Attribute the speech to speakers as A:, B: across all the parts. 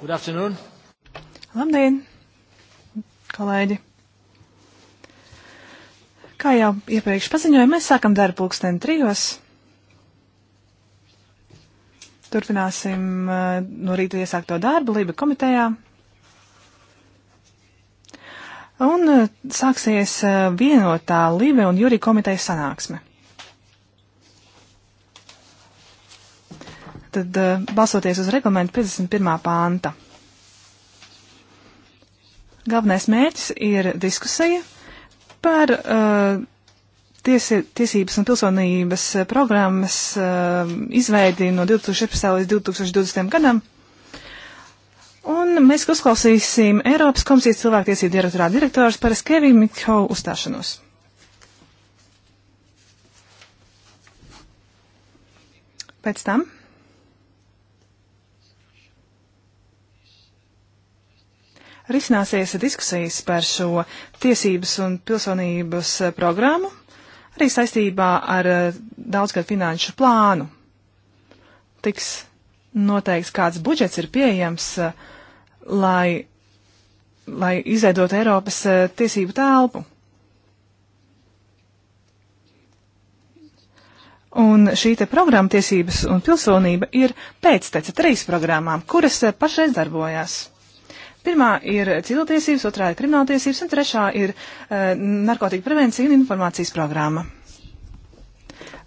A: Good afternoon.
B: Labdien, kolēģi! Kā jau iepriekš paziņoju, mēs sākam darbu pulksteni trijos. Turpināsim eh, no rīta iesākto darbu Lība komitejā. Un eh, sāksies eh, vienotā Lība un Jurija komitejas sanāksme. Tātad eh, balsoties uz reglamentu 51. pānta. Galvenais mērķis ir diskusija par uh, tiesi, tiesības un pilsonības eh, programmas uh, izveidi no 2017. līdz 2020. gadam. Un mēs uzklausīsim Eiropas komisijas cilvēktiesību direktorā direktors par Skevi Mikho uzstāšanos. Pēc tam risināsies diskusijas par šo tiesības un pilsonības eh, programmu, arī saistībā ar eh, daudzgad finanšu plānu. Tiks noteikts, kāds budžets ir pieejams, eh, lai, lai izveidot Eiropas tiesību telpu. Un šī te programma tiesības un pilsonība ir pēctece trīs programmām, kuras pašreiz darbojās. Pirmā ir cilvēktiesības, otrā ir krimināltiesības, un trešā ir uh, narkotika prevencija un informācijas programma.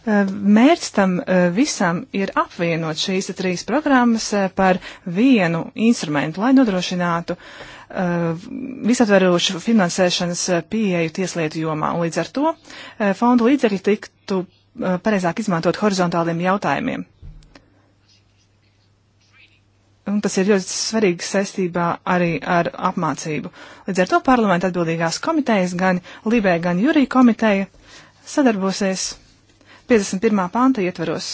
B: Uh, mērķis tam uh, visam ir apvienot šīs trīs programmas uh, par vienu instrumentu, lai nodrošinātu visatverošu finansēšanas pieeju tieslietu jomā. Un līdz ar to fondu līdzekļi tiktu pareizāk izmantot horizontāliem jautājumiem. Un tas ir ļoti svarīgi saistībā arī ar apmācību. Līdz ar to parlamenta atbildīgās komitejas, gan Libē, gan Jurī komiteja sadarbosies 51. panta ietveros.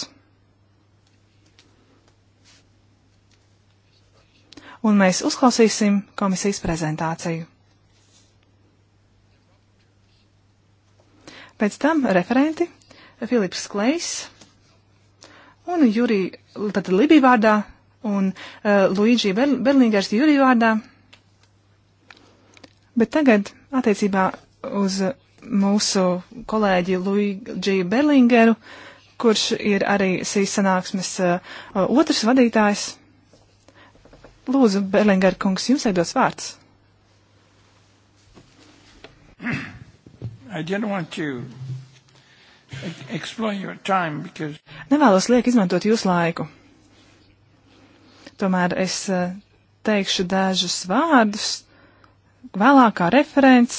B: Un mēs uzklausīsim komisijas prezentāciju. Pēc tam referenti Filips Klejs un Jurī, tad Libī vārdā un uh, eh, Luīģī Ber Berlīngers Jurī vārdā. Bet tagad attiecībā uz mūsu kolēģi Luīģī Berlingeru, kurš ir arī šīs sanāksmes uh, otrs vadītājs. Lūdzu, Berlinger kungs, jums ir dots vārds. I didn't want to exploit your time because. Nevēlos liek izmantot jūsu laiku. Tomēr es eh, teikšu dažus vārdus. Vēlākā referents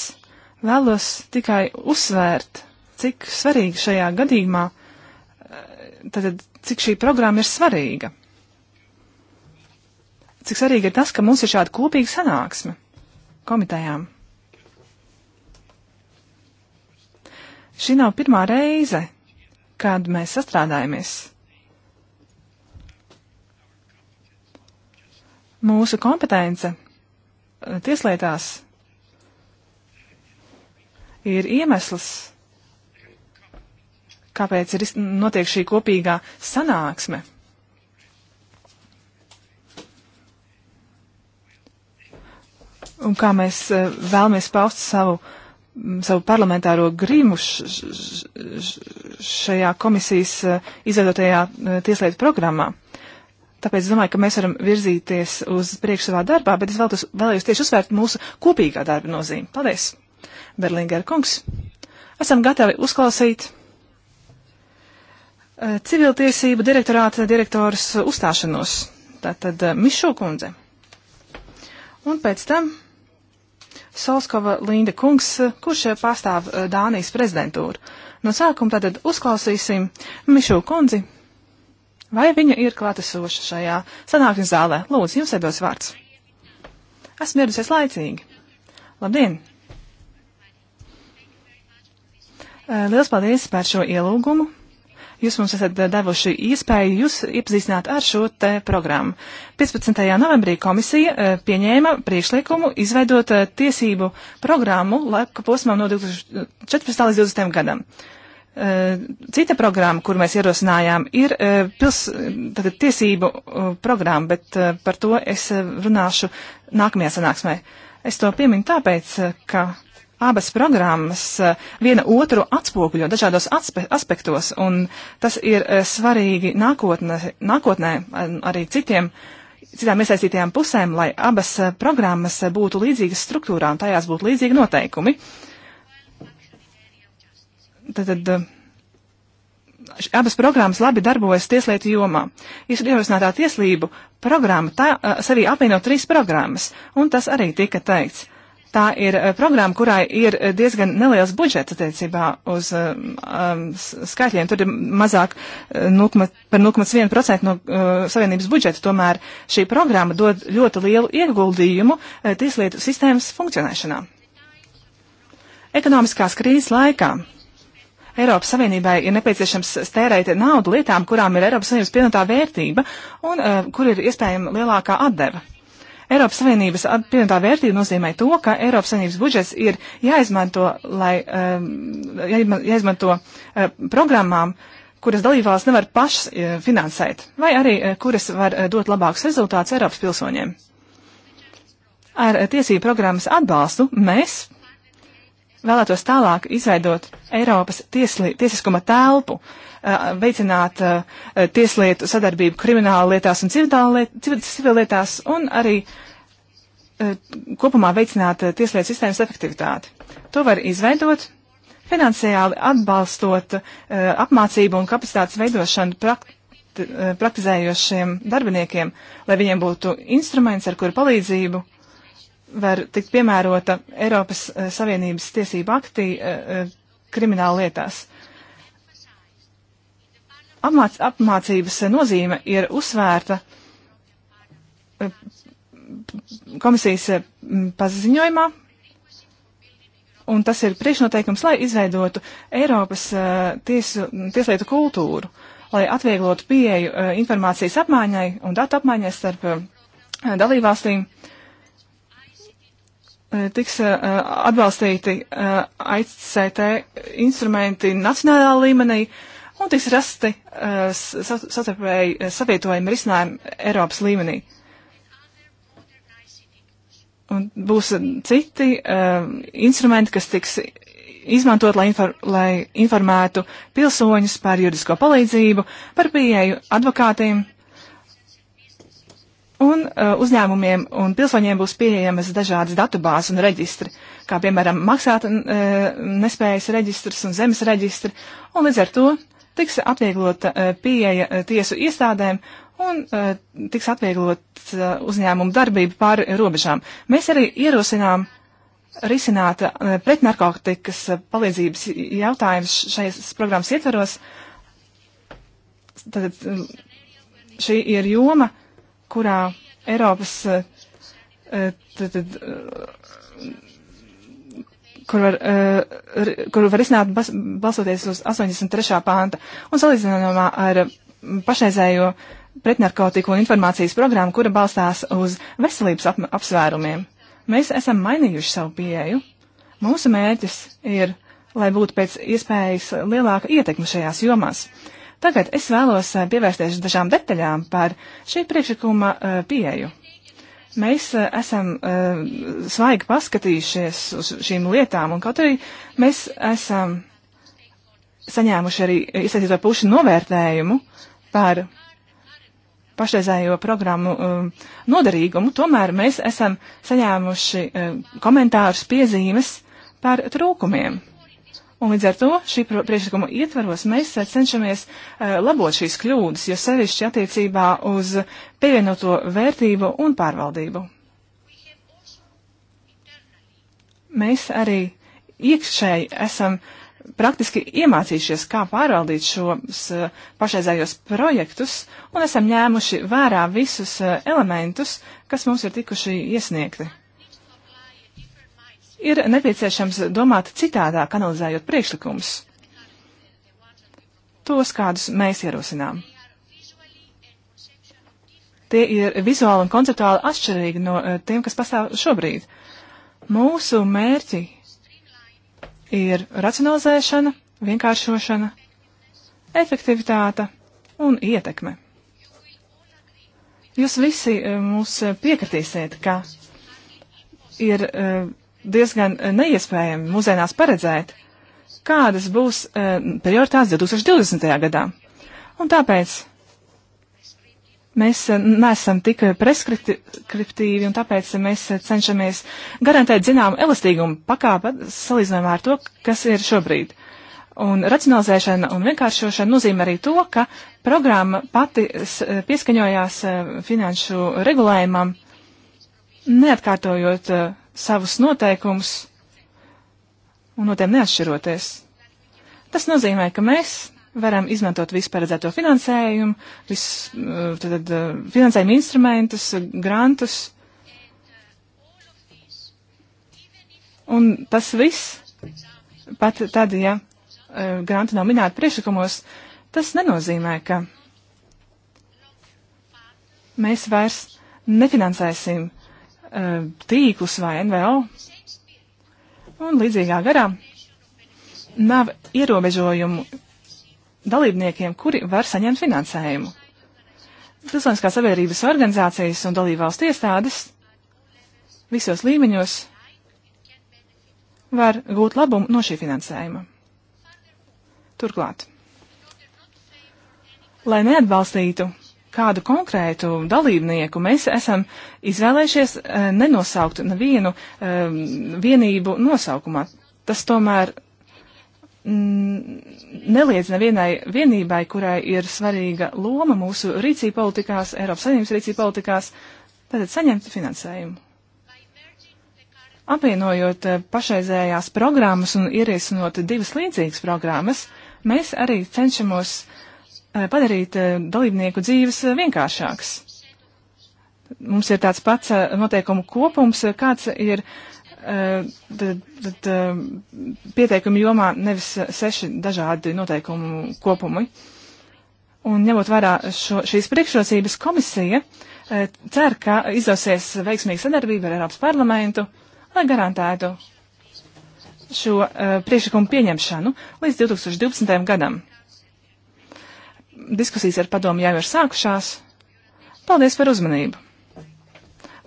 B: vēlos tikai uzsvērt, cik svarīgi šajā gadījumā, eh, tad cik šī programma ir svarīga. Cik svarīgi ir tas, ka mums ir šāda kopīga sanāksme komitejām. Šī nav pirmā reize, kad mēs sastrādājamies Mūsu kompetence eh, tieslietās ir iemesls, kāpēc ir notiek šī kopīgā sanāksme. Un kā mēs eh, vēlamies paust savu, savu parlamentāro grimu š, š, š, šajā komisijas eh, izveidotajā tieslietu programmā. Tāpēc es domāju, ka mēs varam virzīties uz priekšu savā darbā, bet es vēlos, vēlējos tieši uzsvērt mūsu kopīgā darba nozīmi. Paldies, Berlingera kungs! Esam gatavi uzklausīt eh, civiltiesību direktorāta direktors uzstāšanos. Tātad eh, Mišu kundze. Un pēc tam Solskova Linda kungs, kurš pārstāv eh, Dānijas prezidentūru. No sākuma tātad uzklausīsim Mišu kundzi. Vai viņa ir klātesoša šajā sanāksmes zālē? Lūdzu, jums iedos vārds. Esmu ieradusies laicīgi. Labdien! Liels paldies par šo ielūgumu. Jūs mums esat devuši iespēju jūs iepazīstināt ar šo te programmu. 15. novembrī komisija pieņēma priekšlikumu izveidot tiesību programmu laika posmām no 2014. līdz 2020. gadam. Eh, cita programma, kuru mēs ierosinājām, ir eh, pils, tātad, tiesību eh, programma, bet par to es runāšu nākamajā sanāksmē. Es to pieminu tāpēc, ka abas programmas viena otru atspoguļo dažādos aspe aspektos, un tas ir svarīgi nākotnē, nākotnē arī citiem citām iesaistītajām pusēm, lai abas programmas būtu līdzīgas struktūrā un tajās būtu līdzīgi noteikumi. Uh, Tātad eh, abas programmas labi darbojas tieslietu jomā. Ierosinātā tieslību programma tā, eh, sevī apvieno trīs programmas, un tas arī tika teikts. Tā ir eh, programma, kurai ir diezgan neliels budžets attiecībā uz um, skaitļiem. Tur ir mazāk nu, par 0,1% no uh, savienības budžeta. Tomēr šī programma dod ļoti lielu ieguldījumu uh, tieslietu sistēmas funkcionēšanā. Ekonomiskās krīzes laikā Eiropas Savienībai ir nepieciešams stērēt naudu lietām, kurām ir Eiropas Savienības pienotā vērtība un uh, kur ir iespējama lielākā atdeva. Eiropas Savienības pienotā vērtība nozīmē to, ka Eiropas Savienības budžets ir jāizmanto, lai, uh, jāizmanto uh, programmām, kuras dalībvalsts nevar pašas uh, finansēt, vai arī kuras var dot labākus rezultātus Eiropas pilsoņiem. Ar tiesību programmas atbalstu mēs vēlētos tālāk izveidot Eiropas tiesli, tiesiskuma telpu, veicināt tieslietu sadarbību krimināla lietās un civillietās un arī kopumā veicināt tieslietu sistēmas efektivitāti. To var izveidot finansiāli atbalstot apmācību un kapacitātes veidošanu praktiski praktizējošiem darbiniekiem, lai viņiem būtu instruments, ar kuru palīdzību uh, var tikt piemērota Eiropas uh, Savienības tiesība aktī uh, krimināla lietās. Apmāc, apmācības nozīme ir uzsvērta uh, komisijas paziņojumā, un tas ir priekšnoteikums, lai izveidotu Eiropas tiesu, tieslietu kultūru, lai atvieglotu pieeju informācijas apmaiņai un datu apmaiņai starp dalībvalstīm. Uh, E, tiks uh, atbalstīti uh, e, ICT instrumenti nacionālā līmenī un tiks rasti uh, satarpēji savietojami risinājumi Eiropas līmenī. Un būs citi instrumenti, kas tiks izmantot, lai, infor lai informētu pilsoņus par juridisko palīdzību, par pieeju advokātiem Un uh, uzņēmumiem un pilsoņiem būs pieejamas dažādas datubāzes un reģistri, kā piemēram maksāt uh, nespējas reģistrs un zemes reģistri, un līdz ar to tiks atvieglota uh, pieeja uh, tiesu iestādēm un uh, tiks atvieglot uh, uzņēmumu darbību pāri robežām. Mēs arī ierosinām risināt uh, pretnarkotikas uh, palīdzības jautājumus šajās programmas ietvaros. Tad um, šī ir joma. Uh, kurā Eiropas, tad, eh, eh, tad, kur var, eh, kur var izsnākt bas, balsoties uz 83. pānta un salīdzinājumā ar pašreizējo pretnarkotiku un informācijas programmu, kura balstās uz veselības ap, apsvērumiem. Mēs esam mainījuši savu pieeju. Mūsu mērķis ir, lai būtu pēc iespējas lielāka ietekme šajās jomās. Uh, Tagad es vēlos eh, pievērsties dažām detaļām par šī priekšlikuma eh, pieeju. Mēs eh, esam svaigi paskatījušies uz šīm lietām, un kaut arī mēs esam saņēmuši arī iesaistīto pušu novērtējumu par pašreizējo programmu um, noderīgumu, tomēr mēs esam saņēmuši um, komentārus, piezīmes par trūkumiem. Un līdz ar to šī priekšlikuma ietvaros mēs eh, cenšamies uh, labot šīs kļūdas, jo sevišķi attiecībā uz pievienoto vērtību un pārvaldību. Mēs arī iekšēji esam praktiski iemācījušies, kā pārvaldīt šos uh, pašreizējos projektus, un esam ņēmuši vērā visus uh, elementus, kas mums ir tikuši iesniegti ir nepieciešams domāt citādāk, analizējot priekšlikumus, tos, kādus mēs ierosinām. Tie ir vizuāli un konceptuāli atšķirīgi no eh, tiem, kas pastāv šobrīd. Mūsu mērķi ir racionalizēšana, vienkāršošana, efektivitāte un ietekme. Jūs visi eh, mums piekritīsiet, ka ir uh, diezgan eh, neiespējami mūsdienās paredzēt, kādas būs eh, prioritātes 2020. gadā. Un tāpēc mēs eh, neesam tik preskriptīvi, un tāpēc mēs cenšamies garantēt zinām elastīgumu pakāpe salīdzinājumā ar to, kas ir šobrīd. Un racionalizēšana un vienkāršošana nozīmē arī to, ka programma pati pieskaņojās finanšu regulējumam, neatkārtojot savus noteikumus un no tiem neatšķiroties. Tas nozīmē, ka mēs varam izmantot visu paredzēto finansējumu, visus eh, tad, eh, finansējumu instrumentus, grantus. Un tas viss, pat tad, ja eh, granti nav minēti priekšlikumos, tas nenozīmē, ka mēs vairs nefinansēsim E, tīklus vai NVO. Un līdzīgā garā nav ierobežojumu dalībniekiem, kuri var saņemt finansējumu. Pilsoniskās sabiedrības organizācijas un dalībvalstu iestādes visos līmeņos var gūt labumu no šī finansējuma. Turklāt, lai neatbalstītu kādu konkrētu dalībnieku, mēs esam izvēlējušies eh, nenosaukt nevienu eh, vienību nosaukumā. Tas tomēr mm, neliedz nevienai vienībai, kurai ir svarīga loma mūsu rīcība politikās, Eiropas Savienības rīcība politikās, tātad saņemt finansējumu. Apvienojot eh, pašreizējās programmas un ierisinot divas līdzīgas programmas, mēs arī cenšamos uh, Eh, padarīt eh, dalībnieku dzīves eh, vienkāršāks. Mums ir tāds pats noteikumu kopums, kāds ir tad, pieteikumu jomā nevis seši dažādi noteikumu kopumi. Un ņemot vērā šo, šīs priekšrocības, komisija cer, ka izdosies veiksmīga sadarbība ar Eiropas parlamentu, lai garantētu šo priekšlikumu pieņemšanu līdz 2012. gadam diskusijas ar padomu jau ir sākušās. Paldies par uzmanību.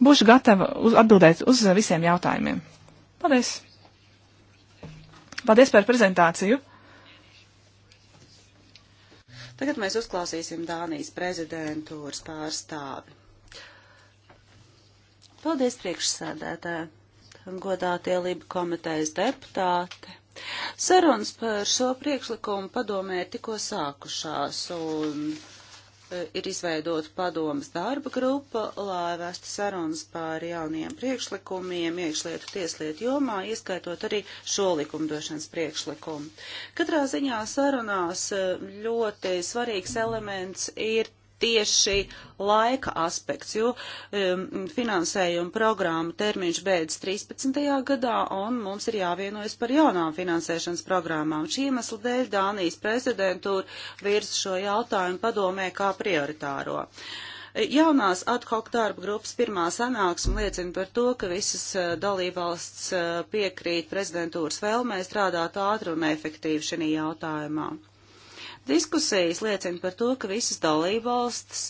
B: Būšu gatava uz, atbildēt uz visiem jautājumiem. Paldies! Paldies par prezentāciju!
C: Tagad mēs uzklausīsim Dānijas prezidentūras pārstāvi. Paldies priekšsēdētāji, godātie Liba komitejas deputāti. Sarunas par šo priekšlikumu padomē tikko sākušās un e, ir izveidota padomas darba grupa, lai vestu sarunas par jauniem priekšlikumiem iekšlietu tieslietu jomā, ieskaitot arī šo likumdošanas priekšlikumu. Katrā ziņā sarunās e, ļoti svarīgs elements ir tieši laika aspekts, jo um, finansējuma programma termiņš beidzas 13. gadā un mums ir jāvienojas par jaunām finansēšanas programmām. Šī iemesla dēļ Dānijas prezidentūra virs šo jautājumu padomē kā prioritāro. Jaunās ad hoc darba grupas pirmā sanāksme liecina par to, ka visas uh, dalībvalsts uh, piekrīt prezidentūras vēlmē strādāt ātri un efektīvi šajā jautājumā. Diskusijas liecina par to, ka visas dalībvalstis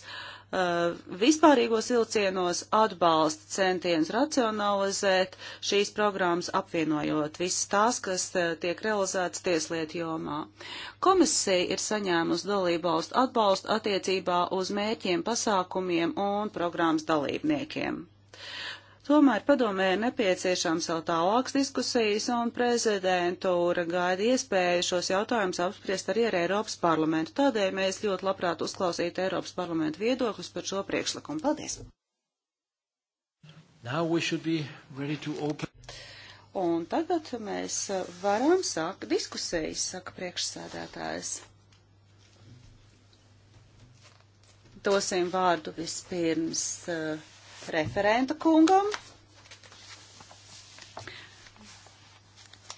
C: uh, vispārīgos vilcienos atbalsta centienus racionalizēt šīs programmas, apvienojot visas tās, kas uh, tiek realizētas tieslietu jomā. Komisija ir saņēmusi dalībvalstu atbalstu attiecībā uz mērķiem, pasākumiem un programmas dalībniekiem. Tomēr padomē ir nepieciešams vēl tālāks diskusijas, un prezidentūra gaida iespēju šos jautājumus apspriest arī ar Eiropas parlamentu. Tādēļ mēs ļoti labprāt uzklausītu Eiropas parlamentu viedokļus par šo priekšlikumu. Paldies! Un tagad mēs varam sākt diskusijas, saka priekšsēdētājs. Dosim vārdu vispirms uh, referenta kungam.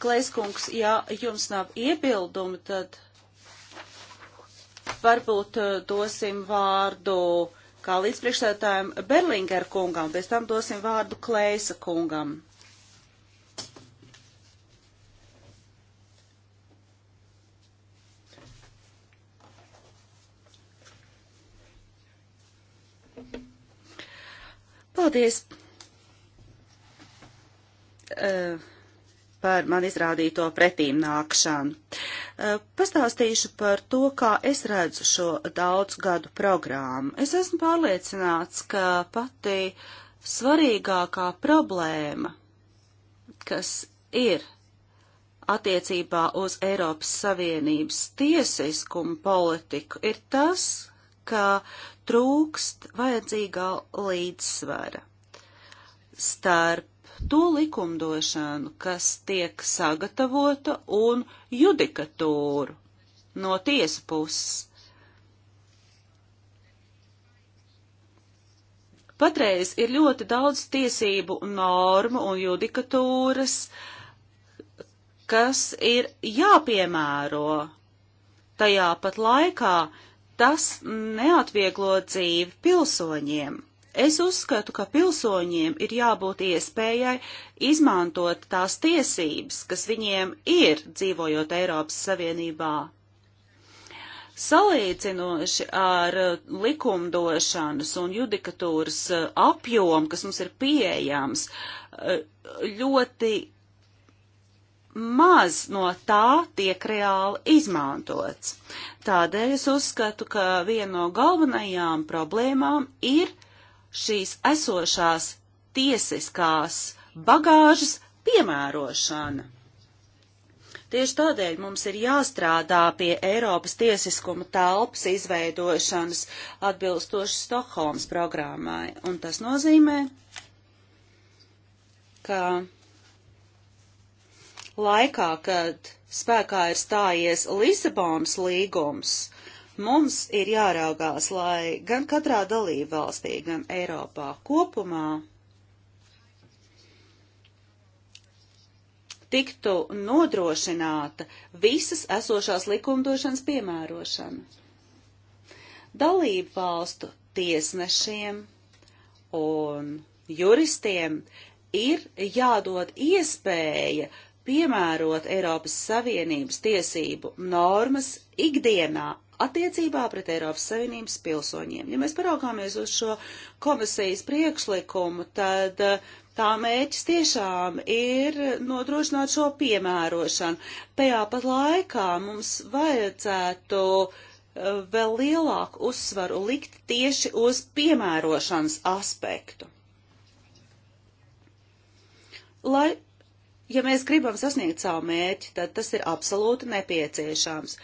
C: Klēskungs, ja jums nav iebildumi, tad varbūt eh, dosim vārdu kā līdzpriekšsētājiem Berlinger kungam, pēc tam dosim vārdu Klēsa kungam. Paldies uh, par man izrādīto pretīm nākšanu. Uh, pastāstīšu par to, kā es redzu šo daudz gadu programmu. Es esmu pārliecināts, ka pati svarīgākā problēma, kas ir attiecībā uz Eiropas Savienības tiesiskumu politiku, ir tas, ka trūkst vajadzīgā līdzsvara starp to likumdošanu, kas tiek sagatavota un judikatūru no tiesa puses. Patreiz ir ļoti daudz tiesību normu un judikatūras, kas ir jāpiemēro. Tajā pat laikā tas neatvieglo dzīvi pilsoņiem. Es uzskatu, ka pilsoņiem ir jābūt iespējai izmantot tās tiesības, kas viņiem ir dzīvojot Eiropas Savienībā. Salīdzinoši ar uh, likumdošanas un judikatūras uh, apjomu, kas mums ir pieejams, uh, ļoti maz no tā tiek reāli izmantots. Tādēļ es uzskatu, ka viena no galvenajām problēmām ir šīs esošās tiesiskās bagāžas piemērošana. Tieši tādēļ mums ir jāstrādā pie Eiropas tiesiskuma telpas izveidošanas atbilstoši Stokholmas programmai, un tas nozīmē, ka laikā, kad spēkā ir stājies Lisabonas līgums, mums ir jāraugās, lai gan katrā dalība valstī, gan Eiropā kopumā tiktu nodrošināta visas esošās likumdošanas piemērošana. Dalību valstu tiesnešiem un juristiem ir jādod iespēja uh, piemērot Eiropas Savienības tiesību normas ikdienā attiecībā pret Eiropas Savienības pilsoņiem. Ja mēs paraugāmies uz šo komisijas priekšlikumu, tad eh, tā mērķis tiešām ir nodrošināt šo piemērošanu. Tajā pat laikā mums vajadzētu eh, vēl lielāku uzsvaru likt tieši uz piemērošanas aspektu. Lai ja mēs gribam sasniegt savu mērķi, tad tas ir absolūti nepieciešams.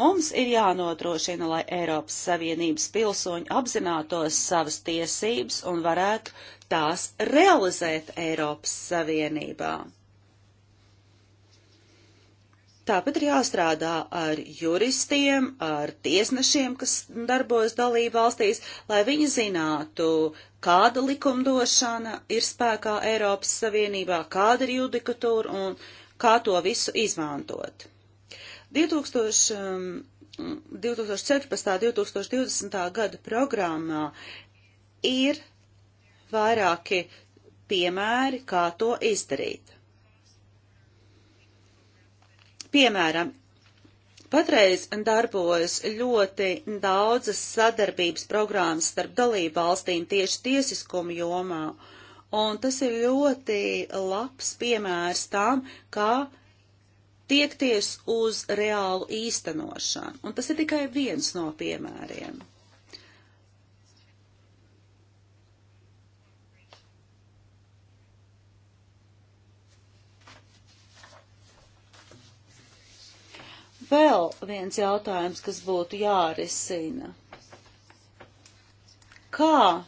C: Mums ir jānodrošina, lai Eiropas Savienības pilsoņi apzinātos savas tiesības un varētu tās realizēt Eiropas Savienībā. Tāpat ir jāstrādā ar juristiem, ar tiesnešiem, kas darbojas dalību valstīs, lai viņi zinātu, kāda likumdošana ir spēkā Eiropas Savienībā, kāda ir judikatūra un kā to visu izmantot. 2000, 2014. 2020. gada programmā ir vairāki piemēri, kā to izdarīt. Piemēram, Patreiz darbojas ļoti daudzas sadarbības programmas starp dalību valstīm tieši tiesiskumu jomā, un tas ir ļoti labs piemērs tam, kā tiekties uz reālu īstenošanu, un tas ir tikai viens no piemēriem. vēl viens jautājums, kas būtu jārisina. Kā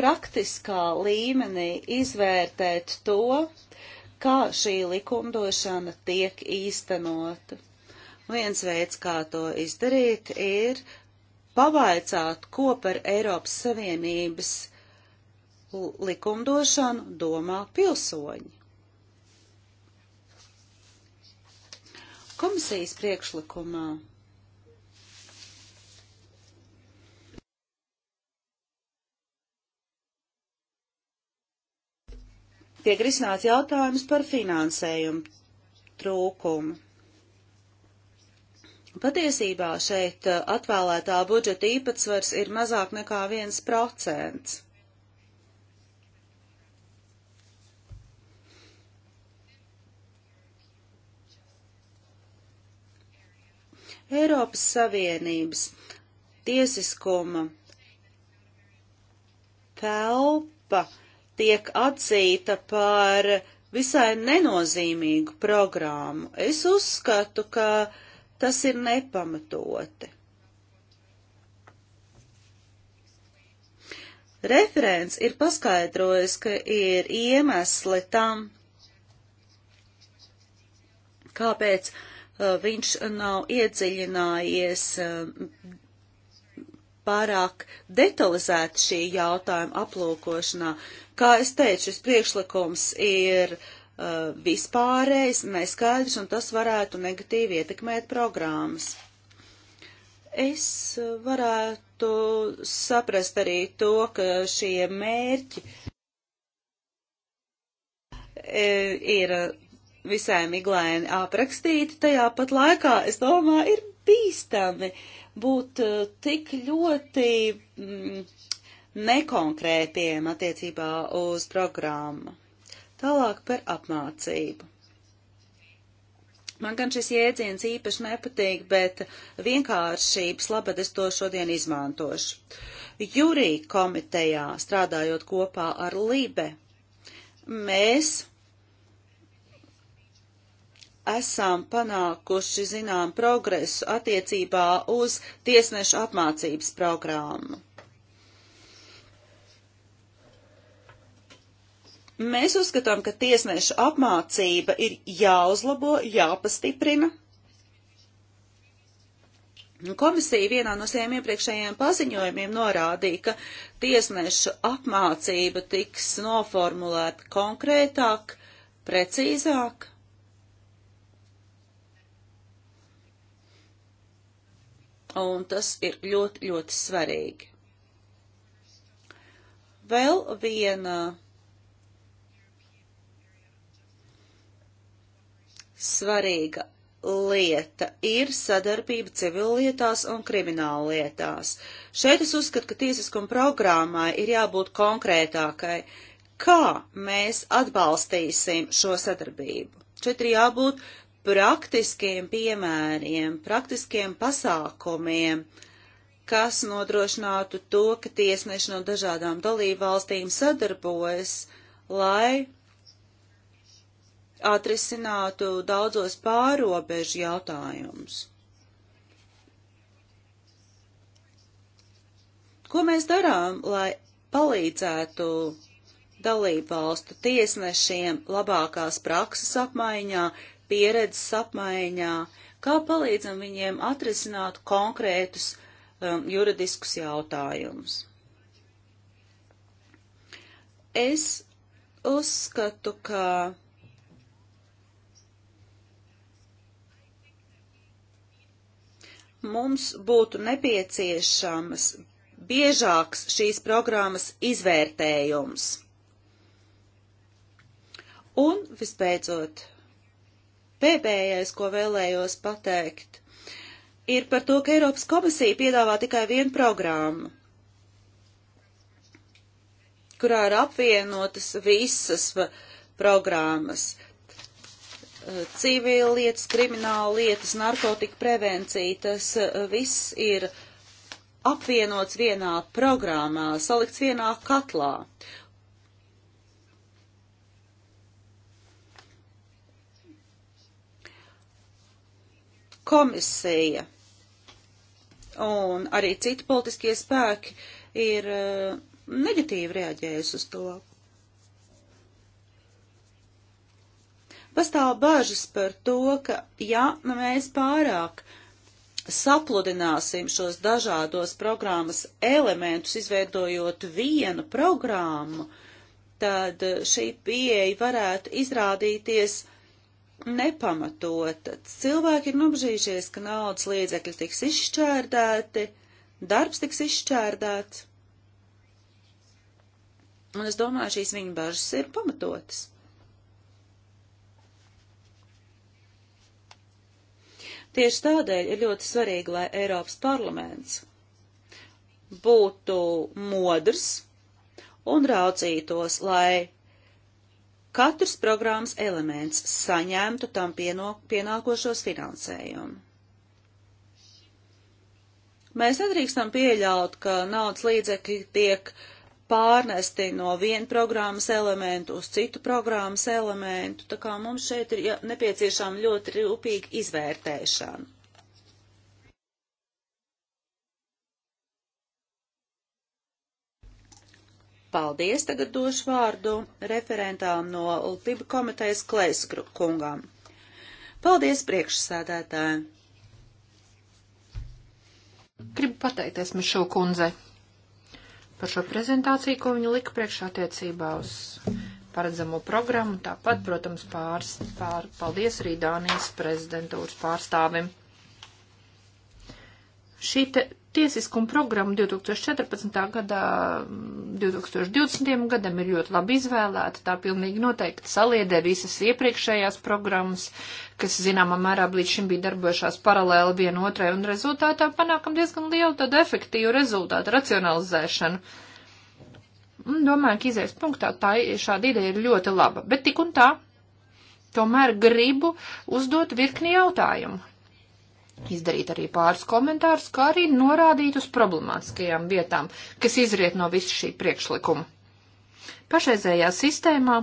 C: praktiskā līmenī izvērtēt to, kā šī likumdošana tiek īstenota? Viens veids, kā to izdarīt, ir pavaicāt, ko par Eiropas Savienības likumdošanu domā pilsoņi. Komisijas priekšlikumā tiek risināts jautājums par finansējumu trūkumu. Patiesībā šeit uh, atvēlētā budžeta īpatsvars ir mazāk nekā 1%. Eiropas Savienības tiesiskuma telpa tiek atzīta par visai nenozīmīgu programmu. Es uzskatu, ka tas ir nepamatoti. Referents ir paskaidrojis, ka ir iemesli tam, kāpēc uh, Uh, viņš nav iedziļinājies uh, pārāk detalizēti šī jautājuma aplūkošanā. Kā es teicu, šis priekšlikums ir uh, vispārējs, neskaidrs, un tas varētu negatīvi ietekmēt programmas. Es uh, varētu saprast arī to, ka šie mērķi e, ir visai miglēni aprakstīti, tajā pat laikā, es domāju, ir bīstami būt eh, tik ļoti mm, nekonkrētiem attiecībā uz programmu. Tālāk par apmācību. Man gan šis jēdziens īpaši nepatīk, bet vienkāršības labad es to šodien izmantošu. Jurī komitejā strādājot kopā ar Libe, mēs esam panākuši zinām progresu attiecībā uz tiesnešu apmācības programmu. Mēs uzskatām, ka tiesnešu apmācība ir jāuzlabo, jāpastiprina. Komisija vienā no saviem iepriekšējiem paziņojumiem norādīja, ka tiesnešu apmācība tiks noformulēta konkrētāk, precīzāk un tas ir ļoti, ļoti svarīgi. Vēl viena svarīga lieta ir sadarbība civillietās un krimināllietās. Šeit es uzskatu, ka tiesiskuma programmai ir jābūt konkrētākai, kā mēs atbalstīsim šo sadarbību. Šeit ir jābūt praktiskiem piemēriem, praktiskiem pasākumiem, kas nodrošinātu to, ka tiesneši no dažādām dalībvalstīm sadarbojas, lai atrisinātu daudzos pārobežu jautājumus. Ko mēs darām, lai palīdzētu dalībvalstu tiesnešiem labākās prakses apmaiņā, pieredzes apmaiņā, kā palīdzam viņiem atrisināt konkrētus um, juridiskus jautājumus. Es uzskatu, ka mums būtu nepieciešams biežāks šīs programmas izvērtējums. Un, visbeidzot, Pēdējais, ko vēlējos pateikt, ir par to, ka Eiropas komisija piedāvā tikai vienu programmu, kurā ir apvienotas visas programmas eh, - civil lietas, krimināla lietas, narkotika prevencija, tas eh, viss ir apvienots vienā programmā, salikts vienā katlā. Komisija un arī citi politiskie spēki ir eh, negatīvi reaģējusi uz to. Pastāv bažas par to, ka ja mēs pārāk sapludināsim šos dažādos programmas elementus, izveidojot vienu programmu, tad šī pieeja varētu izrādīties uh, nepamatota. Cilvēki ir nobežījušies, ka naudas līdzekļi tiks izšķērdēti, darbs tiks izšķērdēts. Un es domāju, šīs viņa bažas ir pamatotas. Tieši tādēļ ir ļoti svarīgi, lai Eiropas parlaments būtu modrs un raucītos, lai katrs programmas elements saņemtu tam pieno, pienākošos finansējumu. Mēs nedrīkstam pieļaut, ka naudas līdzekļi tiek pārnesti no viena programmas elementu uz citu programmas elementu, tā kā mums šeit ir nepieciešama ļoti rūpīga izvērtēšana. Paldies, tagad došu vārdu referentām no Ultiba komitejas Klēs kungām. Paldies, priekšsādātāji!
A: Gribu pateikties Mišo kundzei par šo prezentāciju, ko viņa lika priekšā attiecībā uz paredzamo programmu. Tāpat, protams, pārs, pār, paldies arī Dānijas prezidentūras pārstāvim. Šī te tiesiskumu programma 2014. gadā, 2020. Mm, gadam ir ļoti labi izvēlēta. Tā pilnīgi noteikti saliedē visas iepriekšējās programmas, kas, zināmā mērā, līdz šim bija darbojušās paralēli vienotrai, un rezultātā panākam diezgan lielu tādu efektīvu rezultātu racionalizēšanu. Un domāju, ka izējas punktā tā, šāda ideja ir ļoti laba, bet tik un tā, tomēr gribu uzdot virkni jautājumu izdarīt arī pāris komentārus, kā arī norādīt uz problemātiskajām vietām, kas izriet no visu šī priekšlikuma. Pašreizējā sistēmā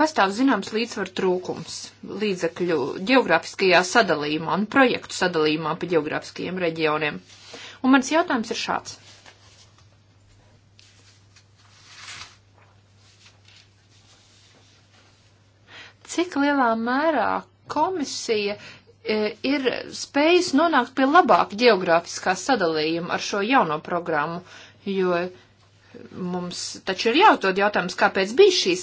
A: pastāv zināms līdzsvar trūkums līdzekļu geogrāfiskajā sadalījumā un projektu sadalījumā pa geogrāfiskajiem reģioniem. Un mans jautājums ir šāds. Cik lielā mērā komisija E, ir spējis nonākt pie labāka geogrāfiskā sadalījuma ar šo jauno programmu, jo mums taču ir jāuzdod jautājums, kāpēc bija šīs,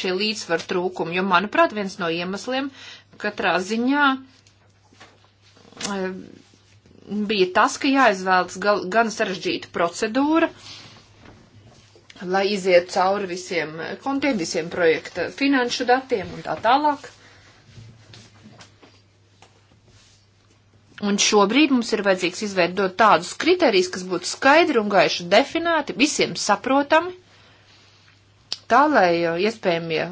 A: šie līdzsvaru trūkumi, jo, manuprāt, viens no iemesliem katrā ziņā e, bija tas, ka jāizvēlas gan sarežģīta procedūra, lai iziet cauri visiem kontiem, visiem projekta finanšu datiem un tā tālāk. Un šobrīd mums ir vajadzīgs izveidot tādus kriterijus, kas būtu skaidri un gaiši definēti, visiem saprotami, tā lai uh, iespējamie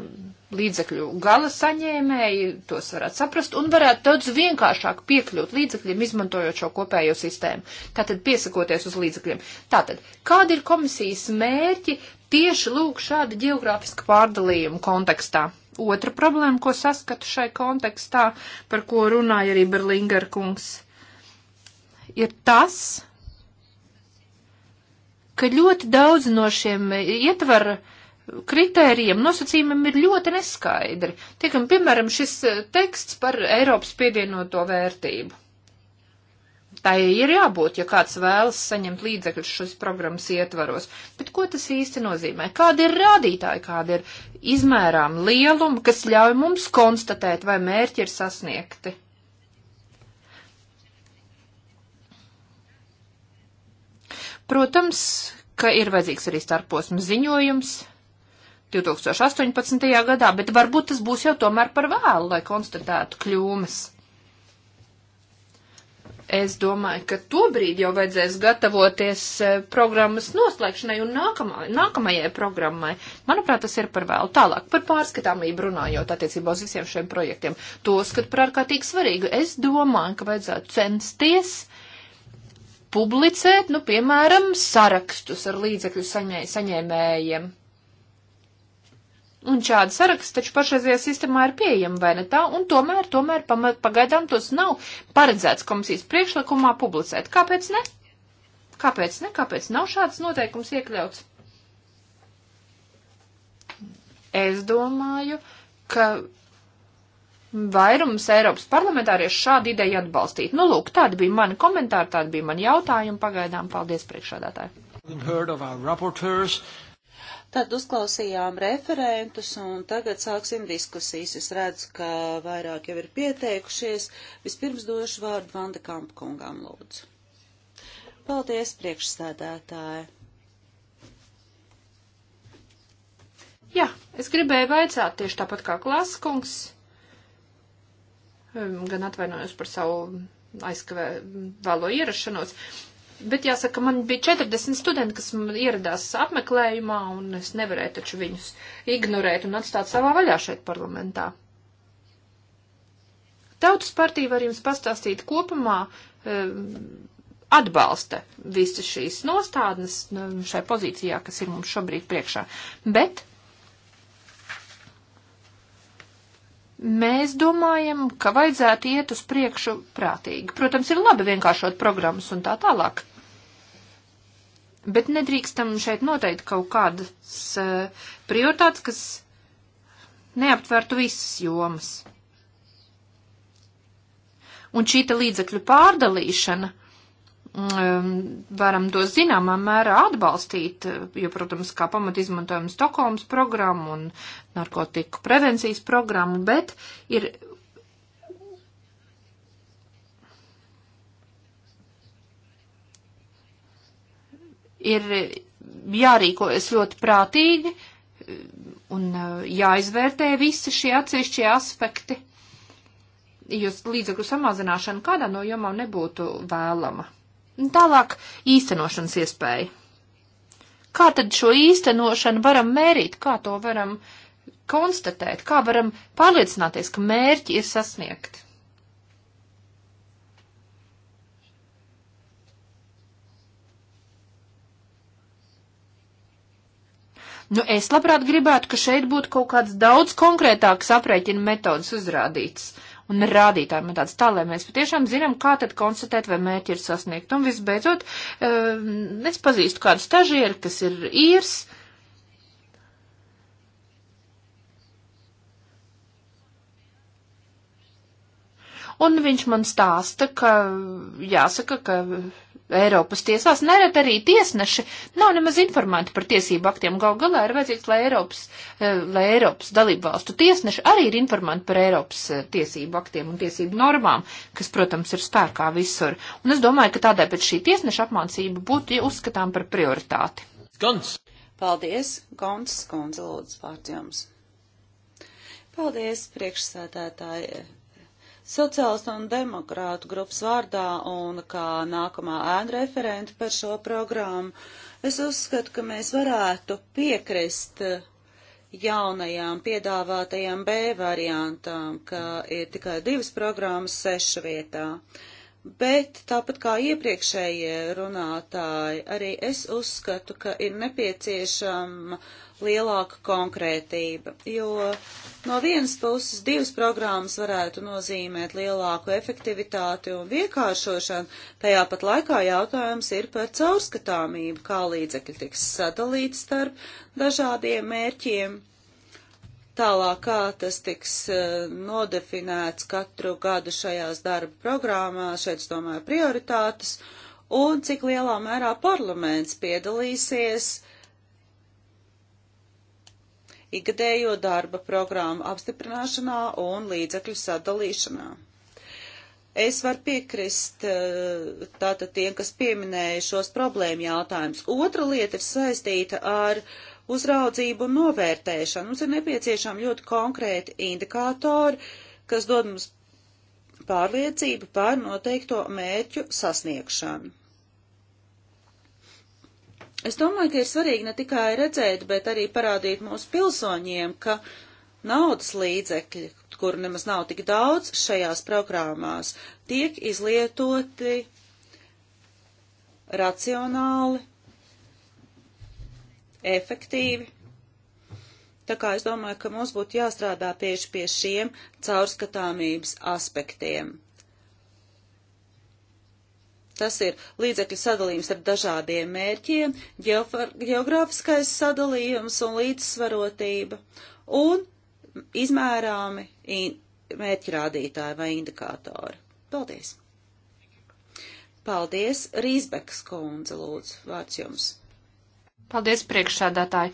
A: līdzekļu gala saņēmēji tos varētu saprast un varētu daudz vienkāršāk piekļūt līdzekļiem, izmantojot šo kopējo sistēmu. Tātad piesakoties uz līdzekļiem. Tātad, kāda ir komisijas mērķi tieši lūk šāda geogrāfiska pārdalījuma kontekstā? Otra problēma, ko saskatu šai kontekstā, par ko runāja arī Berlinger kungs, ir tas, ka ļoti daudz no šiem ietvara kritērijiem, nosacījumiem ir ļoti neskaidri. Tiekam, piemēram, šis teksts par Eiropas pievienoto vērtību. Tā ir jābūt, ja kāds vēlas saņemt līdzekļus šos programmas ietvaros. Bet ko tas īsti nozīmē? Kādi ir rādītāji, kāda ir izmērām lieluma, kas ļauj mums konstatēt, vai mērķi ir sasniegti? Protams, ka ir vajadzīgs arī starposmu ziņojums 2018. gadā, bet varbūt tas būs jau tomēr par vēlu, lai konstatētu kļūmes. Es domāju, ka tobrīd jau vajadzēs gatavoties e, programmas noslēgšanai un nākamā, nākamajai programmai. Manuprāt, tas ir par vēlu. Tālāk par pārskatāmību runājot attiecībā uz visiem šiem projektiem. To skat par ārkārtīgi svarīgu. Es domāju, ka vajadzētu censties publicēt, nu, piemēram, sarakstus ar līdzekļu saņē, saņēmējiem Un šāda saraksts taču pašreizajā sistēmā ir pieejama, vai ne tā? Un tomēr, tomēr pagaidām tos nav paredzēts komisijas priekšlikumā publicēt. Kāpēc ne? Kāpēc ne? Kāpēc nav šāds noteikums iekļauts? Es domāju, ka vairums Eiropas parlamentāriešu šādu ideju atbalstīt. Nu, lūk, tādi bija mani komentāri, tādi bija mani jautājumi. Pagaidām, paldies priekšādātāji.
C: Tad uzklausījām referentus un tagad sāksim diskusijas. Es redzu, ka vairāk jau ir pieteikušies. Vispirms došu vārdu Vanda Kampkungām lūdzu. Paldies,
A: priekšsēdētāji. Jā, es gribēju vaicāt tieši tāpat kā Klaskungs. Um, gan atvainojos par savu aizkavē vēlo ierašanos. Bet jāsaka, man bija 40 studenti, kas ieradās apmeklējumā, un es nevarēju taču viņus ignorēt un atstāt savā vaļā šeit parlamentā. Tautas partija var jums pastāstīt kopumā ehm, atbalsta visas šīs nostādnes ehm, šai pozīcijā, kas ir mums šobrīd priekšā. Bet mēs domājam, ka vajadzētu iet uz priekšu prātīgi. Protams, ir labi vienkāršot programmas un tā tālāk. Bet nedrīkstam šeit noteikt kaut kādas uh, prioritātes, kas neaptvertu visas jomas. Un šī līdzekļu pārdalīšana mm, varam to zināmā mērā atbalstīt, jo, protams, kā pamat izmantojam Stokholmas programmu un narkotiku prevencijas programmu, bet ir ir jārīkojas ļoti prātīgi un e, jāizvērtē visi šie atsevišķie aspekti, jo līdzekļu samazināšana kādā no jomām nebūtu vēlama. Tālāk īstenošanas iespēja. Kā tad šo īstenošanu varam mērīt, kā to varam konstatēt, kā varam pārliecināties, ka mērķi ir sasniegti? Nu, es labprāt gribētu, ka šeit būtu kaut kāds daudz konkrētāks aprēķina metodas uzrādīts un rādītājiem un tāds tā, lai mēs patiešām zinām, kā tad konstatēt, vai mērķi ir sasniegt. Un visbeidzot, eh, es pazīstu kādu stažieru, kas ir īrs. Un viņš man stāsta, ka jāsaka, ka Eiropas tiesās, nerad arī tiesneši nav nemaz informēti par tiesību aktiem. Gal galā ir vajadzīgs, lai Eiropas, eh, lai Eiropas dalību valstu tiesneši arī ir informēti par Eiropas eh, tiesību aktiem un tiesību normām, kas, protams, ir spēkā visur. Un es domāju, ka tādēļ pēc šī tiesneša apmācība būtu ja uzskatām par prioritāti. Gans!
C: Paldies, Gons, Gons, lūdzu, vārds jums. Paldies, priekšsēdētāji Sociālistu un demokrātu grupas vārdā un kā nākamā ēna referenta par šo programmu, es uzskatu, ka mēs varētu piekrist jaunajām piedāvātajām B variantām, ka ir tikai divas programmas seša vietā. Bet tāpat kā iepriekšējie runātāji, arī es uzskatu, ka ir nepieciešama lielāka konkrētība, jo No vienas puses divas programmas varētu nozīmēt lielāku efektivitāti un vienkāršošanu, tajā pat laikā jautājums ir par caurskatāmību, kā līdzekļi tiks sadalīti starp dažādiem mērķiem. Tālāk, kā tas tiks eh, nodefinēts katru gadu šajās darba programmās, šeit es domāju prioritātes, un cik lielā mērā parlaments piedalīsies uh, ikgadējo darba programmu apstiprināšanā un līdzekļu sadalīšanā. Es varu piekrist eh, tātad tiem, kas pieminēja šos problēmu jautājumus. Otra lieta ir saistīta ar uzraudzību un novērtēšanu. Mums ir nepieciešami ļoti konkrēti indikātori, kas dod mums pārliecību par noteikto mērķu sasniegšanu. Es domāju, ka ir svarīgi ne tikai redzēt, bet arī parādīt mūsu pilsoņiem, ka naudas līdzekļi, kur nemaz nav tik daudz šajās programmās, tiek izlietoti racionāli, efektīvi. Tā kā es domāju, ka mums būtu jāstrādā tieši pie šiem caurskatāmības aspektiem. Tas ir līdzekļu sadalījums ar dažādiem mērķiem, geogrāfiskais sadalījums un līdzsvarotība un izmērāmi mērķi rādītāji vai indikātori. Paldies! Paldies, Rīzbekas kundze, lūdzu,
A: vārds jums. Paldies, priekšsādātāji.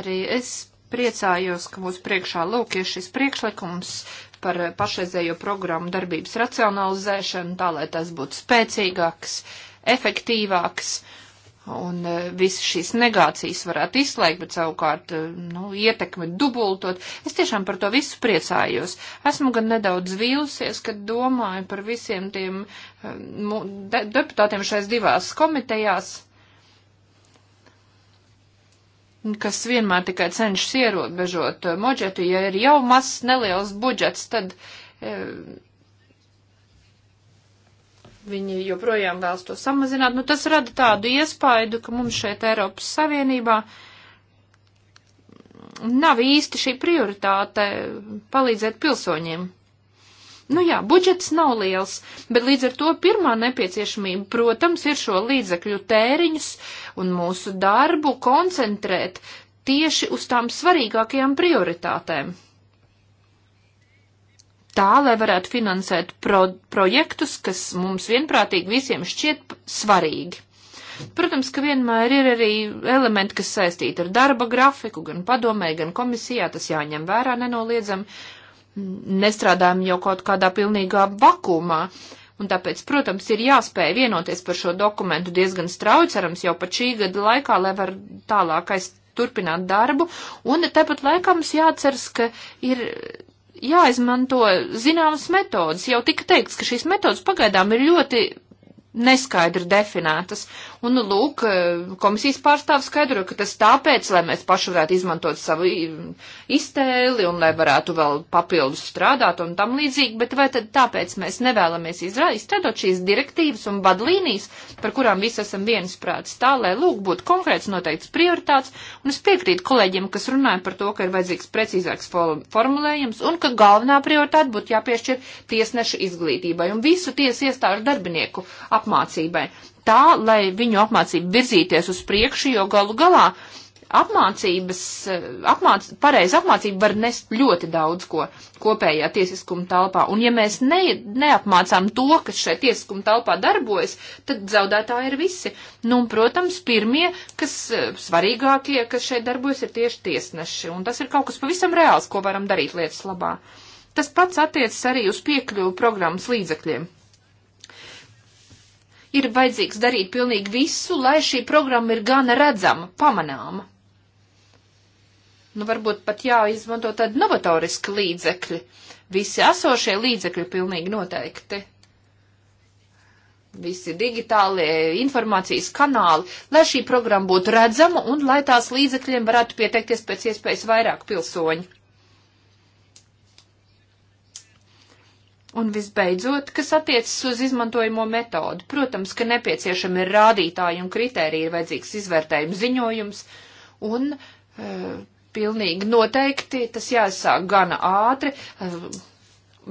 A: Arī es priecājos, ka mūsu priekšā lūk ir šis priekšlikums par pašreizējo programmu darbības racionalizēšanu, tā lai tas būtu spēcīgāks, efektīvāks un e, visas šīs negācijas varētu izslēgt, bet savukārt, e, nu, ietekmi dubultot. Es tiešām par to visu priecājos. Esmu gan nedaudz vīlusies, kad domāju par visiem tiem e, deputātiem šais divās komitejās kas vienmēr tikai cenšas ierobežot eh, budžetu. Ja ir jau mazs neliels budžets, tad e, viņi joprojām vēlas to samazināt. Nu, tas rada tādu iespaidu, ka mums šeit Eiropas Savienībā nav īsti šī prioritāte palīdzēt pilsoņiem. Nu jā, budžets nav liels, bet līdz ar to pirmā nepieciešamība, protams, ir šo līdzekļu tēriņus un mūsu darbu koncentrēt tieši uz tām svarīgākajām prioritātēm. Tā, lai varētu finansēt pro projektus, kas mums vienprātīgi visiem šķiet svarīgi. Protams, ka vienmēr ir arī elementi, kas saistīti ar darba grafiku, gan padomē, gan komisijā, tas jāņem vērā nenoliedzami, nestrādājam jau kaut kādā pilnīgā vakumā. Un tāpēc, protams, ir jāspēj vienoties par šo dokumentu diezgan strauji, cerams, jau pat šī gada laikā, lai var tālāk aiz turpināt darbu. Un tāpat laikā mums jāceras, ka ir jāizmanto zināmas metodas. Jau tika teikts, ka šīs metodas pagaidām ir ļoti neskaidri definētas, Un, nu, lūk, e, komisijas pārstāvs skaidro, ka tas tāpēc, lai mēs paši varētu izmantot savu iztēli un lai varētu vēl papildus strādāt un tam līdzīgi, bet vai tad tāpēc mēs nevēlamies izstrādāt šīs direktīvas un vadlīnijas, par kurām visi esam viensprāts tā, lai, lūk, būtu konkrēts noteikts prioritāts, un es piekrītu kolēģiem, kas runāja par to, ka ir vajadzīgs precīzāks formulējums un ka galvenā prioritāte būtu jāpiešķir tiesneša izglītībai un visu tiesu iestāžu darbinieku apmācībai tā, lai viņu apmācību virzīties uz priekšu, jo galu galā apmācības, apmāc, pareiz apmācība var nest ļoti daudz ko kopējā tiesiskuma telpā. Un ja mēs ne, neapmācām to, kas šai tiesiskuma telpā darbojas, tad zaudētāji ir visi. Nu, un, protams, pirmie, kas eh, svarīgākie, kas šeit darbojas, ir tieši tiesneši. Un tas ir kaut kas pavisam reāls, ko varam darīt lietas labā. Tas pats attiecas arī uz piekļuvu programmas līdzekļiem ir vajadzīgs darīt pilnīgi visu, lai šī programma ir gana redzama, pamanāma. Nu, varbūt pat jāizmanto tādi novatoriski līdzekļi. Visi esošie līdzekļi pilnīgi noteikti. Visi digitālie informācijas kanāli, lai šī programma būtu redzama un lai tās līdzekļiem varētu pieteikties pēc iespējas vairāk pilsoņu. Un visbeidzot, kas attiecas uz izmantojamo metodu, protams, ka nepieciešami ir rādītāji un kritēriji, ir vajadzīgs izvērtējums ziņojums, un e, pilnīgi noteikti tas jāsāk gana ātri. E,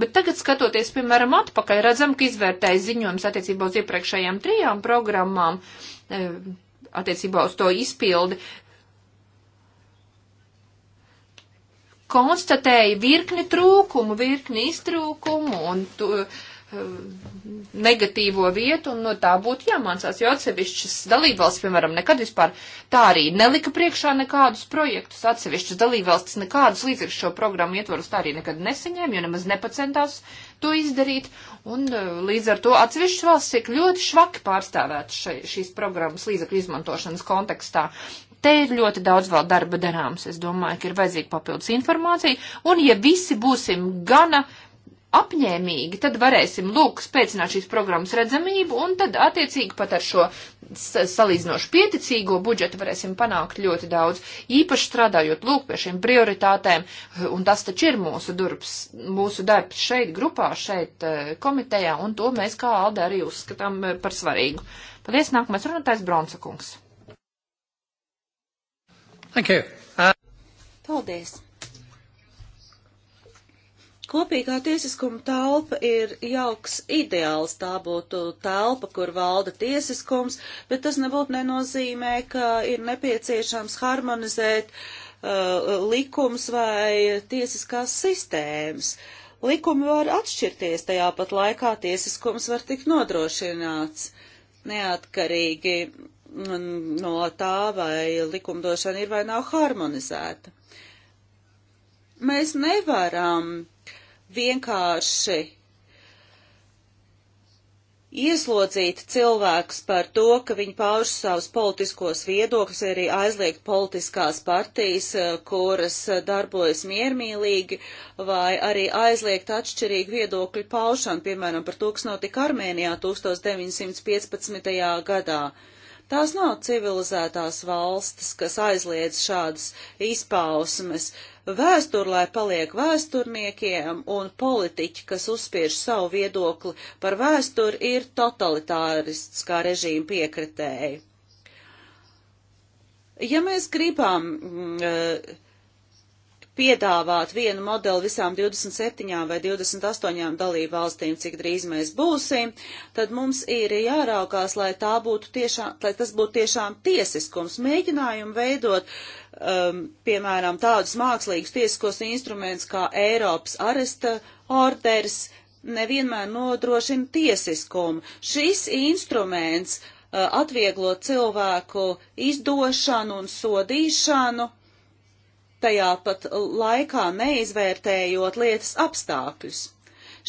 A: Bet tagad, skatoties, piemēram, atpakaļ, redzam, ka izvērtēja ziņojums attiecībā uz iepriekšējām trijām programmām, e, attiecībā uz to izpildi, konstatēja virkni trūkumu, virkni iztrūkumu un tu, eh, negatīvo vietu, un no tā būtu jāmācās, jo atsevišķas dalībvalsts, piemēram, nekad vispār tā arī nelika priekšā nekādus projektus, atsevišķas dalībvalstis nekādus līdzekļus šo programmu ietvarus tā arī nekad nesaņēma, jo nemaz nepacentās to izdarīt, un eh, līdz ar to atsevišķas valsts tiek ļoti švaki pārstāvētas šīs programmas līdzekļu izmantošanas kontekstā, Te ir ļoti daudz vēl darba darāms. Es domāju, ka ir vajadzīga papildus informācija. Un ja visi būsim gana apņēmīgi, tad varēsim lūk spēcināt šīs programmas redzamību un tad attiecīgi pat ar šo salīdzinoši pieticīgo budžetu varēsim panākt ļoti daudz, īpaši strādājot lūk pie šiem prioritātēm, un tas taču ir mūsu darbs, mūsu darbs šeit grupā, šeit eh, komitejā, un to mēs kā Alde arī uzskatām eh, par svarīgu. Paldies, nākamais runātājs Bronsakungs.
C: Thank you. Uh... Paldies. Kopīgā tiesiskuma telpa ir jauks ideāls. Tā būtu telpa, kur valda tiesiskums, bet tas nebūtu nenozīmē, ka ir nepieciešams harmonizēt uh, likums vai tiesiskās sistēmas. Likumi var atšķirties, tajā pat laikā tiesiskums var tikt nodrošināts neatkarīgi no tā, vai likumdošana ir vai nav harmonizēta. Mēs nevaram vienkārši ieslodzīt cilvēkus par to, ka viņi pauž savus politiskos viedokļus, arī aizliegt politiskās partijas, eh, kuras eh, darbojas miermīlīgi, vai arī aizliegt atšķirīgu viedokļu paušanu, piemēram, par to, kas notika Armēnijā 1915. gadā. Uh, Tās nav civilizētās valstis, kas aizliedz šādas izpausmes. Vēstur, lai paliek vēsturniekiem, un politiķi, kas uzspiež savu viedokli par vēsturi, ir totalitārists kā režīma piekritēji. Ja mēs gribam uh, piedāvāt vienu modeli visām 27 vai 28 dalību valstīm, cik drīz mēs būsim, tad mums ir jāraukās, lai, tā būtu tiešām, lai tas būtu tiešām tiesiskums, mēģinājumu veidot, um, piemēram, tādus mākslīgus tiesiskos instrumentus kā Eiropas aresta orders, nevienmēr nodrošina tiesiskumu. Šis instruments uh, atvieglo cilvēku izdošanu un sodīšanu, tajā pat laikā neizvērtējot lietas apstākļus.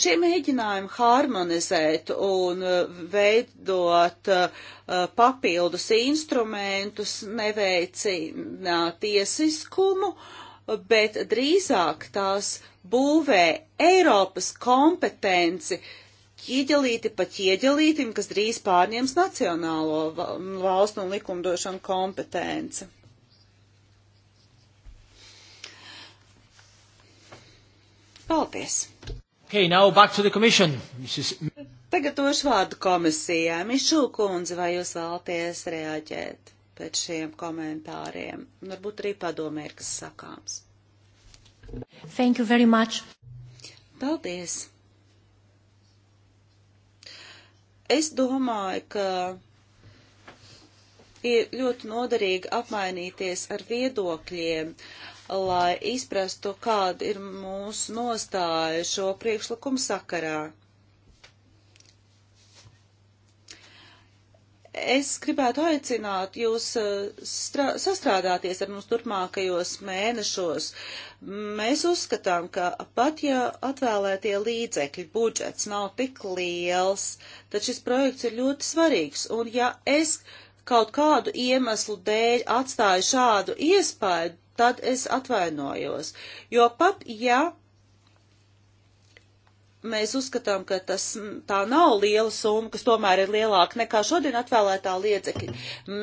C: Šie mēģinājumi harmonizēt un uh, veidot uh, uh, papildus instrumentus neveicina tiesiskumu, bet drīzāk tās būvē Eiropas kompetenci ķieģelīti pa ķieģelītim, kas drīz pārņems nacionālo valstu un likumdošanu kompetenci. Paldies!
B: Okay, now back to the commission. Mrs.
C: Tagad došu vārdu komisijai. Mišu kundze, vai jūs vēlaties reaģēt pēc šiem komentāriem? Varbūt arī padomē ir kas sakāms. Thank you very much. Paldies! Es domāju, ka ir ļoti noderīgi apmainīties ar viedokļiem lai izprastu, kāda ir mūsu nostāja šo priekšlikumu sakarā. Es gribētu aicināt jūs eh, sastrādāties ar mums turpmākajos mēnešos. Mēs uzskatām, ka pat ja atvēlētie līdzekļi budžets nav tik liels, tad šis projekts ir ļoti svarīgs. Un ja es kaut kādu iemeslu dēļ atstāju šādu iespēju, tad es atvainojos. Jo pat ja mēs uzskatām, ka tas, tā nav liela summa, kas tomēr ir lielāka nekā šodien atvēlētā liedzekļa,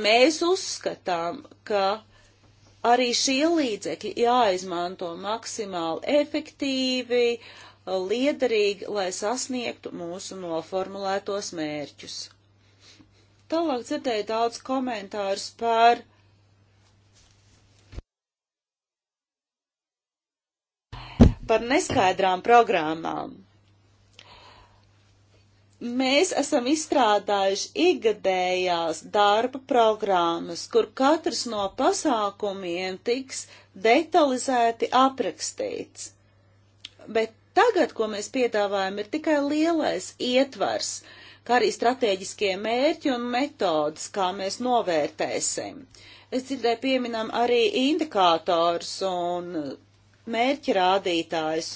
C: mēs uzskatām, ka arī šie līdzekļi jāizmanto maksimāli efektīvi, liederīgi, lai sasniegtu mūsu noformulētos mērķus. Tālāk dzirdēju daudz komentārus par uh, par neskaidrām programmām. Mēs esam izstrādājuši igadējās darba programmas, kur katrs no pasākumiem tiks detalizēti aprakstīts. Bet tagad, ko mēs piedāvājam, ir tikai lielais ietvars, kā arī strateģiskie mērķi un metodas, kā mēs novērtēsim. Es dzirdēju pieminam arī indikātors un mērķa rādītājus.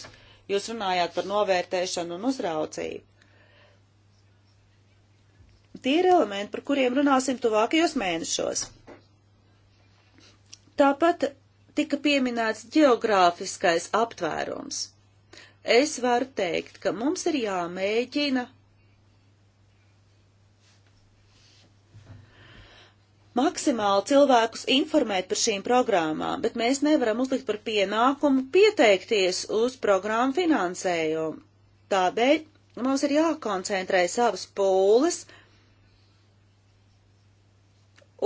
C: Jūs runājāt par novērtēšanu un uzraucību. Tie ir elementi, par kuriem runāsim tuvākajos mēnešos. Tāpat tika pieminēts geogrāfiskais aptvērums. Es varu teikt, ka mums ir jāmēģina maksimāli cilvēkus informēt par šīm programmām, bet mēs nevaram uzlikt par pienākumu pieteikties uz programmu finansējumu. Tādēļ mums ir jākoncentrē savas pūles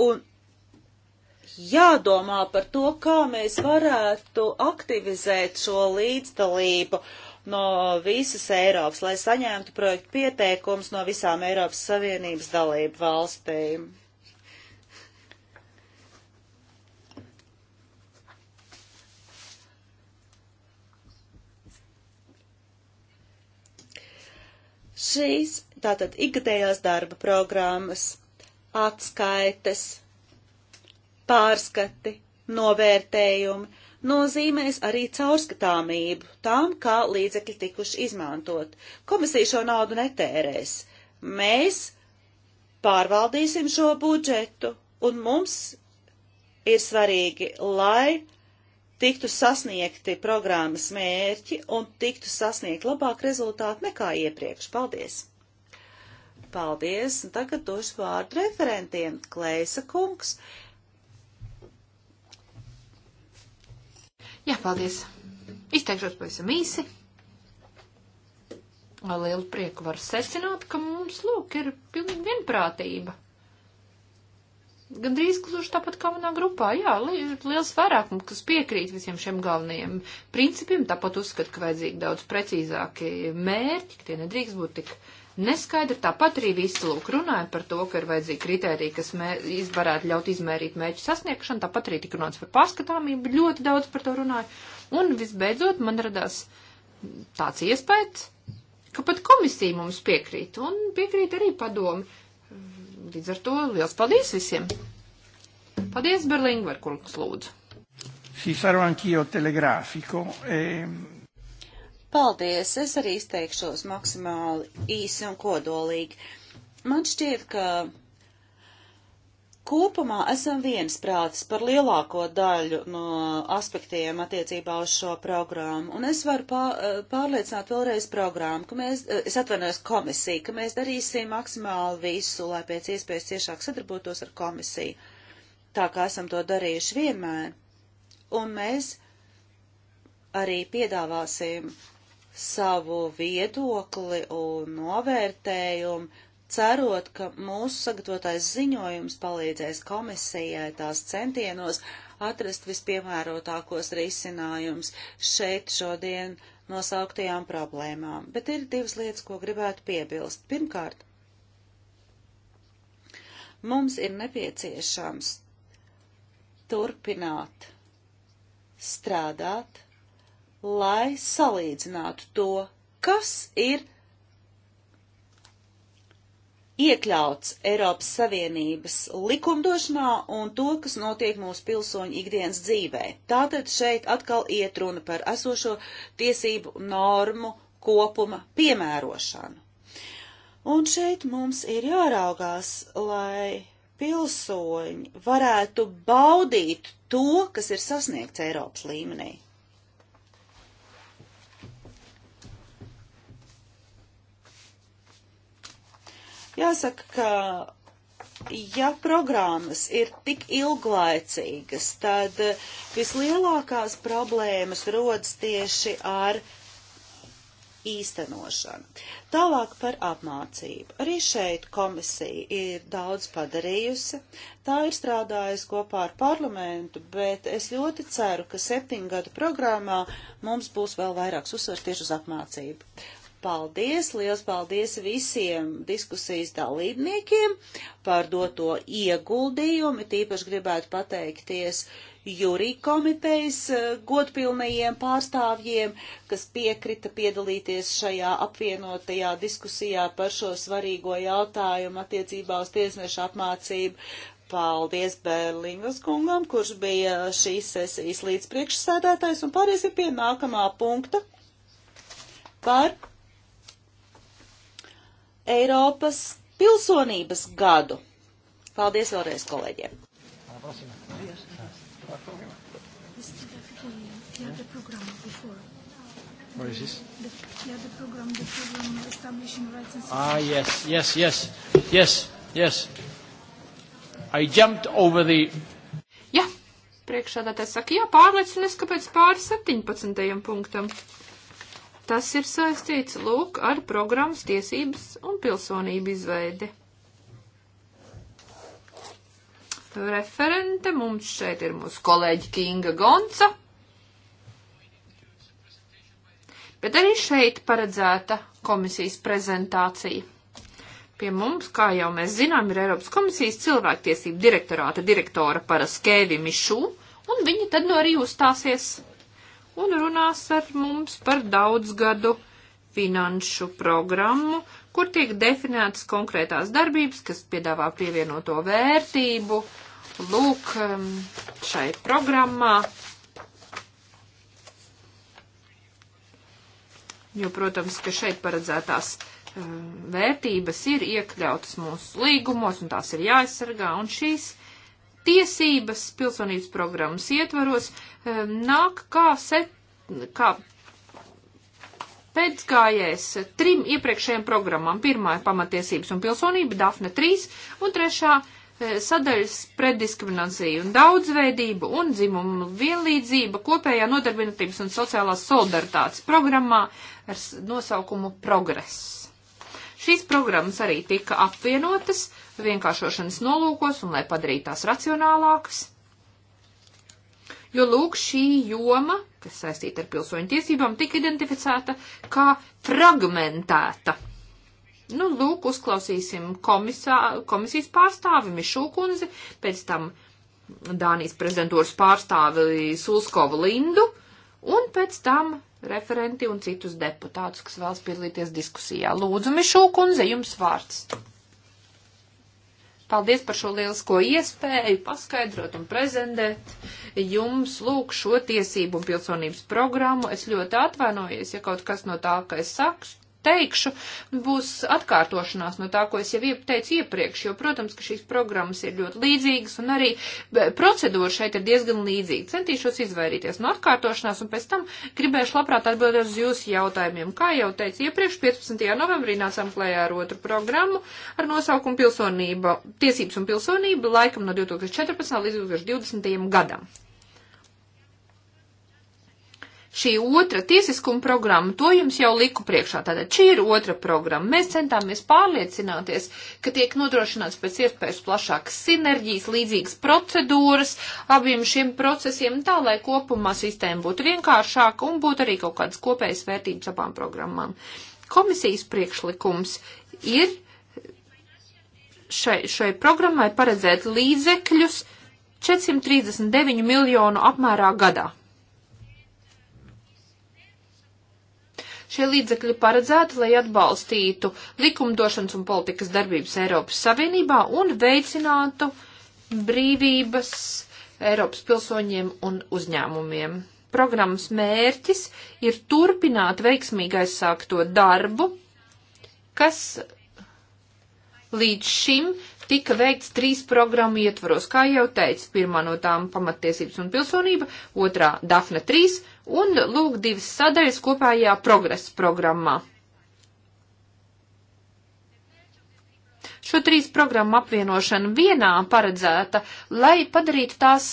C: un jādomā par to, kā mēs varētu aktivizēt šo līdzdalību no visas Eiropas, lai saņemtu projektu pieteikumus no visām Eiropas Savienības dalību valstīm. Šīs tātad ikgadējās darba programmas, atskaites, pārskati, novērtējumi nozīmēs arī caurskatāmību tām, kā līdzekļi tikuši izmantot. Komisija šo naudu netērēs. Mēs pārvaldīsim šo budžetu, un mums ir svarīgi, lai tiktu sasniegti programmas mērķi un tiktu sasniegt labāk rezultāti nekā iepriekš. Paldies! Paldies! Un tagad došu vārdu referentiem. Kleisa kungs.
A: Jā, paldies! Izteikšos pavisam īsi. Ar lielu prieku var secināt, ka mums, lūk, ir pilnīgi vienprātība Gandrīz gluži tāpat kā manā grupā. Jā, li liels vairākums, kas piekrīt visiem šiem galvenajiem principiem, tāpat uzskat, ka vajadzīgi daudz precīzāki mērķi, ka tie nedrīkst būt tik neskaidri. Tāpat arī visi lūk runāja par to, ka ir vajadzīgi kriteriji, kas varētu ļaut izmērīt mērķu sasniegšanu. Tāpat arī tika runāts par paskatāmību, ļoti daudz par to runāja. Un visbeidzot man radās tāds iespējas, ka pat komisija mums piekrīt, un piekrīt arī padomu Līdz ar to liels paldies visiem! Paldies, Berlingver, kungs lūdzu!
C: Sì, sarò anch'io telegrafico. E... Paldies, es arī izteikšos maksimāli īsi un kodolīgi. Man šķiet, ka Kopumā esam viensprātis par lielāko daļu no aspektiem attiecībā uz šo programmu, un es varu eh, pārliecināt vēlreiz programmu, ka mēs, eh, es atvainojos komisiju, ka mēs darīsim maksimāli visu, lai pēc iespējas ciešāk sadarbotos ar komisiju, tā kā esam to darījuši vienmēr, un mēs arī piedāvāsim savu viedokli un novērtējumu cerot, ka mūsu sagatavotais ziņojums palīdzēs komisijai tās centienos atrast vispiemērotākos risinājums šeit šodien nosauktajām problēmām. Bet ir divas lietas, ko gribētu piebilst. Pirmkārt, mums ir nepieciešams turpināt strādāt, lai salīdzinātu to, kas ir iekļauts Eiropas Savienības likumdošanā un to, kas notiek mūsu pilsoņu ikdienas dzīvē. Tātad šeit atkal iet runa par esošo tiesību normu kopuma piemērošanu. Un šeit mums ir jāraugās, lai pilsoņi varētu baudīt to, kas ir sasniegts Eiropas līmenī. Jāsaka, ka ja programmas ir tik ilglaicīgas, tad eh, vislielākās problēmas rodas tieši ar īstenošanu. Tālāk par apmācību. Arī šeit komisija ir daudz padarījusi. Tā ir strādājusi kopā ar parlamentu, bet es ļoti ceru, ka septiņu gadu programmā mums būs vēl vairāks uzsvars tieši uz apmācību. Paldies, liels paldies visiem diskusijas dalībniekiem par doto ieguldījumu. Tīpaši gribētu pateikties jūrī komitejas eh, godpilnajiem pārstāvjiem, kas piekrita piedalīties šajā apvienotajā diskusijā par šo svarīgo jautājumu attiecībā uz tiesnešu apmācību. Paldies Bērlingas kungam, kurš bija šīs sesijas līdz priekšsēdētājs, un pāriesim pie nākamā punkta par Eiropas pilsonības gadu. Paldies vēlreiz kolēģiem!
B: Where is this? The, yeah, the program, the program establishing rights and Ah, ah
A: yes, yes, yes, yes, yes. I jumped over the... Jā, priekšādā te saka, jā, pārliecinies, kāpēc pāri 17. punktam. Tas ir saistīts, lūk, ar programmas tiesības un pilsonību izveidi. Referente mums šeit ir mūsu kolēģi Kinga Gonca. Bet arī šeit paredzēta komisijas prezentācija. Pie mums, kā jau mēs zinām, ir Eiropas komisijas cilvēktiesību direktorāta direktora Paraskēvi Mišu, un viņa tad no nu arī uzstāsies un runās ar mums par daudzgadu finanšu programmu, kur tiek definētas konkrētās darbības, kas piedāvā pievienoto vērtību. Lūk, um, šai programmā. Jo, protams, ka šeit paredzētās um, vērtības ir iekļautas mūsu līgumos, un tās ir jāaizsargā, un šīs tiesības pilsonības programmas ietvaros nāk kā, set, kā pēcgājējs trim iepriekšējiem programmām. Pirmā ir pamatiesības un pilsonība, Dafne 3, un trešā eh, sadaļas preddiskriminācija un daudzveidība un dzimumu vienlīdzība kopējā nodarbinātības un sociālās solidaritātes programmā ar nosaukumu Progress. Šīs programmas arī tika apvienotas vienkāršošanas nolūkos un lai padarītu tās racionālākas. Jo lūk, šī joma, kas saistīta ar pilsoņu tiesībām, tika identificēta kā fragmentēta. Nu, lūk, uzklausīsim komisā, komisijas pārstāvi Mišu kundzi, pēc tam Dānijas prezidentūras pārstāvi Sulskovu Lindu un pēc tam referenti un citus deputātus, kas vēlas piedalīties diskusijā. Lūdzu, Mišu kundze, jums vārds. Paldies par šo lielisko iespēju paskaidrot un prezentēt jums, lūk, šo tiesību un pilsonības programmu. Es ļoti atvainojos, ja kaut kas no tā, ka es saku, teikšu, būs atkārtošanās no tā, ko es jau teicu iepriekš, jo, protams, ka šīs programmas ir ļoti līdzīgas un arī procedūra šeit ir diezgan līdzīga. Centīšos izvairīties no atkārtošanās un pēc tam gribēšu labprāt atbildēt uz jūsu jautājumiem. Kā jau teicu iepriekš, 15. novembrī nācām klējā ar otru programmu ar nosaukumu Pilsonība, tiesības un pilsonība laikam no 2014 līdz 2020. gadam šī otra tiesiskuma programma, to jums jau liku priekšā. Tātad šī ir otra programma. Mēs centāmies pārliecināties, ka tiek nodrošināts pēc iespējas plašākas sinerģijas, līdzīgas procedūras abiem šiem procesiem, tā lai kopumā sistēma būtu vienkāršāka un būtu arī kaut kādas kopējas vērtības abām programmām. Komisijas priekšlikums ir šai, šai programmai paredzēt līdzekļus 439 miljonu apmērā gadā. Šie līdzekļi paredzēti, lai atbalstītu likumdošanas un politikas darbības Eiropas Savienībā un veicinātu brīvības Eiropas pilsoņiem un uzņēmumiem. Programmas mērķis ir turpināt veiksmīgi aizsākto darbu, kas līdz šim tika veikts trīs programmu ietvaros, kā jau teicu, pirmā no tām pamatiesības un pilsonība, otrā Dafne 3 un lūk divas sadaļas kopējā progresa programmā. Šo trīs programmu apvienošana vienā paredzēta, lai padarītu tās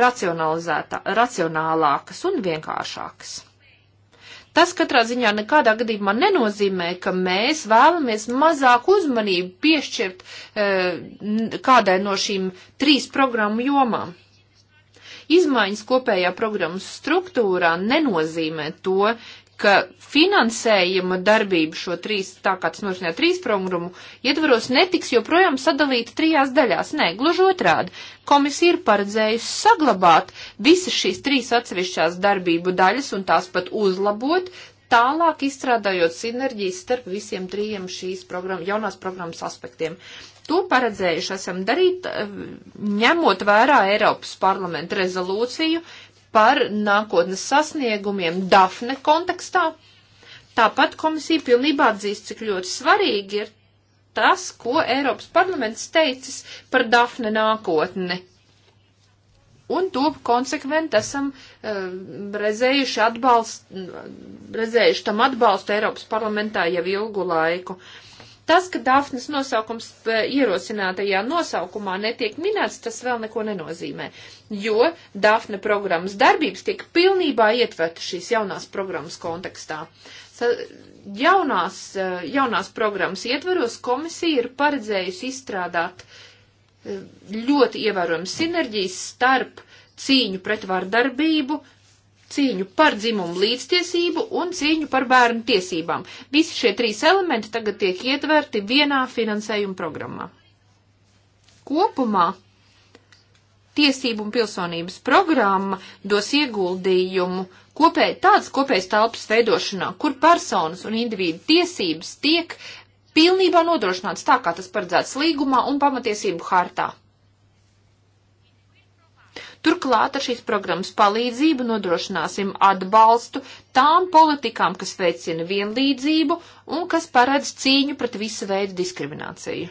A: racionālākas un vienkāršākas. Tas katrā ziņā nekādā gadījumā nenozīmē, ka mēs vēlamies mazāk uzmanību piešķirt e, kādai no šīm trīs programmu jomām. Izmaiņas kopējā programmas struktūrā nenozīmē to, ka finansējuma darbība šo trīs, tā kā tas norisināja trīs programmu, ietvaros netiks joprojām sadalīta trijās daļās. Nē, gluži otrādi. Komisija ir paredzējusi saglabāt visas šīs trīs atsevišķās darbību daļas un tās pat uzlabot, tālāk izstrādājot sinerģijas starp visiem trījiem šīs programma, jaunās programmas aspektiem. To paredzējuši esam darīt, eh, ņemot vērā Eiropas parlamenta rezolūciju par nākotnes sasniegumiem Dafne kontekstā. Tāpat komisija pilnībā atzīst, cik ļoti svarīgi ir tas, ko Eiropas parlaments teicis par Dafne nākotni. Un to konsekventi esam uh, eh, rezējuši, atbalst, rezējuši tam atbalstu Eiropas parlamentā jau ilgu laiku. Uh, Tas, ka Dafnes nosaukums e, ierosinātajā nosaukumā netiek minēts, tas vēl neko nenozīmē, jo Dafne programmas darbības tiek pilnībā ietverta šīs jaunās programmas kontekstā. Jaunās, e, jaunās programmas ietveros komisija ir paredzējusi izstrādāt e, ļoti ievērojams sinerģijas starp cīņu pret vardarbību, cīņu par dzimumu līdztiesību un cīņu par bērnu tiesībām. Visi šie trīs elementi tagad tiek ietverti vienā finansējuma programmā. Kopumā tiesību un pilsonības programma dos ieguldījumu kopēj, tādas kopējas telpas veidošanā, kur personas un individu tiesības tiek pilnībā nodrošināts tā, kā tas paredzēts līgumā un pamatiesību hartā. Turklāt ar šīs programmas palīdzību nodrošināsim atbalstu tām politikām, kas veicina vienlīdzību un kas paredz cīņu pret visu veidu diskrimināciju.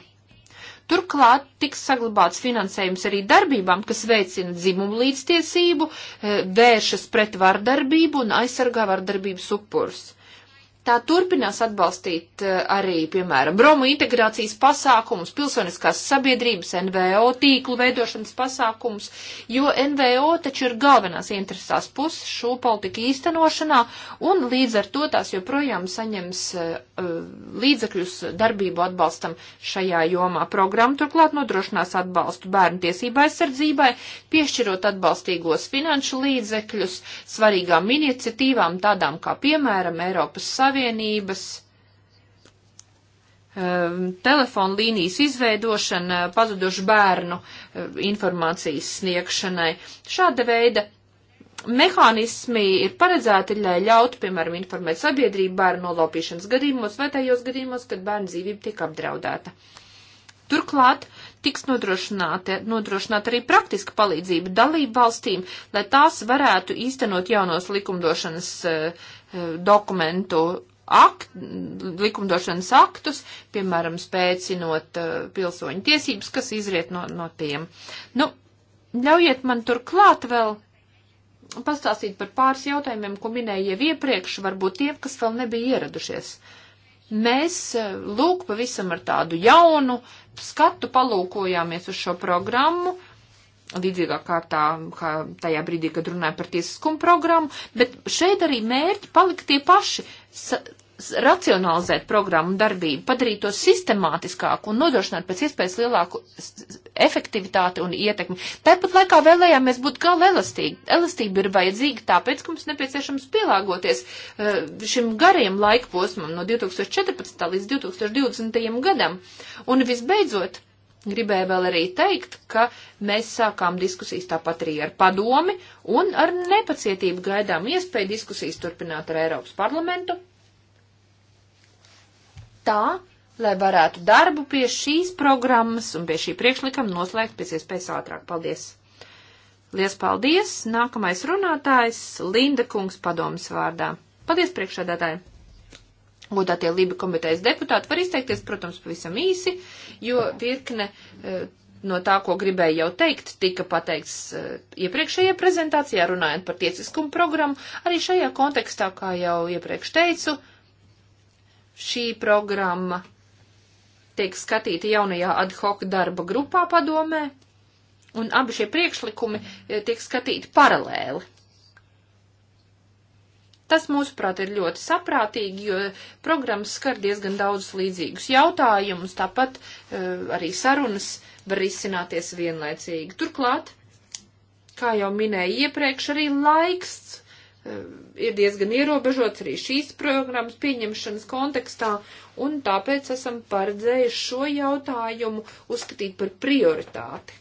A: Turklāt tiks saglabāts finansējums arī darbībām, kas veicina dzimumu līdztiesību, eh, vēršas pret vardarbību un aizsargā vardarbības upurus tā turpinās atbalstīt eh, arī, piemēram, Romu integrācijas pasākumus, pilsoniskās sabiedrības, NVO tīklu veidošanas pasākumus, jo NVO taču ir galvenās interesās puses šo politiku īstenošanā, un līdz ar to tās joprojām saņems eh, līdzekļus darbību atbalstam šajā jomā. Programma turklāt nodrošinās atbalstu bērnu tiesību aizsardzībai, piešķirot atbalstīgos finanšu līdzekļus svarīgām iniciatīvām, tādām kā, piemēram, Eiropas Savienības Savienības um, telefonu līnijas izveidošana uh, pazudušu bērnu uh, informācijas sniegšanai. Šāda veida mehānismi ir paredzēti, lai ļautu, piemēram, informēt sabiedrību bērnu nolaupīšanas gadījumos vai tajos gadījumos, kad bērnu dzīvība tiek apdraudēta. Turklāt tiks nodrošināta, nodrošināta arī praktiska palīdzība dalību valstīm, lai tās varētu īstenot jaunos likumdošanas uh, Eh, dokumentu akt, likumdošanas aktus, piemēram, spēcinot uh, pilsoņu tiesības, kas izriet no, no tiem. Nu, ļaujiet man turklāt vēl pastāstīt par pāris jautājumiem, ko minēju jau iepriekš, varbūt tiem, kas vēl nebija ieradušies. Mēs, eh, lūk, pavisam ar tādu jaunu skatu palūkojāmies uz šo programmu, uh, līdzīgā kārtā, kā tajā brīdī, kad runāja par tiesiskumu programmu, bet šeit arī mērķi palika tie paši racionalizēt programmu darbību, padarīt to sistemātiskāku un nodrošināt pēc iespējas lielāku efektivitāti un ietekmi. Tāpat laikā vēlējāmies būt gal elastīgi. Elastība ir vajadzīga tāpēc, ka mums nepieciešams pielāgoties eh, šim gariem laikposmam no 2014. līdz 2020. gadam. Un visbeidzot, Gribēju vēl arī teikt, ka mēs sākām diskusijas tāpat arī ar padomi un ar nepacietību gaidām iespēju diskusijas turpināt ar Eiropas parlamentu. Tā, lai varētu darbu pie šīs programmas un pie šī priekšlikuma noslēgt pēc iespējas ātrāk. Paldies! Lies paldies! Nākamais runātājs Linda Kungs padomas vārdā. Paldies priekšādātāji! godātie Liba komitejas deputāti var izteikties, protams, pavisam īsi, jo virkne e, no tā, ko gribēju jau teikt, tika pateikts e, iepriekšējā prezentācijā, runājot par tiesiskumu programmu. Arī šajā kontekstā, kā jau iepriekš teicu, šī programma tiek skatīta jaunajā ad hoc darba grupā padomē, un abi šie priekšlikumi e, tiek skatīti paralēli. Tas, mūsuprāt, ir ļoti saprātīgi, jo programmas skar diezgan daudzus līdzīgus jautājumus, tāpat eh, arī sarunas var izcināties vienlaicīgi. Turklāt, kā jau minēju iepriekš, arī laiks eh, ir diezgan ierobežots arī šīs programmas pieņemšanas kontekstā, un tāpēc esam paredzējuši šo jautājumu uzskatīt par prioritāti.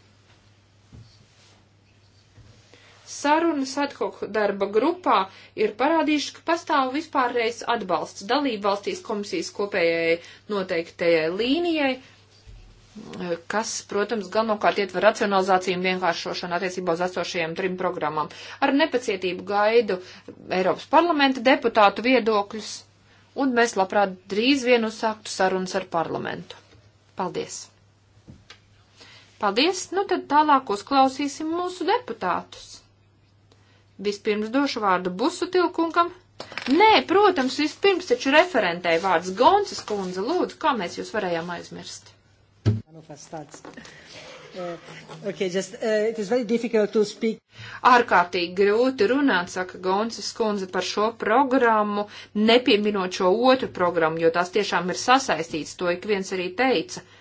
A: sarunas ad hoc darba grupā ir parādījuši, ka pastāv vispārreiz atbalsts dalību valstīs komisijas kopējai noteiktajai līnijai, kas, protams, galvenokārt ietver racionalizāciju un vienkāršošanu attiecībā uz esošajiem trim programmām. Ar nepacietību gaidu Eiropas parlamenta deputātu viedokļus, un mēs labprāt drīz vien uzsāktu sarunas ar parlamentu. Paldies! Paldies! Nu tad tālāk uzklausīsim mūsu deputātus. Vispirms došu vārdu busu tilkunkam. Nē, protams, vispirms taču referentēja vārds Gonces kundze. Lūdzu, kā mēs jūs varējām aizmirst? Eh, okay, just, uh, Ārkārtīgi grūti runāt, saka Gonces kundze, par šo programmu, nepieminot šo otru programmu, jo tās tiešām ir sasaistīts, to ik viens arī teica. Uh,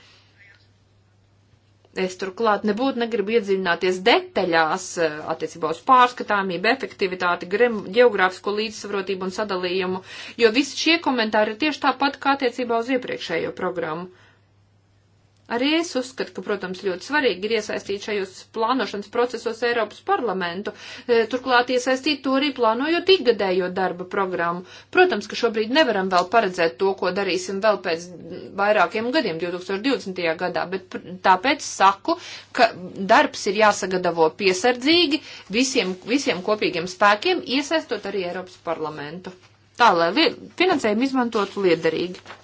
A: Es turklāt nebūtu negribu iedziļināties detaļās eh, attiecībā uz pārskatāmību, efektivitāti, geogrāfisko līdzsvarotību un sadalījumu, jo visi šie komentāri ir tieši tāpat kā attiecībā uz iepriekšējo programmu. Arī es uzskatu, ka, protams, ļoti svarīgi ir iesaistīt šajos plānošanas procesos Eiropas parlamentu, e, turklāt iesaistīt to arī plānojot ikgadējo darba programmu. Protams, ka šobrīd nevaram vēl paredzēt to, ko darīsim vēl pēc vairākiem gadiem, 2020. gadā, bet tāpēc saku, ka darbs ir jāsagadavo piesardzīgi visiem, visiem kopīgiem spēkiem, iesaistot arī Eiropas parlamentu. Tā, lai finansējumu izmantotu liederīgi.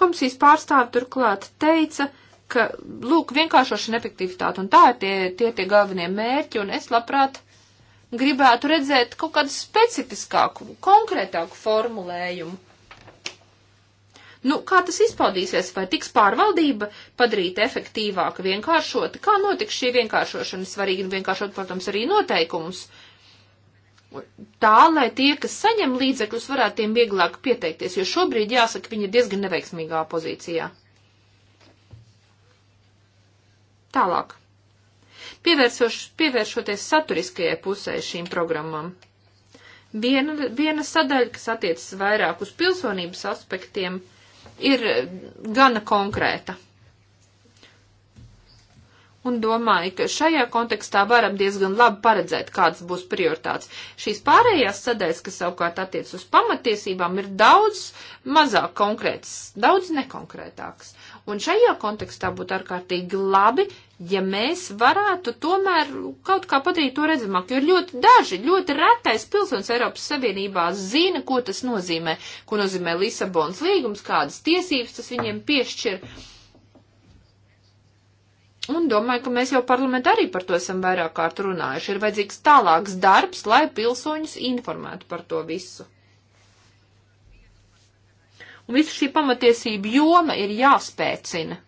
A: Komisijas pārstāvi turklāt teica, ka, lūk, vienkāršošana efektivitāte, un tā ir tie, tie tie galvenie mērķi, un es labprāt gribētu redzēt kaut kādu specifiskāku, konkrētāku formulējumu. Nu, kā tas izpaudīsies, vai tiks pārvaldība padarīta efektīvāka, vienkāršota? Kā notiks šī vienkāršošana? Svarīgi vienkāršot, protams, arī noteikumus. Uh, tā, lai tie, kas saņem līdzekļus, varētu tiem vieglāk pieteikties, jo šobrīd, jāsaka, viņi ir diezgan neveiksmīgā pozīcijā. Tālāk. Pievēršoties saturiskajai pusē šīm programmām. Viena, viena sadaļa, kas attiecas vairāk uz pilsonības aspektiem, ir gana konkrēta un domāju, ka šajā kontekstā varam diezgan labi paredzēt, kādas būs prioritātes. Šīs pārējās sadaļas, kas savukārt attiec uz pamatiesībām, ir daudz mazāk konkrētas, daudz nekonkrētākas. Un šajā kontekstā būtu ārkārtīgi labi, ja mēs varētu tomēr kaut kā padarīt to redzamāk, jo ļoti daži, ļoti retais pilsonis Eiropas Savienībā zina, ko tas nozīmē, ko nozīmē Lisabonas līgums, kādas tiesības tas viņiem piešķir Un domāju, ka mēs jau parlamentā arī par to esam vairāk kārt runājuši. Ir vajadzīgs tālāks darbs, lai pilsoņus informētu par to visu. Un visu šī pamatiesība joma ir jāspēcina.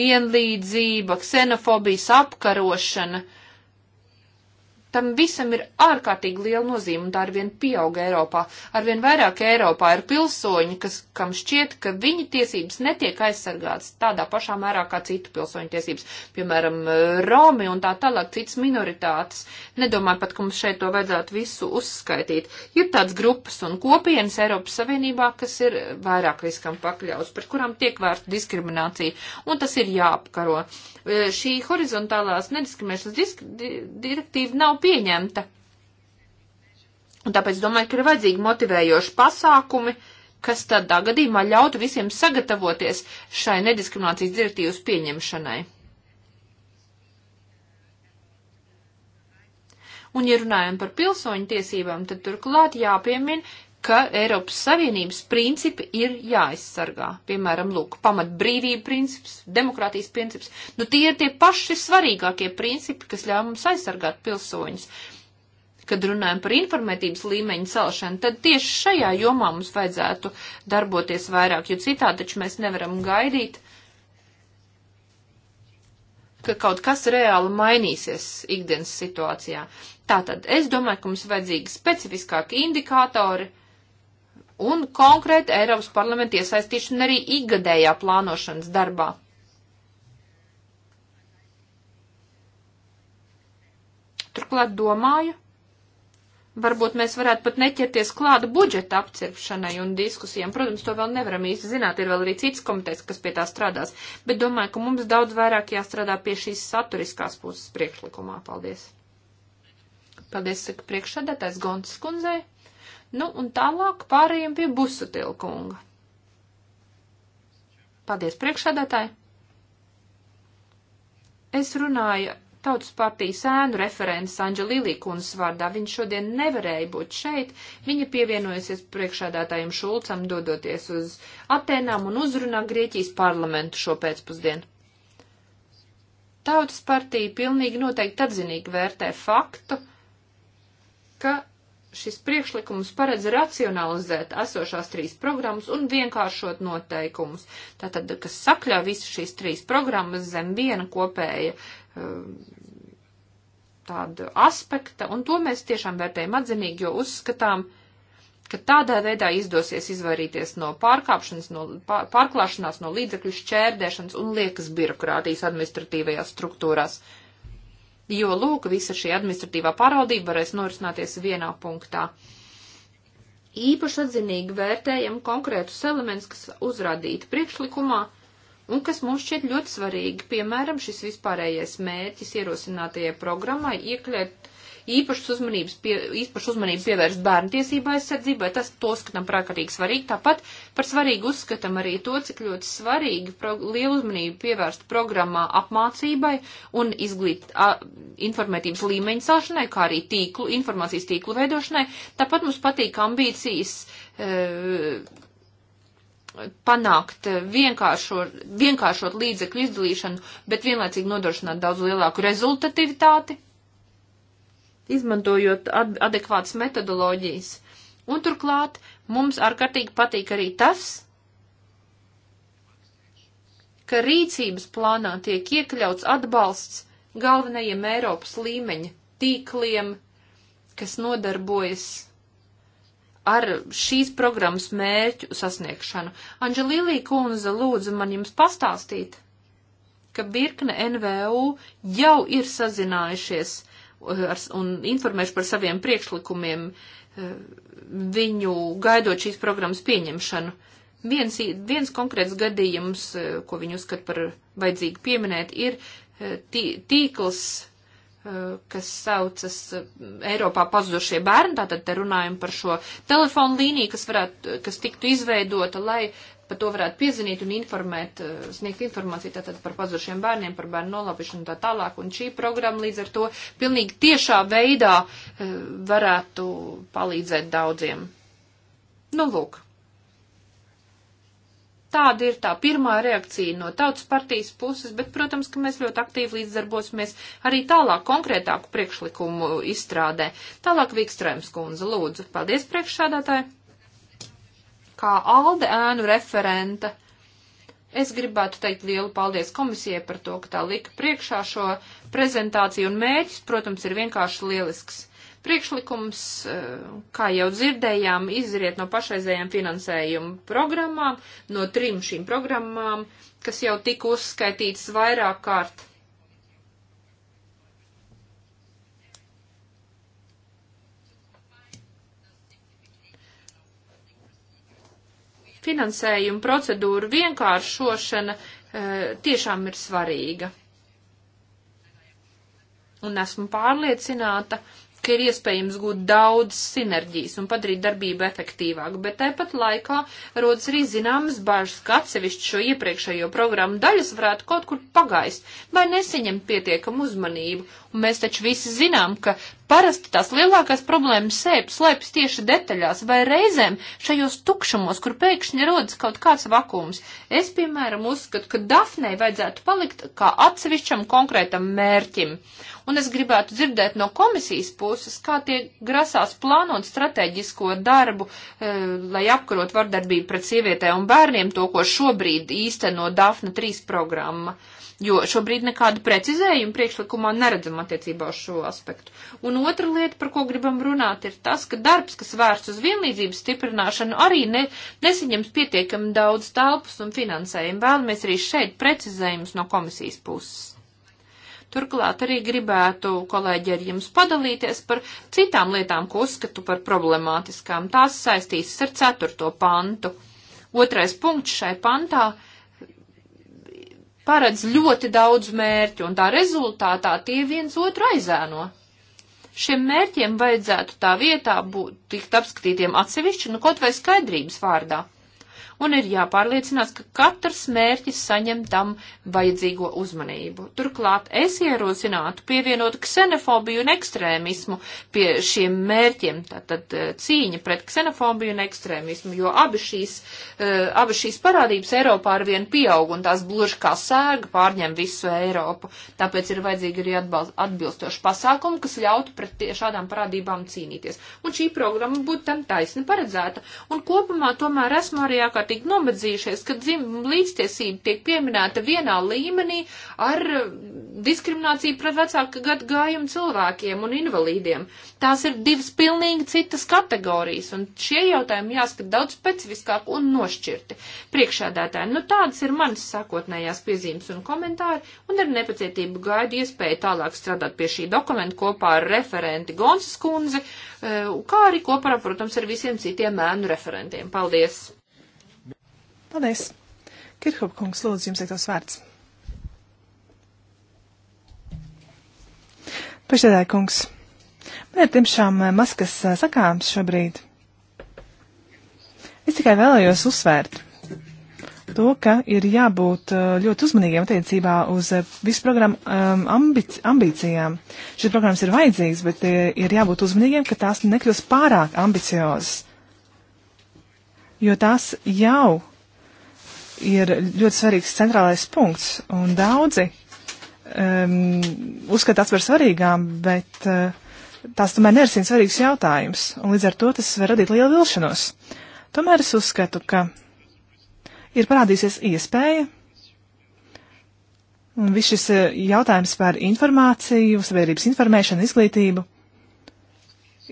A: Vienlīdzība, ksenofobijas apkarošana. Uh, Tam visam ir ārkārtīgi liela nozīme, un tā arvien pieauga Eiropā. Arvien vairāk Eiropā ir pilsoņi, kas, kam šķiet, ka viņa tiesības netiek aizsargātas tādā pašā mērā kā citu pilsoņu tiesības, piemēram, Romi un tā tālāk citas minoritātes. Nedomāju pat, ka mums šeit to vajadzētu visu uzskaitīt. Ir tāds grupas un kopienas Eiropas Savienībā, kas ir vairāk riskam pakļauts, par kurām tiek vērsta diskriminācija, un tas ir jāapkaro. E, šī horizontālās nediskriminēšanas direktīva nav pieņemta. Un tāpēc domāju, ka ir vajadzīgi motivējoši pasākumi, kas tādā gadījumā ļautu visiem sagatavoties šai nediskriminācijas direktīvas pieņemšanai. Un, ja runājam par pilsoņu tiesībām, tad turklāt jāpiemina, ka Eiropas Savienības principi ir jāaizsargā. Piemēram, lūk, pamatbrīvība princips, demokrātijas princips. Nu, tie ir tie paši svarīgākie principi, kas ļauj mums aizsargāt pilsoņus. Kad runājam par informētības līmeņu celšanu, tad tieši šajā jomā mums vajadzētu darboties vairāk, jo citādi taču mēs nevaram gaidīt, ka kaut kas reāli mainīsies ikdienas situācijā. Tātad es domāju, ka mums vajadzīgi specifiskāki indikātori, un konkrēti Eiropas parlamenta iesaistīšana arī ikgadējā plānošanas darbā. Turklāt domāju, varbūt mēs varētu pat neķerties klāt budžeta apcirpšanai un diskusijām. Protams, to vēl nevaram īsti zināt, ir vēl arī cits komitejs, kas pie tā strādās, bet domāju, ka mums daudz vairāk jāstrādā pie šīs saturiskās puses priekšlikumā. Paldies! Paldies, saka priekšsēdētājs Gontas kundzei! Nu, un tālāk pārējiem pie busutilkunga. Paldies, priekšsādātāji! Es runāju Tautas partijas ēnu referents Anģela Līkunas vārdā. Viņš šodien nevarēja būt šeit. Viņa pievienojusies priekšādātājiem Šulcam, dodoties uz Atēnām un uzrunā Grieķijas parlamentu šo pēcpusdienu. Tautas partija pilnīgi noteikti atzinīgi vērtē faktu, ka šis priekšlikums paredz racionalizēt esošās trīs programmas un vienkāršot noteikumus. Tātad, kas sakļā visas šīs trīs programmas zem viena kopēja eh, tāda aspekta, un to mēs tiešām vērtējam atzinīgi, jo uzskatām, ka tādā veidā izdosies izvairīties no pārkāpšanas, no pārklāšanās, no līdzekļu šķērdēšanas un liekas birokrātijas administratīvajās struktūrās. Uh, jo, lūk, visa šī administratīvā pārvaldība varēs norisināties vienā punktā. Īpaši atzinīgi vērtējam konkrētus elementus, kas uzrādīti priekšlikumā un kas mums šķiet ļoti svarīgi, piemēram, šis vispārējais mērķis ierosinātajai programmai iekļaut īpašas uzmanības, pie, īpašu uzmanību pievērst bērnu tiesību aizsardzībai, tas to skatām prākārtīgi svarīgi. Tāpat par svarīgu uzskatām arī to, cik ļoti svarīgi pro, lielu uzmanību pievērst programmā apmācībai un izglīt a, informētības līmeņa sāšanai, kā arī tīklu, informācijas tīklu veidošanai. Tāpat mums patīk ambīcijas. E, panākt vienkāršo, vienkāršot līdzekļu izdalīšanu, bet vienlaicīgi nodrošināt daudz lielāku rezultativitāti izmantojot ad adekvātas metodoloģijas. Un turklāt mums ārkārtīgi patīk arī tas, ka rīcības plānā tiek iekļauts atbalsts galvenajiem Eiropas līmeņa tīkliem, kas nodarbojas ar šīs programmas mērķu sasniegšanu. Anģelīlī Kunze lūdzu man jums pastāstīt, ka virkne NVU jau ir sazinājušies un informēšu par saviem priekšlikumiem eh, viņu gaidot šīs programmas pieņemšanu. Viens, viens konkrēts gadījums, eh, ko viņi uzskata par vajadzīgu pieminēt, ir eh, tīkls, kas saucas Eiropā pazudušie bērni. Tātad te runājam par šo telefonu līniju, kas, varētu, kas tiktu izveidota, lai par to varētu piezinīt un informēt, eh, sniegt informāciju tātad par pazudušiem bērniem, par bērnu nolapišanu un tā tālāk. Un šī programma līdz ar to pilnīgi tiešā veidā eh, varētu palīdzēt daudziem. Nu, lūk. Tāda ir tā pirmā reakcija no tautas partijas puses, bet, protams, ka mēs ļoti aktīvi līdzdarbosimies arī tālāk konkrētāku priekšlikumu izstrādē. Tālāk Vikstrēms kundze, lūdzu. Paldies priekšsādātāji! Kā Alde ēnu referente, es gribētu teikt lielu paldies komisijai par to, ka tā lika priekšā šo prezentāciju, un mērķis, protams, ir vienkārši lielisks. Priekšlikums, eh, kā jau dzirdējām, izriet no pašreizējām finansējuma programmām, no trim šīm programmām, kas jau tika uzskaitītas vairāk kārt finansējuma procedūru vienkāršošana eh, tiešām ir svarīga. Un esmu pārliecināta, ka ir iespējams gūt daudz sinerģijas un padarīt darbību efektīvāku, bet tāpat laikā rodas arī zināmas bažas, ka atsevišķi šo iepriekšējo programmu daļas varētu kaut kur pagaist vai nesaņemt pietiekamu uzmanību. Un mēs taču visi zinām, ka parasti tās lielākās problēmas sēp, slēpjas tieši detaļās vai reizēm šajos tukšumos, kur pēkšņi rodas kaut kāds vakums. Es, piemēram, uzskatu, ka Dafnei vajadzētu palikt kā atsevišķam konkrētam mērķim un es gribētu dzirdēt no komisijas puses, kā tie grasās plānot strateģisko darbu, e, lai apkarot vardarbību pret sievietēm un bērniem, to, ko šobrīd īsteno Dafna 3 programma jo šobrīd nekādu precizējumu priekšlikumā neredzam attiecībā uz šo aspektu. Un otra lieta, par ko gribam runāt, ir tas, ka darbs, kas vērsts uz vienlīdzības stiprināšanu, arī ne, nesaņems pietiekami daudz telpas un finansējumu. Vēlamies arī šeit precizējumus no komisijas puses. Turklāt arī gribētu, kolēģi, ar jums padalīties par citām lietām, ko uzskatu par problemātiskām. Tās saistītas ar ceturto pantu. Otrais punkts šai pantā paredz ļoti daudz mērķu, un tā rezultātā tie viens otru aizēno šiem mērķiem vajadzētu tā vietā būt tikt apskatītiem atsevišķi, nu kaut vai skaidrības vārdā un ir jāpārliecinās, ka katrs mērķis saņem tam vajadzīgo uzmanību. Turklāt es ierosinātu pievienot ksenofobiju un ekstrēmismu pie šiem mērķiem, tātad eh, cīņa pret ksenofobiju un ekstrēmismu, jo abi šīs, eh, abi šīs parādības Eiropā ar vienu pieaug un tās gluži kā sēga pārņem visu Eiropu. Tāpēc ir vajadzīgi arī atbilstoši pasākumi, kas ļautu pret šādām parādībām cīnīties. Un šī programma būtu tam taisni paredzēta. Un kopumā tomēr esmu arī ārkārtīgi ārkārtīgi nomadzījušies, ka līdztiesība tiek pieminēta vienā līmenī ar diskrimināciju pret vecāku gadu gājumu cilvēkiem un invalīdiem. Tās ir divas pilnīgi citas kategorijas, un šie jautājumi jāskat daudz specifiskāk un nošķirti. Priekšādātāji, nu tādas ir manas sākotnējās piezīmes un komentāri, un ar nepacietību gaidu iespēju tālāk strādāt pie šī dokumenta kopā ar referenti Gonsas kundzi, eh, kā arī kopā, protams, ar visiem citiem mēnu referentiem. Paldies!
B: Paldies! Kirchhoff kungs, lūdzu, jums ir tos vārds. Pašdēdē kungs, man ir tiešām eh, maz kas eh, sakāms šobrīd. Es tikai vēlējos uzsvērt to, ka ir jābūt eh, ļoti uzmanīgiem attiecībā uz visu programmu um, ehm, ambic ambīcijām. Šis programmas ir vajadzīgs, bet ir jābūt uzmanīgiem, ka tās nekļūst pārāk ambiciozas, jo tās jau ir ļoti svarīgs centrālais punkts, un daudzi um, uzskata tās par svarīgām, bet uh, tās tomēr nerisina svarīgs jautājums, un līdz ar to tas var radīt lielu vilšanos. Tomēr es uzskatu, ka ir parādīsies iespēja, un viss šis uh, jautājums par informāciju, sabiedrības informēšanu, izglītību,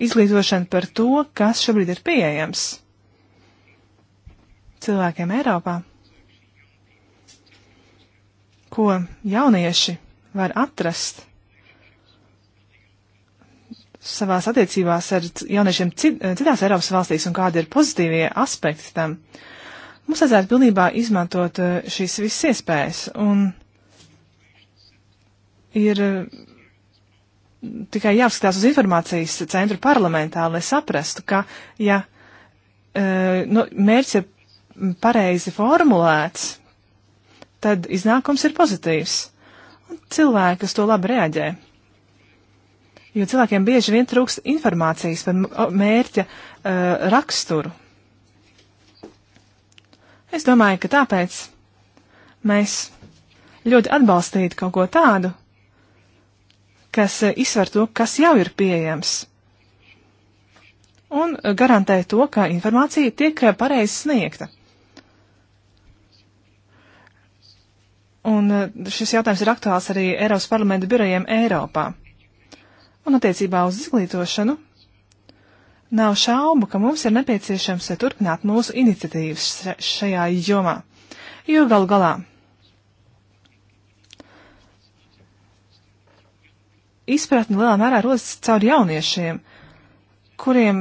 B: izglītošanu par to, kas šobrīd ir pieejams cilvēkiem Eiropā ko jaunieši var atrast savās attiecībās ar jauniešiem eh, citās Eiropas valstīs un kādi ir pozitīvie aspekti tam. Mums vajadzētu pilnībā izmantot eh, šīs visas iespējas un ir eh, tikai jāapskatās uz informācijas centru parlamentā, lai saprastu, ka, ja nu, mērķis ir pareizi formulēts, tad iznākums ir pozitīvs. Un cilvēki uz to labi reaģē. Jo cilvēkiem bieži vien trūkst informācijas par mērķa uh, raksturu. Es domāju, ka tāpēc mēs ļoti atbalstītu kaut ko tādu, kas uh, izsver to, kas jau ir pieejams. Un garantē to, ka informācija tiek e, pareizi sniegta. Un eh, šis jautājums ir aktuāls arī Eiropas parlamenta birojiem Eiropā. Un attiecībā uz izglītošanu nav šaubu, ka mums ir nepieciešams eh, turpināt mūsu iniciatīvas šajā jomā. Jo galu galā izpratni lielā mērā rodas caur jauniešiem, kuriem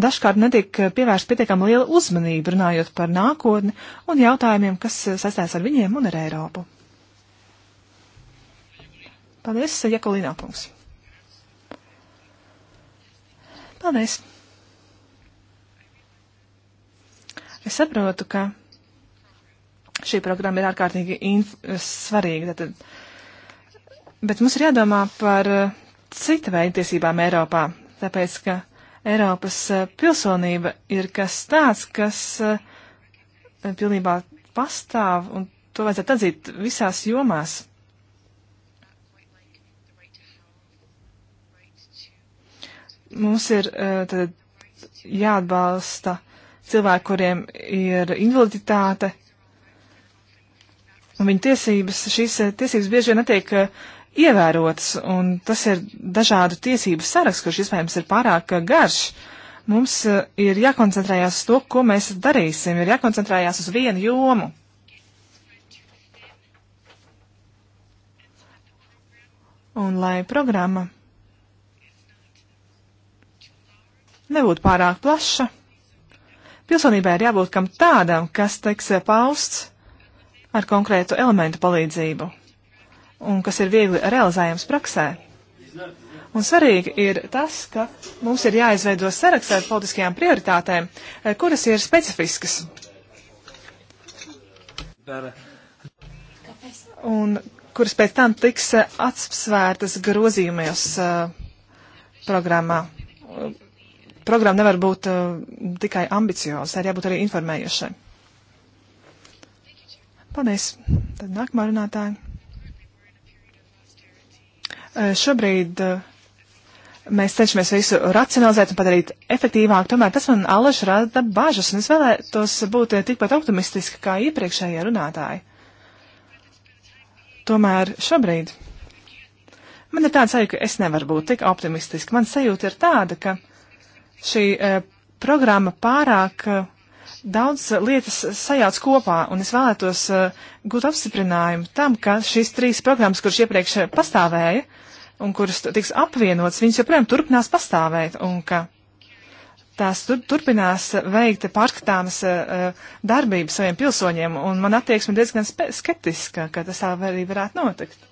B: dažkārt netiek eh, pievērsta pietiekama liela uzmanība runājot par nākotni un jautājumiem, kas eh, saistās ar viņiem un ar Eiropu. Paldies, Jakolīnā kungs. Paldies. Es saprotu, ka šī programma ir ārkārtīgi eh, svarīga, tad, bet mums ir jādomā par cita veida tiesībām Eiropā tāpēc ka Eiropas eh, pilsonība ir kas tāds, kas eh, pilnībā pastāv, un to vajadzētu atzīt visās jomās. Mums ir eh, tad, jāatbalsta cilvēki, kuriem ir invaliditāte, un viņu tiesības, šīs tiesības bieži vien netiek ievērotas, un tas ir dažādu tiesību saraksts, kurš iespējams ir pārāk eh, garš. Mums eh, ir jākoncentrējās uz to, ko mēs darīsim, ir jākoncentrējās uz vienu jomu. Un lai programma nebūtu pārāk plaša, pilsonībai ir jābūt kam tādam, kas teiks eh, pausts ar konkrētu elementu palīdzību un kas ir viegli realizējams praksē. Un svarīgi ir tas, ka mums ir jāizveido saraksts ar politiskajām prioritātēm, eh, kuras ir specifiskas. Un kuras pēc tam tiks eh, atsvērtas grozījumos uh, programmā. Programma nevar būt uh, tikai ambicioza, tā ir jābūt arī informējušai. Paldies. Tad nākamā runātāja. Eh, šobrīd eh, mēs cenšamies visu racionalizēt un padarīt efektīvāk, tomēr tas man alaž rada bažas, un es vēlētos būt tikpat optimistiski kā iepriekšējie runātāji. Tomēr šobrīd man ir tāds sajūta, ka es nevaru būt tik optimistiski. Man sajūta ir tāda, ka šī eh, programma pārāk uh, daudz eh, lietas sajauc kopā, un es vēlētos uh, gūt apstiprinājumu tam, ka šīs trīs programmas, kuras iepriekš eh, pastāvēja un kuras tiks apvienotas, viņas joprojām turpinās pastāvēt, un ka tās tur, turpinās veikt pārskatāmas uh, darbības saviem pilsoņiem, un man attieksme diezgan skeptiska, ka tas tā arī varētu notikt.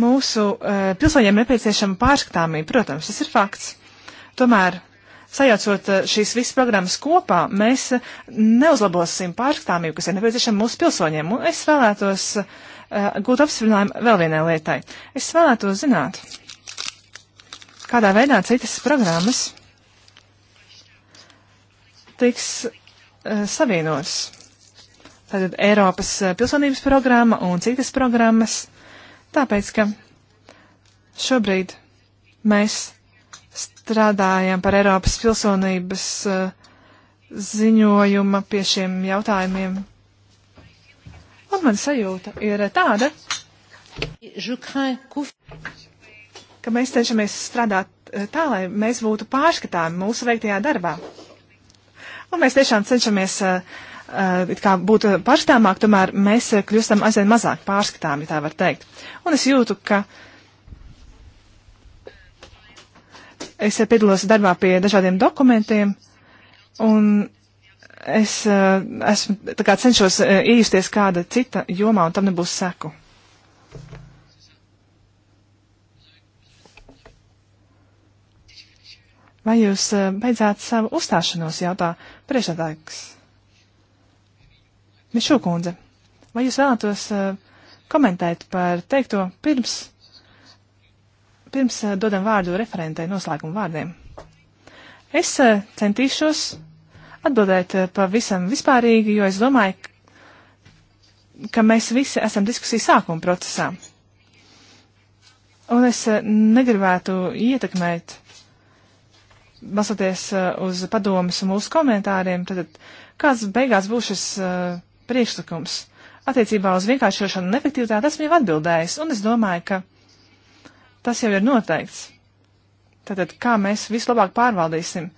B: Mūsu uh, pilsoņiem nepieciešama pārskatāmība, protams, tas ir fakts. Tomēr sajaucot eh, šīs visas programmas kopā, mēs eh, neuzlabosim pārskatāmību, kas ir nepieciešama mūsu pilsoņiem. Un es vēlētos uh, gūt apsvinājumu vēl vienai lietai. Es vēlētos zināt, kādā veidā citas programmas tiks uh, savienotas. Tātad Eiropas uh, pilsonības programma un citas programmas. Tāpēc, ka šobrīd mēs strādājam par Eiropas pilsonības eh, ziņojuma pie šiem jautājumiem. Un man sajūta ir tāda, ka mēs cenšamies strādāt eh, tā, lai mēs būtu pārskatāmi mūsu veiktajā darbā. Un mēs tiešām cenšamies uh, būt pārskatāmāk, tomēr mēs kļūstam aizvien mazāk pārskatāmi, tā var teikt. Un es jūtu, ka uh, Es eh, piedalos darbā pie dažādiem dokumentiem, un es eh, esmu, tā kā cenšos eh, iejusties kāda cita jomā, un tam nebūs seku. Vai jūs beidzāt savu uzstāšanos, jautā priekšsēdājs? Mišūkundze, vai jūs vēlētos komentēt par teikto pirms Pirms eh, dodam vārdu referentai noslēguma vārdiem. Es eh, centīšos atbildēt eh, pavisam vispārīgi, jo es domāju, ka mēs visi esam diskusiju sākuma procesā. Un es negribētu ietekmēt, basoties uz padomus un mūsu komentāriem, tad kāds beigās būs šis uh, priekšlikums. Attiecībā uz vienkāršošanu un efektivitāti esmu jau atbildējis, un es domāju, ka Tas jau ir noteikts. Tātad, kā mēs vislabāk pārvaldīsim?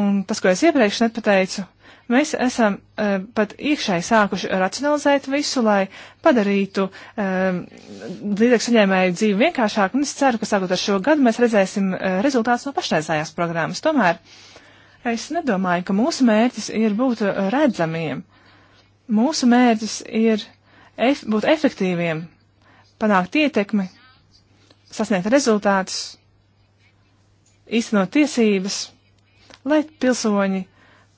B: Un tas, ko es iepriekš nepateicu, mēs esam uh, pat iekšēji sākuši racionalizēt visu, lai padarītu uh, līdzekļu saņēmēju dzīvi vienkāršāku, un es ceru, ka sākot ar šo gadu mēs redzēsim uh, rezultātus no pašreizējās programmas. Tomēr es nedomāju, ka mūsu mērķis ir būt redzamiem. Mūsu mērķis ir ef būt efektīviem, panākt ietekmi sasniegt rezultātus, īstenot tiesības, lai pilsoņi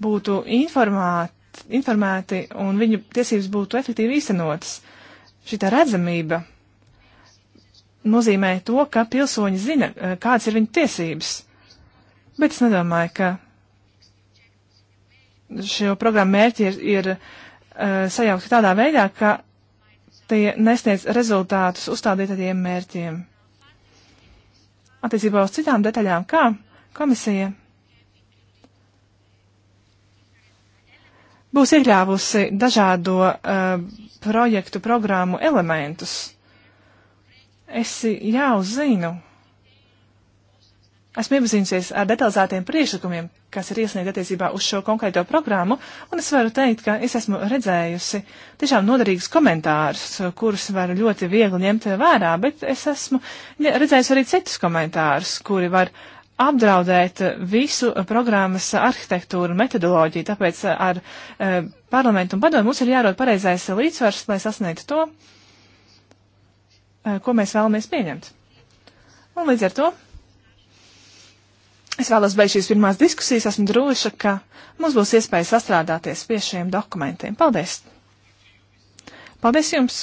B: būtu informāti, informēti un viņu tiesības būtu efektīvi īstenotas. Šitā redzamība nozīmē to, ka pilsoņi zina, eh, kādas ir viņu tiesības. Bet es nedomāju, ka šo programmu mērķi ir, ir uh, sajaukti tādā veidā, ka tie nesniedz rezultātus uzstādītajiem mērķiem attiecībā uz citām detaļām, kā komisija būs iekļāvusi dažādo uh, projektu programmu elementus. Es jau zinu, Esmu iepazinusies ar detalizētiem priekšlikumiem, kas ir iesniegti attiecībā uz šo konkrēto programmu, un es varu teikt, ka es esmu redzējusi tiešām noderīgus komentārus, kurus var ļoti viegli ņemt vērā, bet es esmu redzējusi arī citus komentārus, kuri var apdraudēt visu programmas arhitektūru un metodoloģiju, tāpēc ar e, parlamentu un padomu mums ir jārod pareizais līdzsvars, lai sasniegtu to, e, ko mēs vēlamies pieņemt. Un līdz ar to Es vēlos beigt šīs pirmās diskusijas, esmu droša, ka mums būs iespēja sastrādāties pie šiem dokumentiem. Paldies! Paldies jums!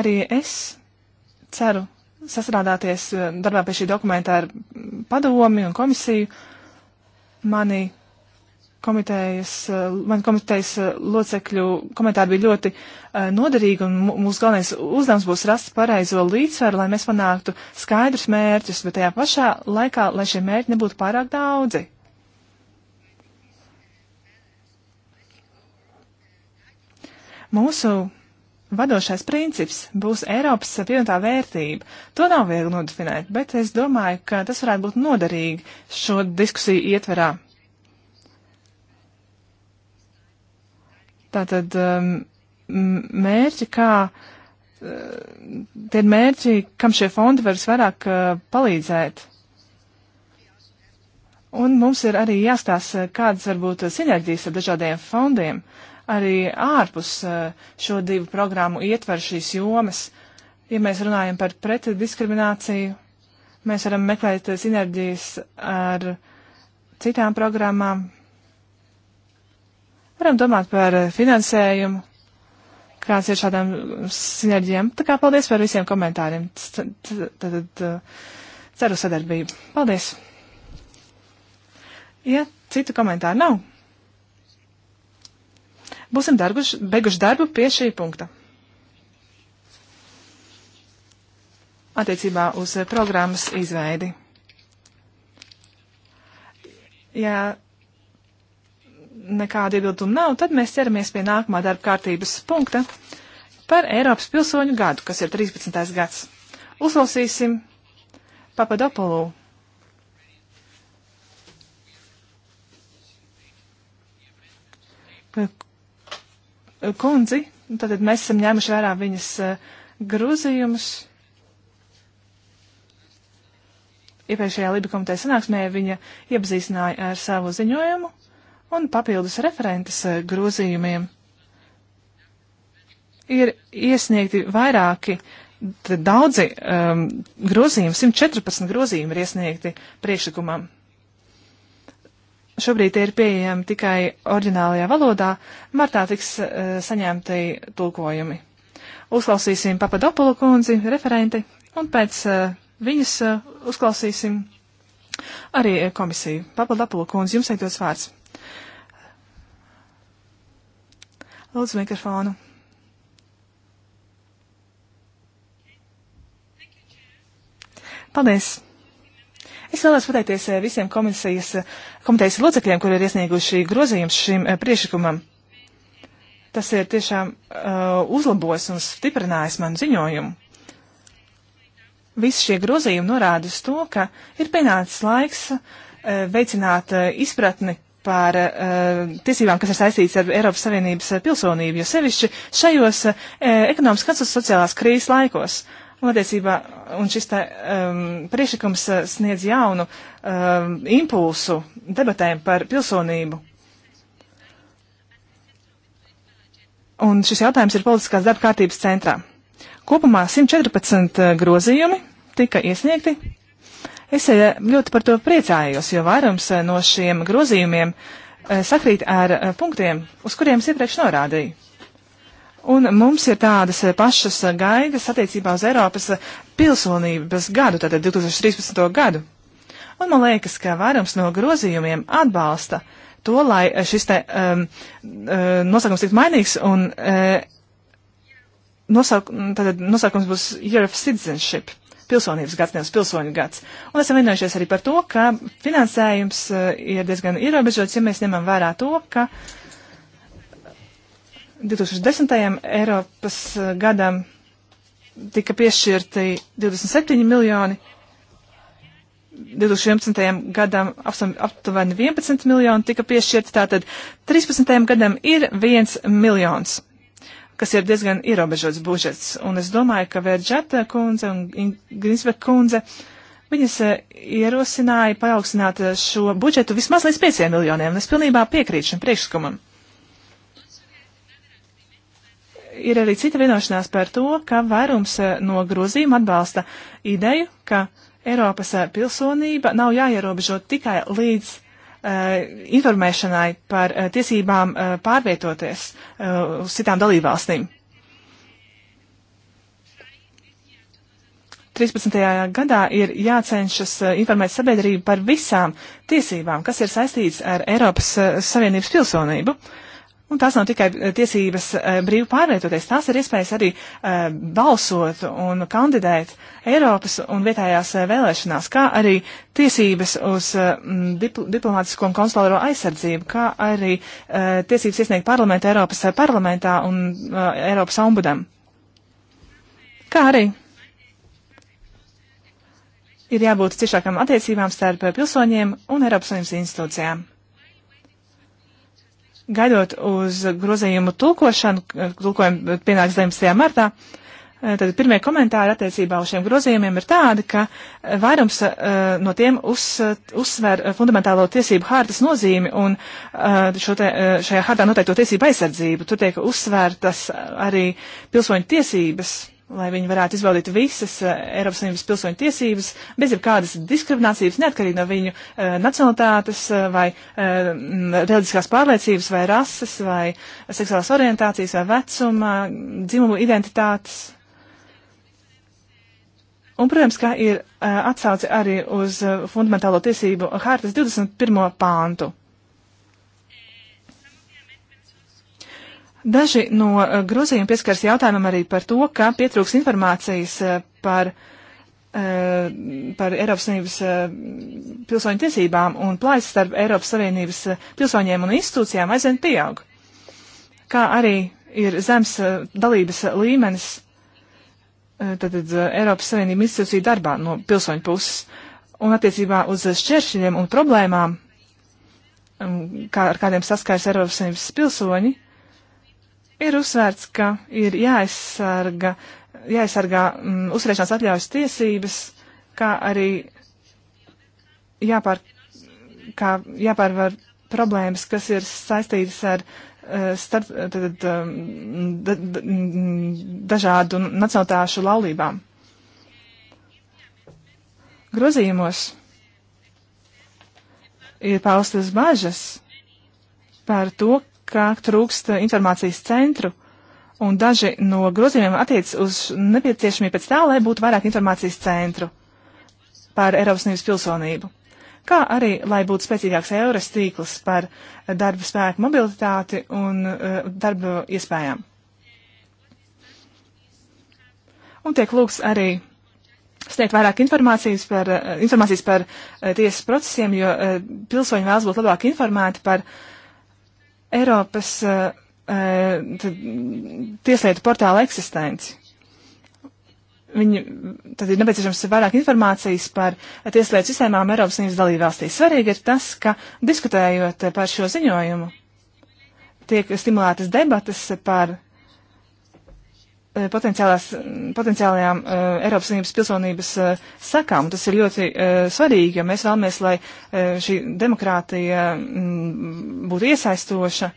B: Arī es ceru sastrādāties eh, darbā pie šī dokumenta ar padomi un komisiju. Mani komitejas, eh, man komitejas eh, locekļu komentāri bija ļoti uh, noderīgi, un mūsu galvenais uzdevums būs rast pareizo līdzsvaru, lai mēs panāktu skaidrus mērķus, bet tajā pašā laikā, lai šie mērķi nebūtu pārāk daudzi. Mūsu vadošais princips būs Eiropas pievienotā vērtība. To nav viegli nodefinēt, bet es domāju, ka tas varētu būt noderīgi šo diskusiju ietverā. Tātad um, mērķi, kā uh, tie ir mērķi, kam šie fondi var visvairāk uh, palīdzēt. Un mums ir arī jāstāsta, uh, kādas varbūt sinerģijas ar dažādiem fondiem, arī ārpus šo divu programmu ietver šīs jomas. Ja mēs runājam par pretdiskrimināciju, mēs varam meklēt sinerģijas ar citām programmām, Varam domāt par eh, finansējumu, kāds ir šādām sinerģijām. Tā kā paldies par visiem komentāriem. Tad ceru sadarbību. Paldies! Ja citu komentāru nav, būsim darbuši, beiguši darbu pie šī punkta. Attiecībā uz programmas izveidi. Ja nekādu iebildumu nav, tad mēs ķeramies pie nākamā darba kārtības punkta par Eiropas pilsoņu gadu, kas ir 13. gads. Uzklausīsim Papadopolu. Kundzi, tātad mēs esam ņēmuši vērā viņas eh, grozījumus. Iepriekšējā Liba komiteja sanāksmē viņa iepazīstināja ar savu ziņojumu un papildus referentes eh, grozījumiem ir iesniegti vairāki, daudzi um, grozījumi, 114 grozījumi ir iesniegti priekšlikumam. Šobrīd tie ir pieejami tikai oriģinālajā valodā, martā tiks uh, saņemti tulkojumi. Uzklausīsim Papadopulu kundzi, referenti, un pēc uh, viņas uh, uzklausīsim arī komisiju. Papadopulu kundzi, jums ir dots vārds. Lūdzu mikrofonu. Paldies! Es vēlos pateikties eh, visiem komisijas, eh, komitejas locekļiem, kuri ir iesnieguši grozījums šim eh, priešakumam. Tas ir tiešām uh, uzlabos un stiprinājis manu ziņojumu. Visi šie grozījumi norāda uz to, ka ir pienācis laiks uh, veicināt uh, izpratni, par uh, tiesībām, kas ir saistīts ar Eiropas Savienības eh, pilsonību, jo sevišķi šajos uh, ekonomiskās un sociālās krīzes laikos. Un, attiecībā, un šis tā, um, ehm, priekšlikums uh, sniedz jaunu um, impulsu debatēm par pilsonību. Un šis jautājums ir politiskās darba kārtības centrā. Kopumā 114 grozījumi tika iesniegti Es eh, ļoti par to priecājos, jo vairums eh, no šiem grozījumiem eh, sakrīt ar punktiem, uz kuriem es iepriekš norādīju. Un mums ir tādas pašas gaidas attiecībā uz Eiropas pilsonības gadu, tātad 2013. gadu. Un man liekas, ka vairums no grozījumiem atbalsta to, lai šis te um, nosaukums tiktu mainīgs un uh, nosauk, tātad nosaukums būs Year of Citizenship pilsonības gads, nevis pilsoņu gads. Un esam vienojušies arī par to, ka finansējums eh, ir diezgan ierobežots, ja mēs ņemam vērā to, ka 2010. Eiropas eh, gadam tika piešķirti 27 miljoni, 2011. gadam aptuveni 11 miljoni tika piešķirti, tātad 13. gadam ir 1 miljons kas ir diezgan ierobežots budžets. Un es domāju, ka Vērģata kundze un Grinsbek kundze, viņas eh, ierosināja paaugstināt eh, šo budžetu vismaz līdz 5 miljoniem, un es pilnībā piekrītu šim priekšskumam. Ir arī cita vienošanās par to, ka vairums eh, no grozījuma atbalsta ideju, ka Eiropas pilsonība nav jāierobežo tikai līdz Uh, informēšanai par uh, tiesībām uh, pārvietoties uz citām dalībvalstīm. 13. gadā ir jācenšas informēt sabiedrību par visām tiesībām, kas ir saistīts ar Eiropas Savienības pilsonību. Uh, Un tās nav tikai eh, tiesības eh, brīvi pārvietoties, tās ir iespējas arī eh, balsot un kandidēt Eiropas un vietējās vēlēšanās, kā arī tiesības uz dipl diplomātisko un konsulāro aizsardzību, kā arī tiesības iesniegt parlamentu Eiropas parlamentā un Eiropas ombudam. Kā arī ir jābūt ciešākam attiecībām starp pilsoņiem un Eiropas Savienības institūcijām. Gaidot uz grozījumu tulkošanu, tulkojumi pienāks 19. martā, eh, tad pirmie komentāri attiecībā uz šiem grozījumiem ir tādi, ka eh, vairums uh, no tiem uz, uzsver fundamentālo tiesību hārtas nozīmi un uh, te, šajā hārtā noteikto tiesību aizsardzību. Tur tiek uzsvērtas arī pilsoņu tiesības lai viņi varētu izbaudīt visas eh, Eiropas Savienības pilsoņu tiesības bez jebkādas diskriminācijas, neatkarīgi no viņu eh, nacionalitātes eh, vai reliģiskās pārliecības vai rases vai seksuālās orientācijas vai vecuma, dzimumu identitātes. Un, protams, ka ir atsauce arī uz fundamentālo tiesību hartas 21. pāntu. Daži no uh, grozījuma pieskars jautājumam arī par to, ka pietrūks informācijas uh, par, uh, par Eiropas Savienības pilsoņu tiesībām un plājas starp Eiropas Savienības pilsoņiem un institūcijām aizvien pieaug. Kā arī ir zems dalības līmenis tātad, Eiropas Savienības institūciju darbā no pilsoņu puses. Un attiecībā uz šķēršļiem un problēmām, um, kā, ar kādiem saskars Eiropas Savienības pilsoņi, Ir uzsvērts, ka ir jāaizsarga, jāaizsargā mm, uzturēšanās atļaujas tiesības, kā arī jāpār, kā jāpārvar problēmas, kas ir saistītas ar eh, starp, tad, um, da, da, mm, dažādu nacionālitāšu laulībām. Grozījumos ir paustas bažas par to, ka trūkst informācijas centru, un daži no grozījumiem attiec uz nepieciešamību pēc tā, lai būtu vairāk informācijas centru par Eiropas Savienības pilsonību, kā arī, lai būtu spēcīgāks Eiropas tīkls par darba spēku mobilitāti un uh, darba iespējām. Un tiek lūgts arī sniegt vairāk informācijas par, uh, informācijas par uh, tiesas procesiem, jo pilsoņi vēlas būt labāk informēti par uh, Eiropas uh, tad, tieslietu portāla eksistenci. Viņi, tad ir nepieciešams vairāk informācijas par tieslietu sistēmām Eiropas Savienības dalībvalstīs. Svarīgi ir tas, ka diskutējot par šo ziņojumu, tiek stimulētas debatas par Eh, potenciālajām uh, Eiropas Savienības pilsonības uh, eh, sakām. Tas ir ļoti uh, svarīgi, jo mēs vēlamies, lai uh, šī demokrātija mm, būtu iesaistoša.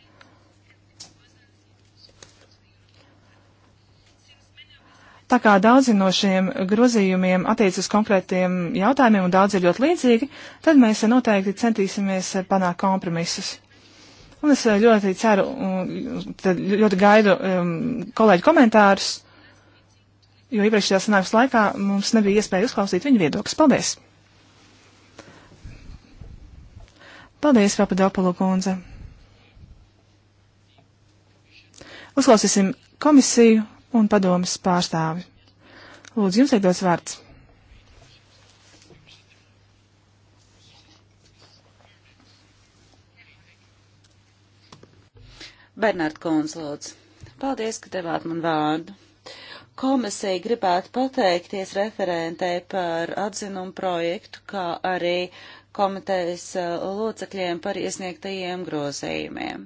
B: Tā kā daudzi no šiem grozījumiem attiec uz konkrētiem jautājumiem un daudz ir ļoti līdzīgi, tad mēs noteikti centīsimies panākt kompromisus. Un es eh, ļoti ceru, ļoti gaidu um, kolēģu komentārus, jo iepriekšējā sanāks laikā mums nebija iespēja uzklausīt viņu viedokļus. Paldies! Paldies, Papadopolo kundze! Uzklausīsim komisiju un padomas pārstāvi. Lūdzu, jums ir dots vārds.
C: Bernārd Konslauds, paldies, ka devāt man vārdu. Komisija gribētu pateikties referentē par atzinumu projektu, kā arī komitejas eh, locekļiem par iesniegtajiem grozījumiem.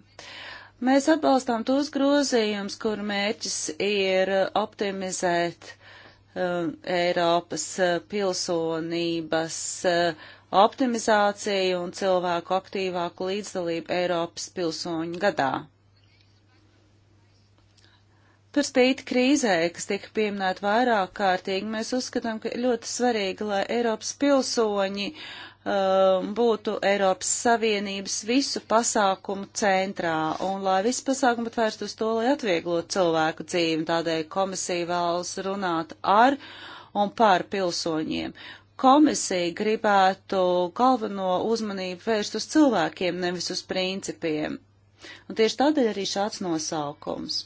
C: Mēs atbalstām tos grozījumus, kur mērķis ir optimizēt um, Eiropas eh, pilsonības uh, optimizāciju un cilvēku aktīvāku līdzdalību Eiropas pilsoņu gadā. Par spīti krīzē, kas tika pieminēta vairāk kārtīgi, mēs uzskatām, ka ļoti svarīgi, lai Eiropas pilsoņi um, būtu Eiropas Savienības visu pasākumu centrā un lai visi pasākumi patvērst uz to, lai atvieglotu cilvēku dzīvi. Tādēļ komisija vēlas runāt ar un par pilsoņiem. Komisija gribētu galveno uzmanību vērst uz cilvēkiem, nevis uz principiem. Un tieši tādēļ arī šāds nosaukums.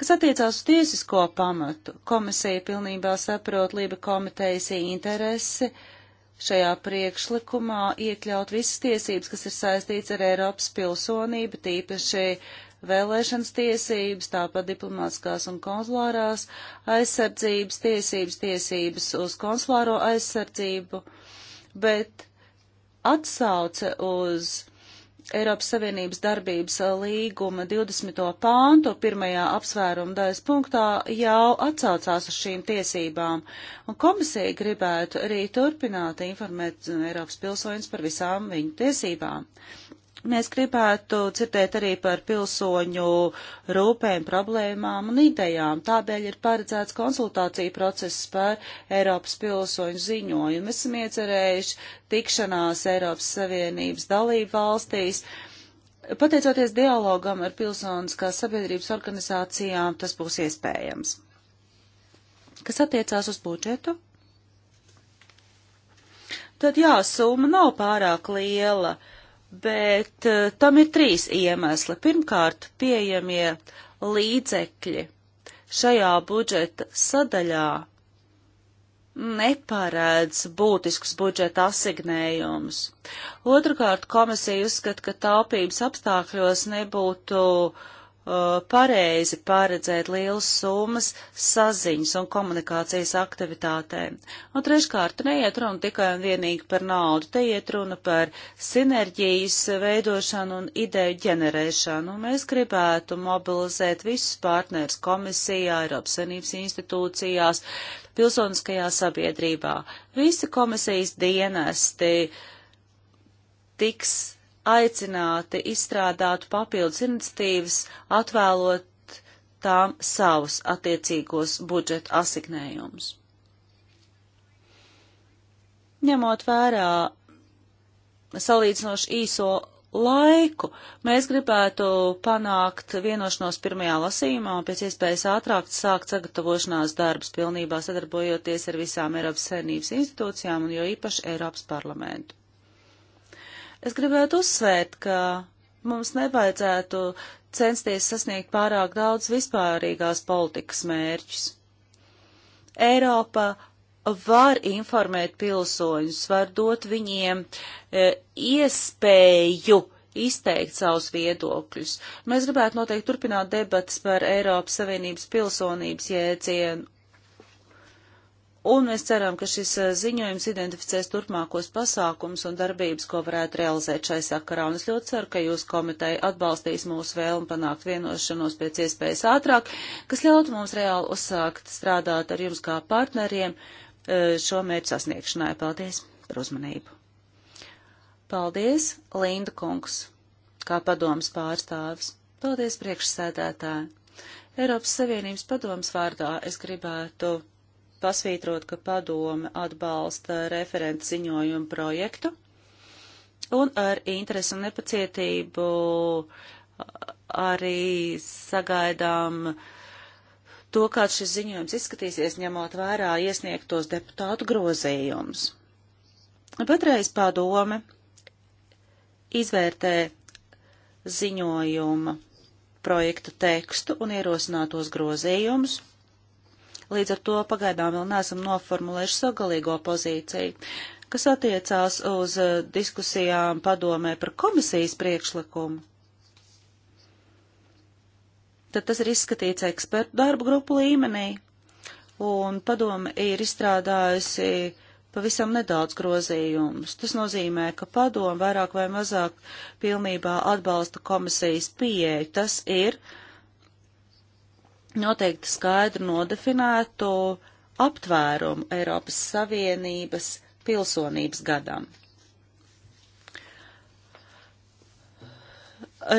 C: Kas attiecās uz tiesisko pamatu, komisija pilnībā saprot Lība komitejas interesi šajā priekšlikumā iekļaut visas tiesības, kas ir saistīts ar Eiropas pilsonību, tīpaši vēlēšanas tiesības, tāpat diplomātiskās un konsulārās aizsardzības tiesības, tiesības uz konsulāro aizsardzību, bet atsauce uz Eiropas Savienības darbības līguma 20. pāntu pirmajā apsvēruma daļas punktā jau atsaucās uz šīm tiesībām, un komisija gribētu arī turpināt informēt Eiropas pilsoņus par visām viņu tiesībām. Uh, Mēs gribētu dzirdēt arī par pilsoņu rūpēm, problēmām un idejām. Tādēļ ir paredzēts konsultācija process par Eiropas pilsoņu ziņojumu. Esam iecerējuši tikšanās Eiropas Savienības dalību valstīs. Pateicoties dialogam ar pilsoniskās sabiedrības organizācijām, tas būs iespējams. Kas attiecās uz budžetu? Tad jā, summa nav pārāk liela. Uh, bet eh, tam ir trīs iemesli. Pirmkārt, pieejamie līdzekļi šajā budžeta sadaļā neparēdz būtiskus budžeta asignējumus. Otrakārt, komisija uzskata, ka taupības apstākļos nebūtu uh, Uh, pareizi paredzēt lielas summas saziņas un komunikācijas aktivitātēm. Un treškārt, neiet runa tikai un vienīgi par naudu, te iet runa par sinerģijas veidošanu un ideju ģenerēšanu. Un mēs gribētu mobilizēt visus partners komisijā, Eiropas Savienības institūcijās, pilsoniskajā sabiedrībā. Visi komisijas dienesti tiks aicināti izstrādāt papildus iniciatīvas, atvēlot tām savus attiecīgos budžeta asignējumus. Ņemot vērā salīdzinoši īso laiku, mēs gribētu panākt vienošanos pirmajā lasījumā un pēc iespējas ātrāk sākt sagatavošanās darbus pilnībā sadarbojoties ar visām Eiropas saimnības institūcijām un jo īpaši Eiropas parlamentu. Es gribētu uzsvērt, ka mums nevajadzētu censties sasniegt pārāk daudz vispārīgās politikas mērķus. Eiropa var informēt pilsoņus, var dot viņiem e, iespēju izteikt savus viedokļus. Mēs gribētu noteikti turpināt debatas par Eiropas Savienības pilsonības jēdzienu Un mēs ceram, ka šis ziņojums identificēs turpmākos pasākums un darbības, ko varētu realizēt šai sakarā. Un es ļoti ceru, ka jūs komiteja atbalstīs mūsu vēlmu panākt vienošanos pēc iespējas ātrāk, kas ļautu mums reāli uzsākt strādāt ar jums kā partneriem šo mērķu sasniegšanai. Paldies par uzmanību. Paldies, Linda kungs, kā padomas pārstāvis. Paldies, priekšsēdētāji. Eiropas Savienības padomas vārdā es gribētu pasvītrot, ka padome atbalsta referents ziņojumu projektu un ar interesi un nepacietību arī sagaidām to, kāds šis ziņojums izskatīsies, ņemot vērā iesniegtos deputātu grozījumus. Patreiz padome izvērtē ziņojuma projekta tekstu un ierosinātos grozījumus Līdz ar to pagaidām vēl neesam noformulējuši sagalīgo pozīciju. Kas attiecās uz eh, diskusijām padomē par komisijas priekšlikumu? Tad tas ir izskatīts ekspertu darbu grupu līmenī, un padome ir izstrādājusi pavisam nedaudz grozījumus. Tas nozīmē, ka padome vairāk vai mazāk pilnībā atbalsta komisijas pieeju. Tas ir uh, noteikti skaidru nodefinētu aptvērumu Eiropas Savienības pilsonības gadam.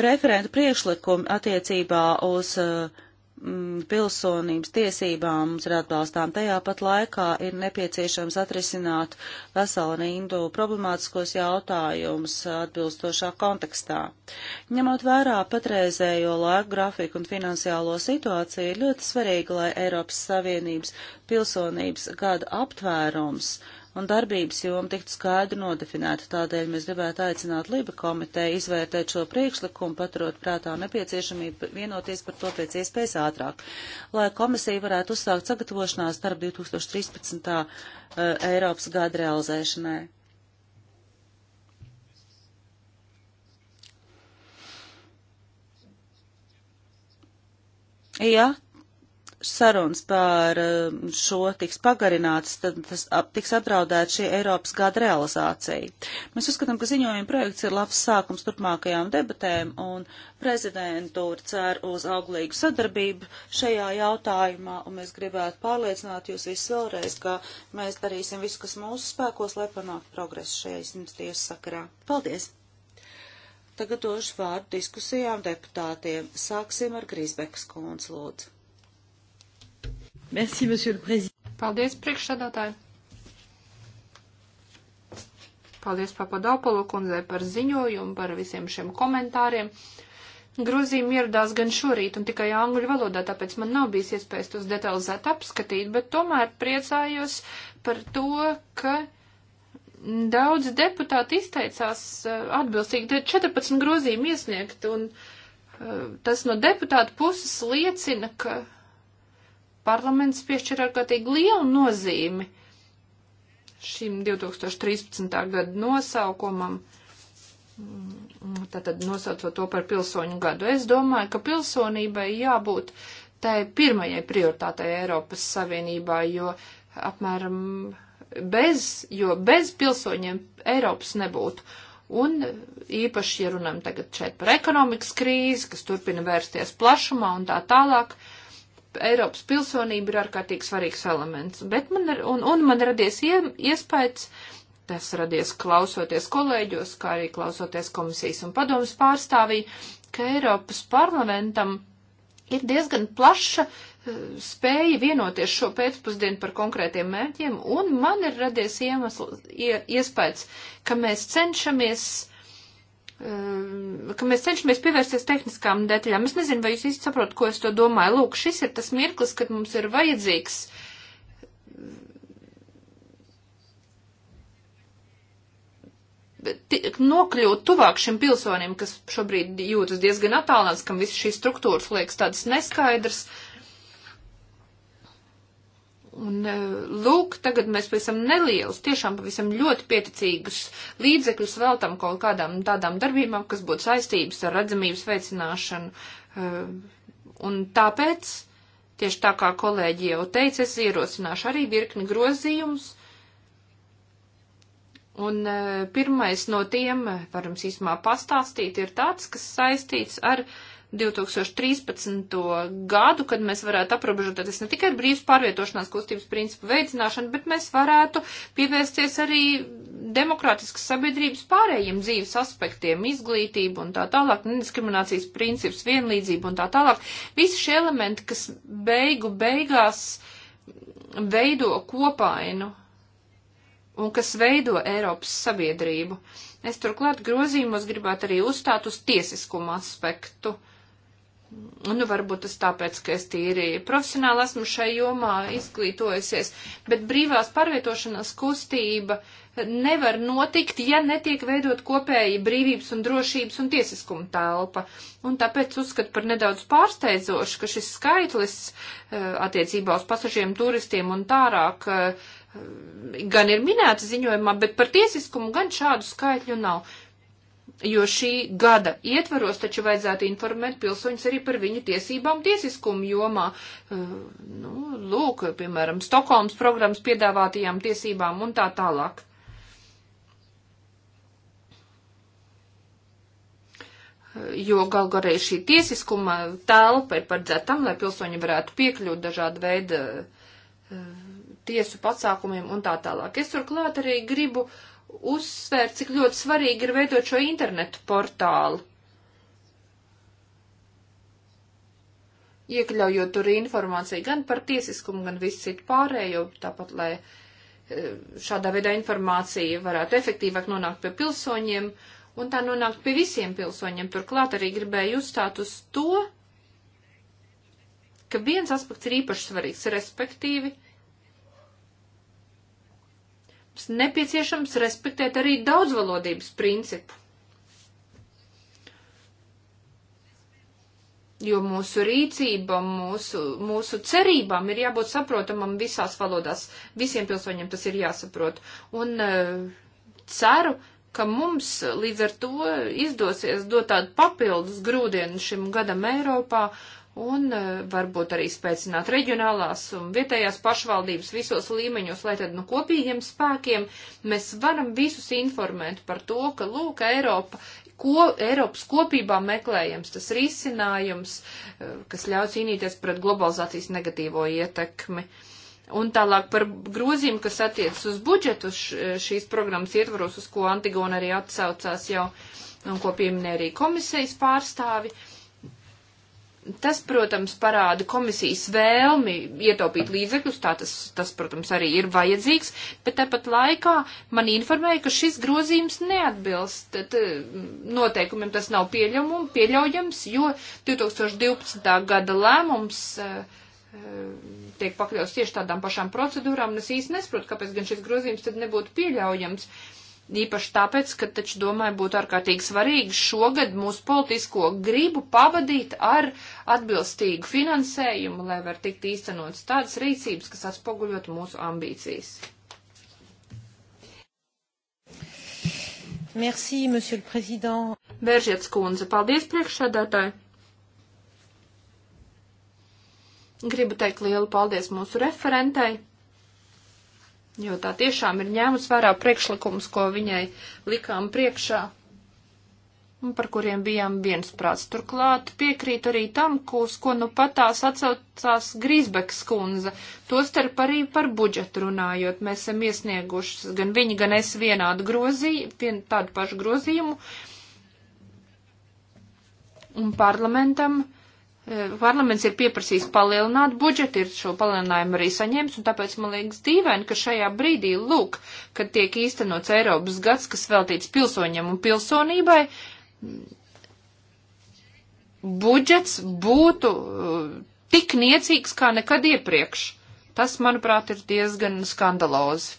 C: Referenta priekšlikumi attiecībā uz uh, Mm, pilsonības tiesībām mums ir atbalstām. Tajā pat laikā ir nepieciešams atrisināt veselu rindu problemātiskos jautājumus atbilstošā kontekstā. Ņemot vērā patreizējo laiku grafiku un finansiālo situāciju, ir ļoti svarīgi, lai Eiropas Savienības pilsonības gada aptvērums un darbības joma tiktu skaidri nodefinēta. Tādēļ mēs gribētu aicināt Liba komiteju izvērtēt šo priekšlikumu, paturot prātā nepieciešamību vienoties par to pēc iespējas ātrāk, lai komisija varētu uzsākt sagatavošanās starp 2013. Eh, Eiropas gada realizēšanai. Ja sarunas par um, šo tiks pagarinātas, tad tas ap, tiks apdraudēta šī Eiropas gada realizācija. Mēs uzskatām, ka ziņojuma projekts ir labs sākums turpmākajām debatēm, un prezidentūra cer uz auglīgu sadarbību šajā jautājumā, un mēs gribētu pārliecināt jūs visus vēlreiz, ka mēs darīsim visu, kas mūsu spēkos, lai panāktu progresu šajā izmestiešu sakarā. Paldies! Tagad došu vārdu diskusijām deputātiem. Sāksim ar Grīsbekas kundzi, lūdzu.
A: Merci, monsieur le président. Paldies, priekšsādātāji. Paldies Papadopolu kundzei par ziņojumu, par visiem šiem komentāriem. Grozījumi ieradās gan šorīt un tikai angļu valodā, tāpēc man nav bijis iespējas tos detalizēt apskatīt, bet tomēr priecājos par to, ka daudz deputāti izteicās eh, atbilstīgi. 14 grozījumi iesniegt, un eh, tas no deputāta puses liecina, ka parlaments piešķir ārkārtīgi lielu nozīmi šim 2013. gada nosaukumam, mm, tātad nosaucot to par pilsoņu gadu. Es domāju, ka pilsonībai jābūt tai pirmajai prioritātei Eiropas Savienībā, jo apmēram bez, jo bez pilsoņiem Eiropas nebūtu. Un īpaši, ja runājam tagad šeit par ekonomikas krīzi, kas turpina vērsties plašumā un tā tālāk, uh, Eiropas pilsonība ir ārkārtīgi svarīgs elements, bet man ir, un, un man radies ie, iespējas, tas radies klausoties kolēģos, kā arī klausoties komisijas un padomas pārstāvī, ka Eiropas parlamentam ir diezgan plaša eh, spēja vienoties šo pēcpusdienu par konkrētiem mērķiem, un man ir radies iemesls, ie, iespējas, ka mēs cenšamies uh, Um, ka mēs cenšamies pievērsties tehniskām detaļām. Es nezinu, vai jūs īsti saprotat, ko es to domāju. Lūk, šis ir tas mirklis, kad mums ir vajadzīgs nokļūt tuvāk šim pilsonim, kas šobrīd jūtas diezgan attālināts, kam visas šīs struktūras liekas tādas neskaidras. Uh, Un e, lūk, tagad mēs pavisam nelielus, tiešām pavisam ļoti pieticīgus līdzekļus veltam kaut kādām tādām darbībām, kas būtu saistības ar redzamības veicināšanu. E, un tāpēc, tieši tā kā kolēģi jau teica, es ierosināšu arī virkni grozījumus. Un e, pirmais no tiem, varams īsumā pastāstīt, ir tāds, kas saistīts ar uh, 2013. gadu, kad mēs varētu aprobežoties ne tikai ar brīvas pārvietošanās kustības principu veicināšanu, bet mēs varētu pievērsties arī demokrātiskas sabiedrības pārējiem dzīves aspektiem, izglītību un tā tālāk, nediskriminācijas princips, vienlīdzību un tā tālāk. Visi šie elementi, kas beigu beigās veido kopainu un kas veido Eiropas sabiedrību. Es turklāt grozījumos gribētu arī uzstāt uz tiesiskumu aspektu. Uh, Nu, varbūt tas tāpēc, ka es tīri profesionāli esmu šai jomā izglītojusies, bet brīvās pārvietošanās kustība nevar notikt, ja netiek veidot kopēji brīvības un drošības un tiesiskuma telpa. Un tāpēc uzskat par nedaudz pārsteidzošu, ka šis skaitlis eh, attiecībā uz pasažiem, turistiem un tārāk eh, gan ir minēta ziņojumā, bet par tiesiskumu gan šādu skaitļu nav jo šī gada ietvaros taču vajadzētu informēt pilsoņus arī par viņu tiesībām tiesiskumu jomā. Uh, nu, lūk, piemēram, Stokholmas programmas piedāvātajām tiesībām un tā tālāk. jo gal galā šī tiesiskuma telpa ir paredzēta tam, lai pilsoņi varētu piekļūt dažādu veidu uh, tiesu pasākumiem un tā tālāk. Es turklāt arī gribu uh, uzsvērt, cik ļoti svarīgi ir veidot šo internetu portālu. Iekļaujot tur informāciju gan par tiesiskumu, gan visu citu pārējo, tāpat, lai e, šādā veidā informācija varētu efektīvāk nonākt pie pilsoņiem un tā nonākt pie visiem pilsoņiem. Turklāt arī gribēju uzstāt uz to, ka viens aspekts ir īpaši svarīgs, respektīvi nepieciešams respektēt arī daudzvalodības principu. Jo mūsu rīcība, mūsu, mūsu cerībām ir jābūt saprotamam visās valodās. Visiem pilsoņiem tas ir jāsaprot. Un uh, ceru, ka mums līdz ar to izdosies dot tādu papildus grūdienu šim gadam Eiropā un e, varbūt arī spēcināt reģionālās un vietējās pašvaldības visos līmeņos, lai tad nu no kopīgiem spēkiem mēs varam visus informēt par to, ka, lūk, Eiropa, ko Eiropas kopībā meklējams tas risinājums, e, kas ļauj cīnīties pret globalizācijas negatīvo ietekmi. Un tālāk par grozījumu, kas attiecas uz budžetu e, šīs programmas ietvaros, uz ko Antigona arī atsaucās jau un ko pieminēja arī komisijas pārstāvi. Uh, Tas, protams, parāda komisijas vēlmi ietaupīt līdzekļus, tā tas, tas, protams, arī ir vajadzīgs, bet tāpat laikā man informēja, ka šis grozījums neatbilst t, t, noteikumiem, tas nav pieļaujams, jo 2012. gada lēmums e, e, tiek pakļauts tieši tādām pašām procedūrām, un es īsti nesaprotu, kāpēc gan šis grozījums tad nebūtu pieļaujams. Uh, Īpaši tāpēc, ka taču, domāju, būtu ārkārtīgi svarīgi šogad mūsu politisko gribu pavadīt ar atbilstīgu finansējumu, lai var tikt īstenotas tādas rīcības, kas atspoguļot mūsu ambīcijas. Merci, monsieur le président. Bēržiets kundze, paldies priekšsēdētāji. Gribu teikt lielu paldies mūsu referentei jo tā tiešām ir ņēmus vērā priekšlikumus, ko viņai likām priekšā un par kuriem bijām viensprāts. Turklāt piekrīt arī tam, kos, ko nu patās atsaucās Grīsbeks kundze, tostarp arī par budžetu runājot. Mēs esam iesnieguši gan viņi, gan es vienādu grozījumu, vien tādu pašu grozījumu. Un parlamentam Parlaments ir pieprasījis palielināt budžetu, ir šo palielinājumu arī saņēmis, un tāpēc man liekas dīvaini, ka šajā brīdī, lūk, kad tiek īstenots Eiropas gads, kas veltīts pilsoņiem un pilsonībai, budžets būtu uh, tik niecīgs kā nekad iepriekš. Tas, manuprāt, ir diezgan skandalozi.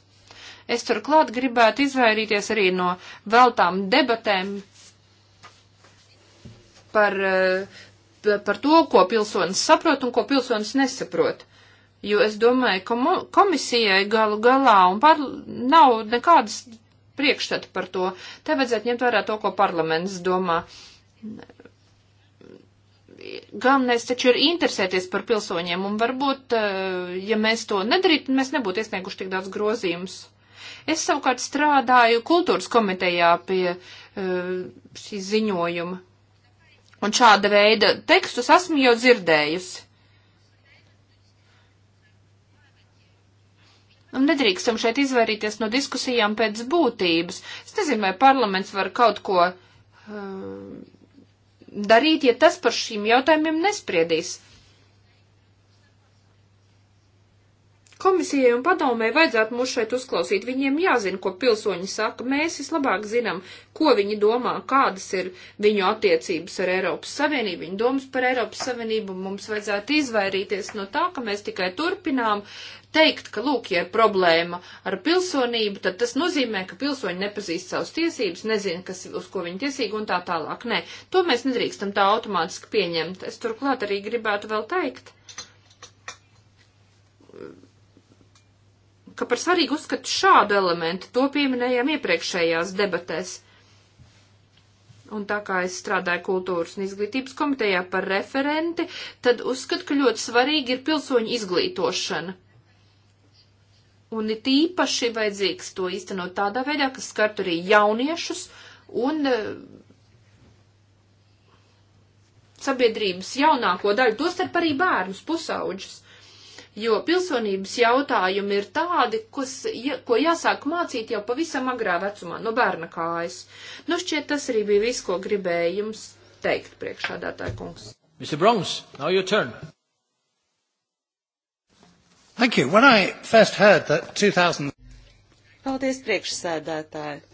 A: Es turklāt gribētu izvairīties arī no veltām debatēm par uh, par to, ko pilsonis saprot un ko pilsonis nesaprot. Jo es domāju, ka komisijai galu galā un par, nav nekādas priekšstata par to. Te vajadzētu ņemt vērā to, ko parlaments domā. Galvenais taču ir interesēties par pilsoņiem, un varbūt, eh, ja mēs to nedarītu, mēs nebūtu iesnieguši tik daudz grozījumus. Es savukārt strādāju kultūras komitejā pie eh, šī ziņojuma. Un šāda veida tekstus esmu jau dzirdējusi. Un nedrīkstam šeit izvairīties no diskusijām pēc būtības. Es nezinu, vai parlaments var kaut ko uh, darīt, ja tas par šīm jautājumiem nespriedīs. Komisijai un padomē vajadzētu mūs šeit uzklausīt. Viņiem jāzina, ko pilsoņi saka. Mēs vislabāk zinām, ko viņi domā, kādas ir viņu attiecības ar Eiropas Savienību, viņu domas par Eiropas Savienību. Mums vajadzētu izvairīties no tā, ka mēs tikai turpinām teikt, ka, lūk, ja ir problēma ar pilsonību, tad tas nozīmē, ka pilsoņi nepazīst savas tiesības, nezina, kas, uz ko viņi tiesīgi un tā tālāk. Nē, to mēs nedrīkstam tā automātiski pieņemt. Es turklāt arī gribētu vēl teikt ka par svarīgu uzskatu šādu elementu, to pieminējām iepriekšējās debatēs. Un tā kā es strādāju kultūras un izglītības komitejā par referenti, tad uzskatu, ka ļoti svarīgi ir pilsoņu izglītošana. Un ir īpaši vajadzīgs to īstenot tādā veidā, kas skart arī jauniešus un eh, sabiedrības jaunāko daļu, tostarp arī bērnus, pusauģus jo pilsonības jautājumi ir tādi, kas, ja, ko jāsāk mācīt jau pavisam agrā vecumā, no bērna kājas. Nu, šķiet, tas arī bija viss, ko gribēju jums teikt, priekšādātāja kungs.
B: Mr. Bronx, now your turn.
C: Thank you. When I first heard that 2000... Paldies, priekšsēdētāji.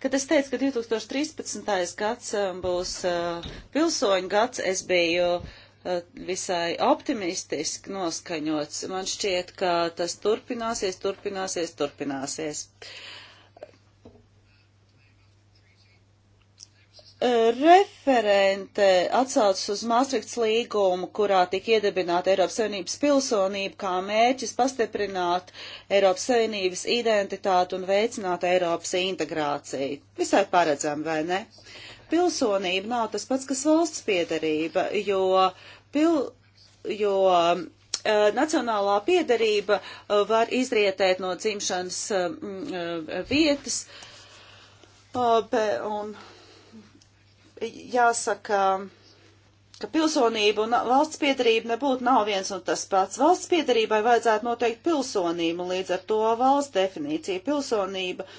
C: Kad es teicu, ka 2013. gads um, būs uh, pilsoņu gads, es biju uh, visai optimistiski noskaņots. Man šķiet, ka tas turpināsies, turpināsies, turpināsies. Referente atsaucas uz Maastrichts līgumu, kurā tika iedibināta Eiropas Savienības pilsonība kā mērķis pastiprināt Eiropas Savienības identitātu un veicināt Eiropas integrāciju. Visai paredzam, vai ne? Uh, Pilsonība nav tas pats, kas valsts piedarība, jo, pil, jo uh, nacionālā piedarība uh, var izrietēt no dzimšanas uh, vietas. Be, un jāsaka, ka pilsonība un valsts piedarība nebūtu nav viens un tas pats. Valsts piedarībai vajadzētu noteikt pilsonību, un līdz ar to valsts definīcija pilsonība uh,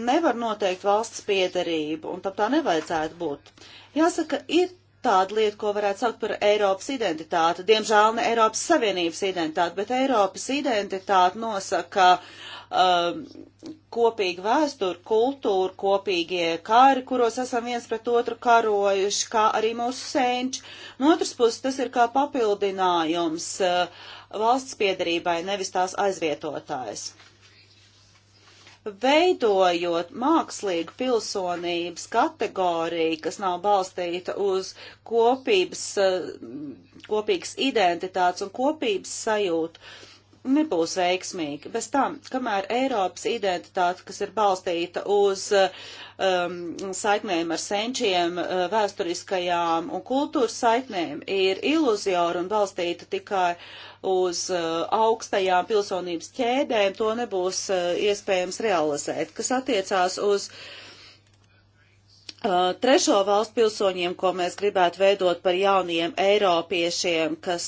C: nevar noteikt valsts piedarību, un tam tā nevajadzētu būt. Jāsaka, ir tāda lieta, ko varētu saukt par Eiropas identitāti. Diemžēl ne Eiropas Savienības identitāti, bet Eiropas identitāti nosaka um, kopīga vēsture, kultūra, kopīgie kari, kuros esam viens pret otru karojuši, kā arī mūsu senči. No otras puses, tas ir kā papildinājums uh, valsts piedarībai, nevis tās aizvietotājs veidojot mākslīgu pilsonības kategoriju, kas nav balstīta uz kopības, eh, kopīgas identitātes un kopības sajūtu, nebūs veiksmīgi. Bez tam, kamēr Eiropas identitāte, kas ir balstīta uz um, saiknēm ar senčiem, uh, vēsturiskajām un kultūras saiknēm, ir iluzioru un balstīta tikai uz uh, augstajām pilsonības ķēdēm, to nebūs uh, iespējams realizēt. Kas attiecās uz uh, trešo valstu pilsoņiem, ko mēs gribētu veidot par jauniem eiropiešiem, kas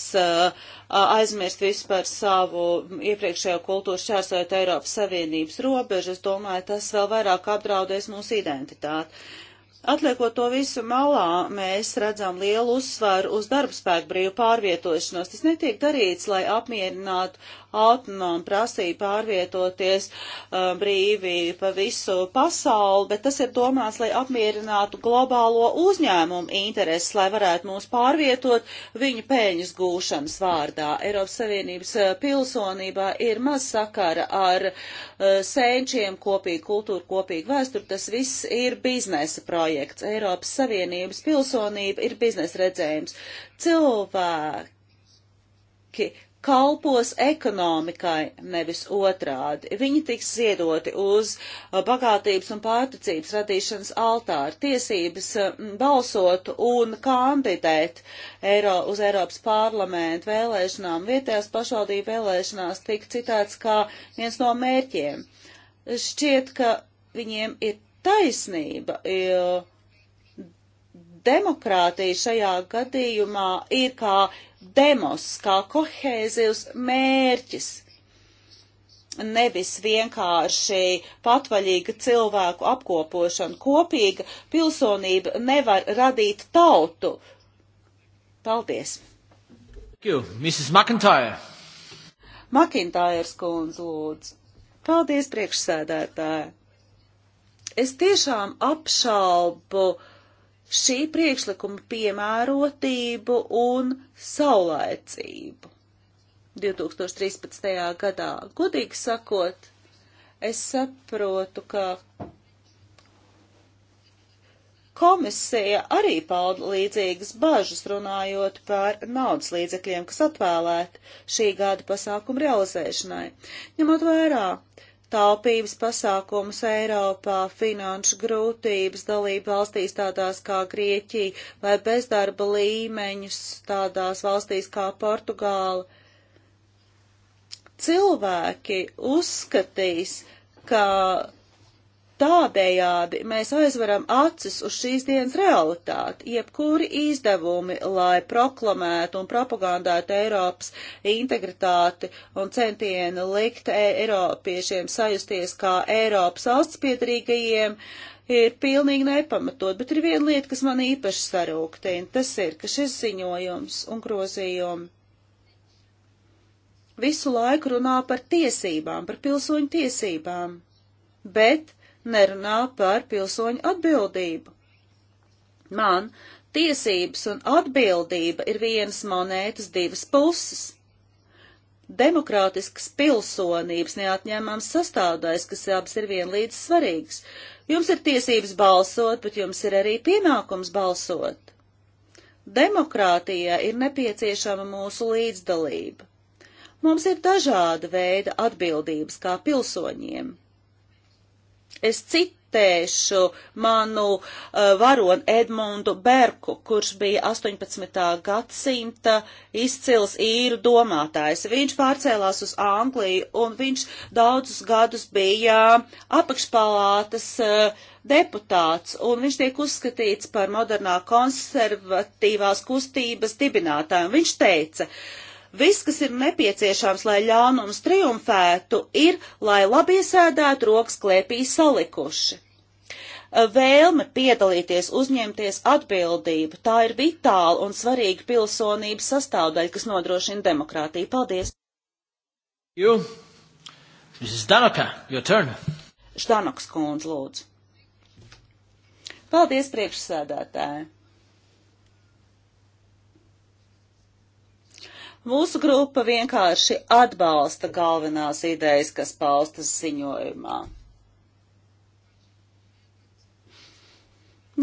C: aizmirst visu par savu iepriekšējo kultūru šķērsojot Eiropas Savienības robežas, domāju, tas vēl vairāk apdraudēs mūsu identitāti. Atliekot to visu malā, mēs redzam lielu uzsvaru uz darbspēku brīvu pārvietošanos. Tas netiek darīts, lai apmierinātu autonomi prasīja pārvietoties uh, brīvi pa visu pasauli, bet tas ir domāts, lai apmierinātu globālo uzņēmumu intereses, lai varētu mūs pārvietot viņu pēļņas gūšanas vārdā. Eiropas Savienības uh, pilsonībā ir maz sakara ar uh, senčiem, kopīgu kultūru, kopīgu vēsturi. Tas viss ir biznesa projekts. Eiropas Savienības pilsonība ir biznesa redzējums. Cilvēki kalpos ekonomikai, nevis otrādi. Viņi tiks ziedoti uz uh, bagātības un pārticības radīšanas altāra, tiesības mm, balsot un kandidēt Eiro, uz Eiropas parlamentu vēlēšanām, vietējās pašvaldību vēlēšanās tik citēts kā viens no mērķiem. Šķiet, ka viņiem ir taisnība, jo demokrātija šajā gadījumā ir kā demos, kā kohēzijas mērķis. Nevis vienkārši patvaļīga cilvēku apkopošana, kopīga pilsonība nevar radīt tautu. Paldies!
A: Thank you, Mrs. McIntyre.
C: Makintājas kundze lūdzu. Paldies priekšsēdētāji. Es tiešām apšaubu uh, šī priekšlikuma piemērotību un saulēcību. 2013. gadā, godīgi sakot, es saprotu, ka Komisija arī pauda līdzīgas bažas runājot par naudas līdzekļiem, kas atvēlēti šī gada pasākuma realizēšanai. Ņemot vērā taupības pasākumus Eiropā, finanšu grūtības dalību valstīs tādās kā Grieķija vai bezdarba līmeņus tādās valstīs kā Portugāla. Cilvēki uzskatīs, ka Tādējādi mēs aizveram acis uz šīs dienas realitāti. Jebkuri izdevumi, lai proklamētu un propagandētu Eiropas integritāti un centieni likt e- Eiropiešiem sajusties kā Eiropas valstspiedarīgajiem, ir pilnīgi nepamatot, bet ir viena lieta, kas man īpaši sarūktina. Tas ir, ka šis ziņojums un grozījumi visu laiku runā par tiesībām, par pilsoņu tiesībām, bet nerunā par pilsoņu atbildību. Man tiesības un atbildība ir vienas monētas divas puses. Demokrātiskas pilsonības neatņēmams sastāvdaļas, kas abas ir vienlīdz svarīgas. Jums ir tiesības balsot, bet jums ir arī pienākums balsot. Demokrātijā ir nepieciešama mūsu līdzdalība. Mums ir dažāda veida atbildības kā pilsoņiem. Es citēšu manu uh, varonu Edmundu Berku, kurš bija 18. gadsimta izcils īru domātājs. Viņš pārcēlās uz Angliju un viņš daudzus gadus bija apakšpalātas uh, deputāts, un viņš tiek uzskatīts par modernā konservatīvās kustības dibinātāju. Viņš teica, uh, Viss, kas ir nepieciešams, lai ļaunums triumfētu, ir, lai labi iesēdētu rokas klēpī salikuši. Vēlme piedalīties, uzņemties atbildību, tā ir vitāla un svarīga pilsonības sastāvdaļa, kas nodrošina demokrātiju. Paldies! You, Mrs. Danoka, your turn. Štanoks kundze, lūdzu. Paldies priekšsēdētāji! Mūsu grupa vienkārši atbalsta galvenās idejas, kas paustas ziņojumā.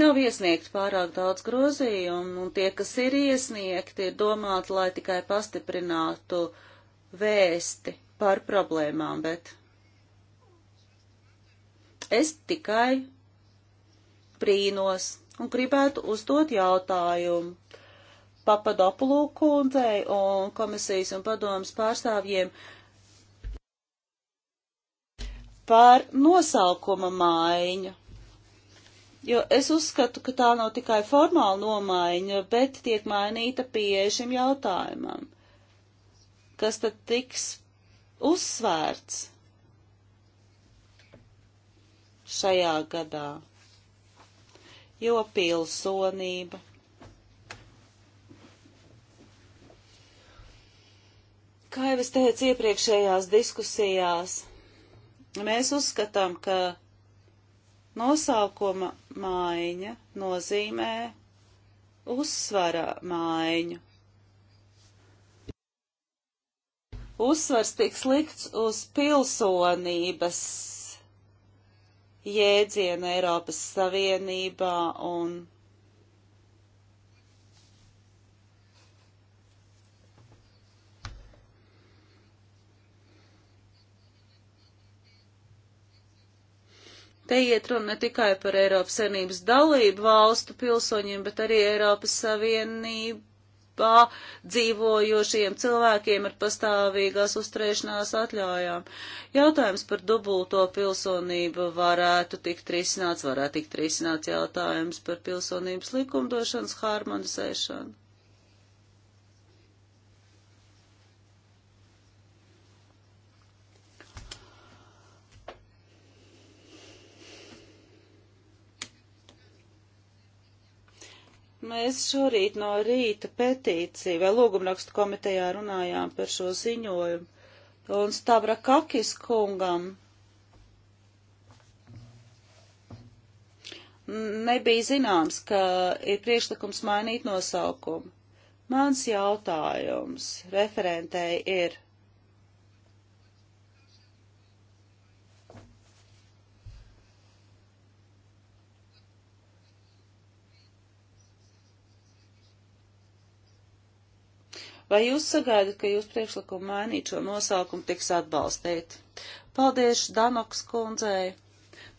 C: Nav iesniegt pārāk daudz grozījumu, un tie, kas ir iesniegti, ir domāti, lai tikai pastiprinātu vēsti par problēmām, bet es tikai brīnos un gribētu uzdot jautājumu Papadopulu kundzei un komisijas un padomas pārstāvjiem par nosaukuma maiņu. Jo es uzskatu, ka tā nav tikai formāla nomaiņa, bet tiek mainīta pieeja šim jautājumam. Kas tad tiks uzsvērts šajā gadā? Jo pilsonība Kā jau es teicu iepriekšējās diskusijās, mēs uzskatām, ka nosaukuma maiņa nozīmē uzsvara maiņu. Uzsvars tiks likts uz pilsonības jēdzienu Eiropas Savienībā un Te iet runa ne tikai par Eiropas Savienības dalību valstu pilsoņiem, bet arī Eiropas Savienībā dzīvojošiem cilvēkiem ar pastāvīgās uzturēšanās atļaujām. Jautājums par dubulto pilsonību varētu tikt risināts, varētu tikt risināts jautājums par pilsonības likumdošanas harmonizēšanu. Mēs šorīt no rīta petīciju vai lūgumrakstu komitejā runājām par šo ziņojumu. Un Stavra Kakis kungam nebija zināms, ka ir priekšlikums mainīt nosaukumu. Mans jautājums referentei ir, Vai jūs sagaidat, ka jūs priekšlikumu mainīt šo nosaukumu tiks atbalstīt? Paldies Danoks kundzei.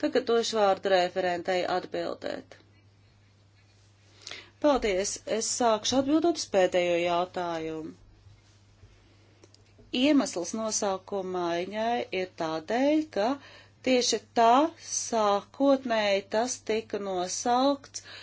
C: Tagad došu vārdu referentei atbildēt. Paldies, es sākšu atbildot uz pēdējo jautājumu. Iemesls nosaukuma maiņai ir tādēļ, ka tieši tā sākotnēji tas tika nosaukts uh,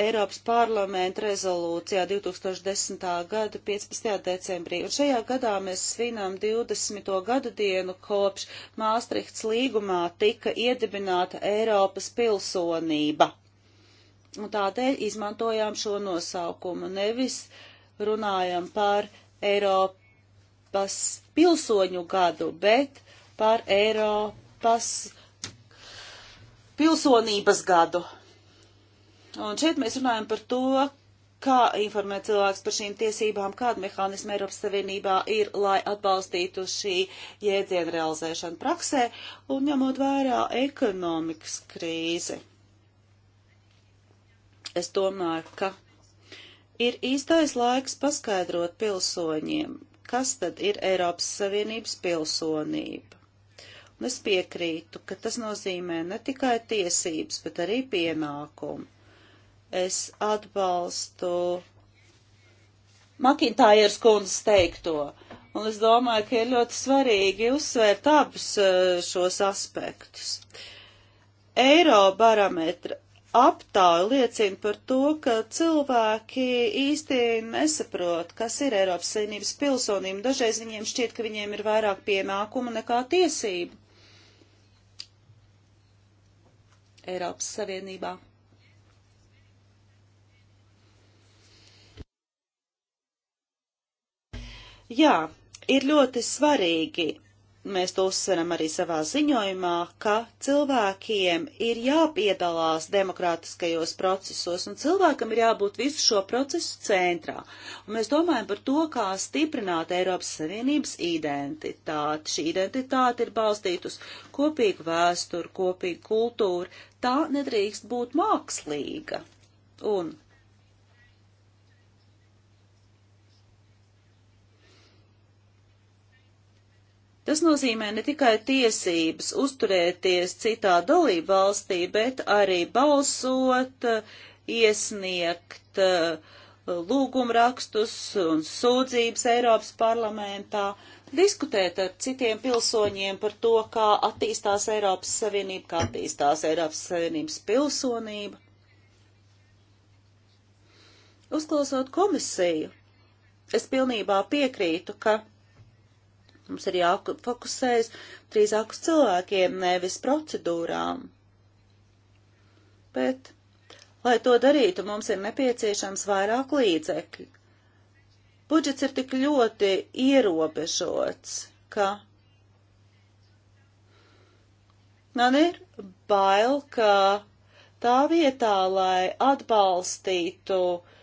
C: Eiropas parlamenta rezolūcijā 2010. gada 15. decembrī. Un šajā gadā mēs svinām 20. gadu dienu kopš Māstrihts līgumā tika iedibināta Eiropas pilsonība. Un tādēļ izmantojām šo nosaukumu, nevis runājam par Eiropas pilsoņu gadu, bet par Eiropas pilsonības gadu. Un šeit mēs runājam par to, kā informēt cilvēks par šīm tiesībām, kāda mehānisma Eiropas Savienībā ir, lai atbalstītu šī jēdziena realizēšanu praksē un ņemot vērā ekonomikas krīzi. Es domāju, ka ir īstais laiks paskaidrot pilsoņiem, kas tad ir Eiropas Savienības pilsonība. Un es piekrītu, ka tas nozīmē ne tikai tiesības, bet arī pienākumu Es atbalstu Makintājers kundzes teikto. Un es domāju, ka ir ļoti svarīgi uzsvērt abus e, šos aspektus. Eirobarometra aptāja liecina par to, ka cilvēki īsti nesaprot, kas ir Eiropas Savienības pilsonība. Dažreiz viņiem šķiet, ka viņiem ir vairāk pienākumu nekā tiesību Eiropas Savienībā. Jā, ir ļoti svarīgi, mēs to uzsveram arī savā ziņojumā, ka cilvēkiem ir jāpiedalās demokrātiskajos procesos, un cilvēkam ir jābūt visu šo procesu centrā. Un mēs domājam par to, kā stiprināt Eiropas Savienības identitāti. Šī identitāte ir balstīta uz kopīgu vēsturi, kopīgu kultūru. Tā nedrīkst būt mākslīga. Un Tas nozīmē ne tikai tiesības uzturēties citā dalību valstī, bet arī balsot, iesniegt uh, lūgumrakstus un sūdzības Eiropas parlamentā, diskutēt ar citiem pilsoņiem par to, kā attīstās Eiropas Savienība, kā attīstās Eiropas Savienības pilsonība. Uzklausot komisiju, es pilnībā piekrītu, ka Mums ir jāfokusējas drīzāk uz cilvēkiem, nevis procedūrām. Bet, lai to darītu, mums ir nepieciešams vairāk līdzekļu. Budžets ir tik ļoti ierobežots, ka man ir bail, ka tā vietā, lai atbalstītu uh,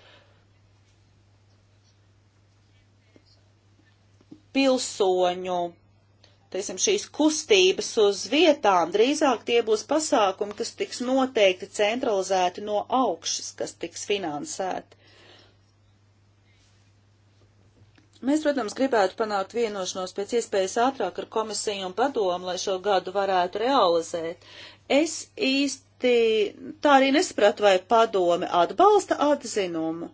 C: pilsoņu teiksim, šīs kustības uz vietām, drīzāk tie būs pasākumi, kas tiks noteikti centralizēti no augšas, kas tiks finansēti. Mēs, protams, gribētu panākt vienošanos pēc iespējas ātrāk ar komisiju un padomu, lai šo gadu varētu realizēt. Es īsti tā arī nesapratu, vai padome atbalsta atzinumu,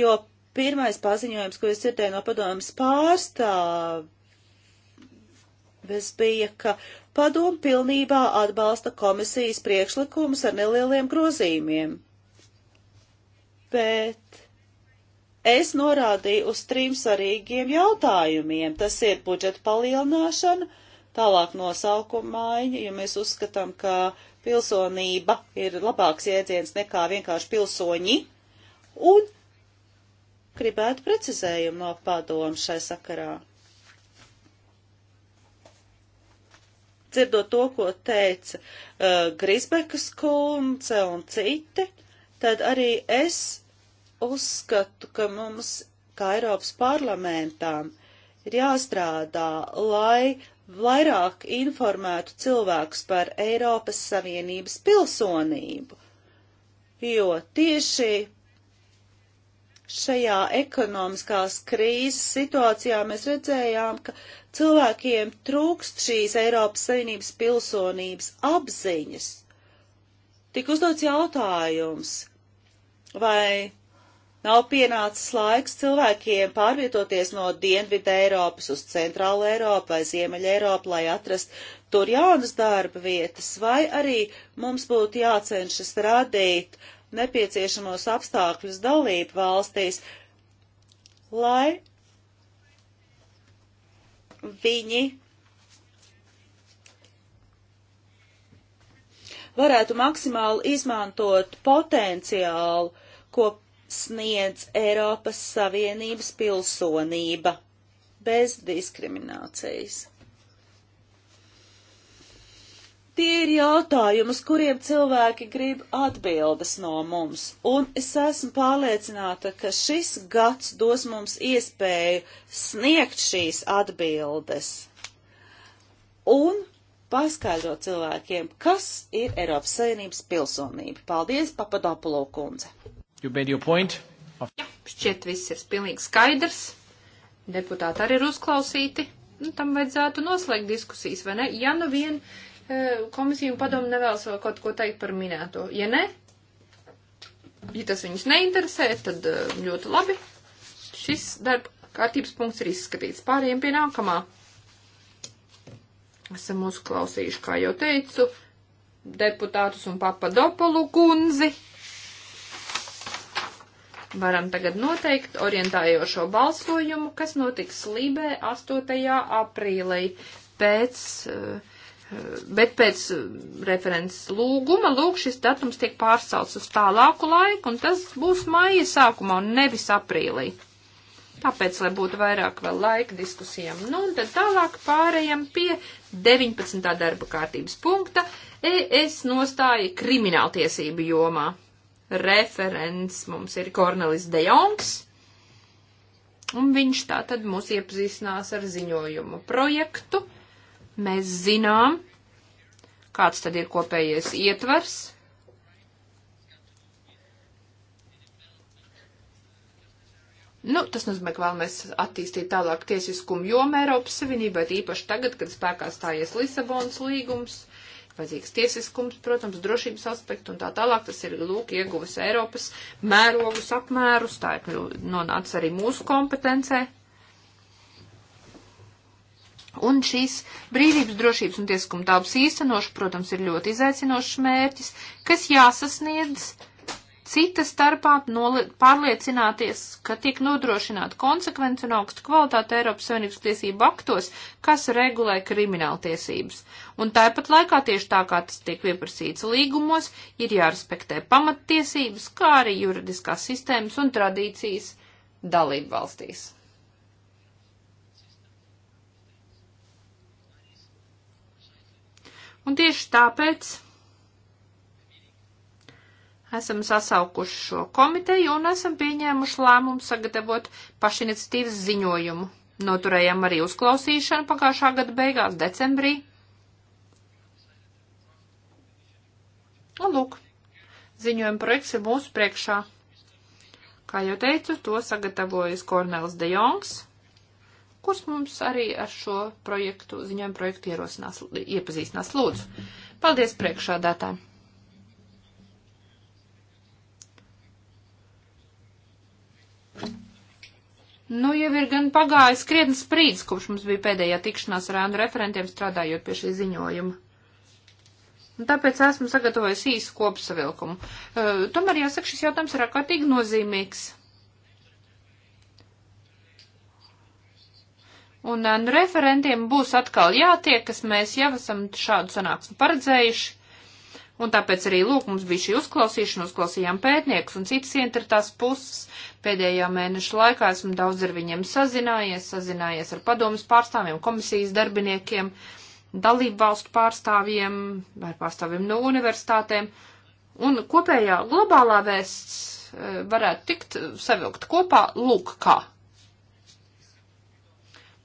C: jo Pirmais paziņojums, ko es dzirdēju no padomas pārstāvis, bija, ka padomu pilnībā atbalsta komisijas priekšlikumus ar nelieliem grozījumiem. Bet es norādīju uz trim svarīgiem jautājumiem. Tas ir budžeta palielināšana, tālāk nosaukuma maiņa, jo mēs uzskatām, ka pilsonība ir labāks jēdziens nekā vienkārši pilsoņi, un Gribētu precizējumu no padomu šai sakarā. Dzirdot to, ko teica uh, Grisbekas kundze un citi, tad arī es uzskatu, ka mums, kā Eiropas parlamentām, ir jāstrādā, lai vairāk informētu cilvēkus par Eiropas Savienības pilsonību, jo tieši šajā ekonomiskās krīzes situācijā mēs redzējām, ka cilvēkiem trūkst šīs Eiropas Savienības pilsonības apziņas. Tik uzdots jautājums, vai nav pienācis laiks cilvēkiem pārvietoties no Dienvidu Eiropas uz Centrālu Eiropu vai Ziemeļu Eiropu, lai atrast tur jaunas darba vietas, vai arī mums būtu jācenšas radīt uh, nepieciešamos apstākļus dalību valstīs, lai viņi varētu maksimāli izmantot potenciālu, ko sniedz Eiropas Savienības pilsonība bez diskriminācijas. ir jautājumi, uz kuriem cilvēki grib atbildes no mums, un es esmu pārliecināta, ka šis gads dos mums iespēju sniegt šīs atbildes un paskaidrot cilvēkiem, kas ir Eiropas Savienības pilsonība. Paldies, Papadopulo kundze!
A: You made your point. Of... Jā, šķiet viss ir pilnīgi skaidrs. Deputāti arī ir uzklausīti. Nu, tam vajadzētu noslēgt diskusijas, vai ne? Ja nu vien uh, Eh, komisija un padomu nevēlas vēl kaut ko teikt par minēto. Ja ne, ja tas viņus neinteresē, tad eh, ļoti labi. Šis darba kārtības punkts ir izskatīts. Pārējiem pie nākamā. Esam uzklausījuši, kā jau teicu, deputātus un papadopolu kundzi. Varam tagad noteikt orientējošo balsojumu, kas notiks Lībē 8. aprīlī pēc uh, bet pēc eh, referents lūguma, lūk, šis datums tiek pārcelts uz tālāku laiku, un tas būs maija sākumā un nevis aprīlī. Tāpēc, lai būtu vairāk vēl laika diskusijām. Nu, un tad tālāk pārējām pie 19. darba kārtības punkta. ES nostāja krimināltiesību jomā. Referents mums ir Kornelis Dejongs. Un viņš tā tad mūs iepazīstinās ar ziņojumu projektu. Mēs zinām, kāds tad ir kopējais ietvars. Nu, tas nozīmē, ka vēlamies attīstīt tālāk tiesiskumu jomu Eiropas Savienībai, īpaši tagad, kad spēkā stājies Lisabonas līgums, vajadzīgs tiesiskums, protams, drošības aspektu un tā tālāk. Tas ir lūk ieguvis Eiropas mērogus apmērus, tā ir nonācis arī mūsu kompetencē. Un šīs brīvības, drošības un tieskuma tāpas īstenošana, protams, ir ļoti izaicinošs mērķis, kas jāsasniedz cita starpā pārliecināties, ka tiek nodrošināta konsekvence un augsta kvalitāte Eiropas Savienības tiesību aktos, kas regulē krimināla tiesības. Un tāpat laikā tieši tā, kā tas tiek pieprasīts līgumos, ir jārespektē pamattiesības, kā arī juridiskās sistēmas un tradīcijas dalību valstīs. Un tieši tāpēc esam sasaukuši šo komiteju un esam pieņēmuši lēmumu sagatavot pašiniciatīvas ziņojumu. Noturējām arī uzklausīšanu pagājušā gada beigās, decembrī. Un lūk, ziņojuma projekts ir mūsu priekšā. Kā jau teicu, to sagatavojas Kornels de Jongs kurš mums arī ar šo projektu, ziņām projektu ierosinās, iepazīstinās. Lūdzu, paldies priekšādātājiem! Nu, jau ir gan pagājis krietnes brīdis, kopš mums bija pēdējā tikšanās ar ēnu referentiem strādājot pie šī ziņojuma. Un tāpēc esmu sagatavojis īsu kopsavilkumu. Uh, tomēr jāsaka, šis jautājums ir ārkārtīgi nozīmīgs. Un eh, nu, referentiem būs atkal jātiekas, mēs jau esam šādu sanāksmu paredzējuši. Un tāpēc arī, lūk, mums bija šī uzklausīšana, uzklausījām pētniekus un citas ientartās puses. Pēdējā mēneša laikā esmu daudz ar viņiem sazinājies, sazinājies ar padomas pārstāvjiem, komisijas darbiniekiem, dalību valstu pārstāvjiem, ar pārstāvjiem no universitātēm. Un kopējā globālā vēsts eh, varētu tikt savilkt kopā, lūk, kā.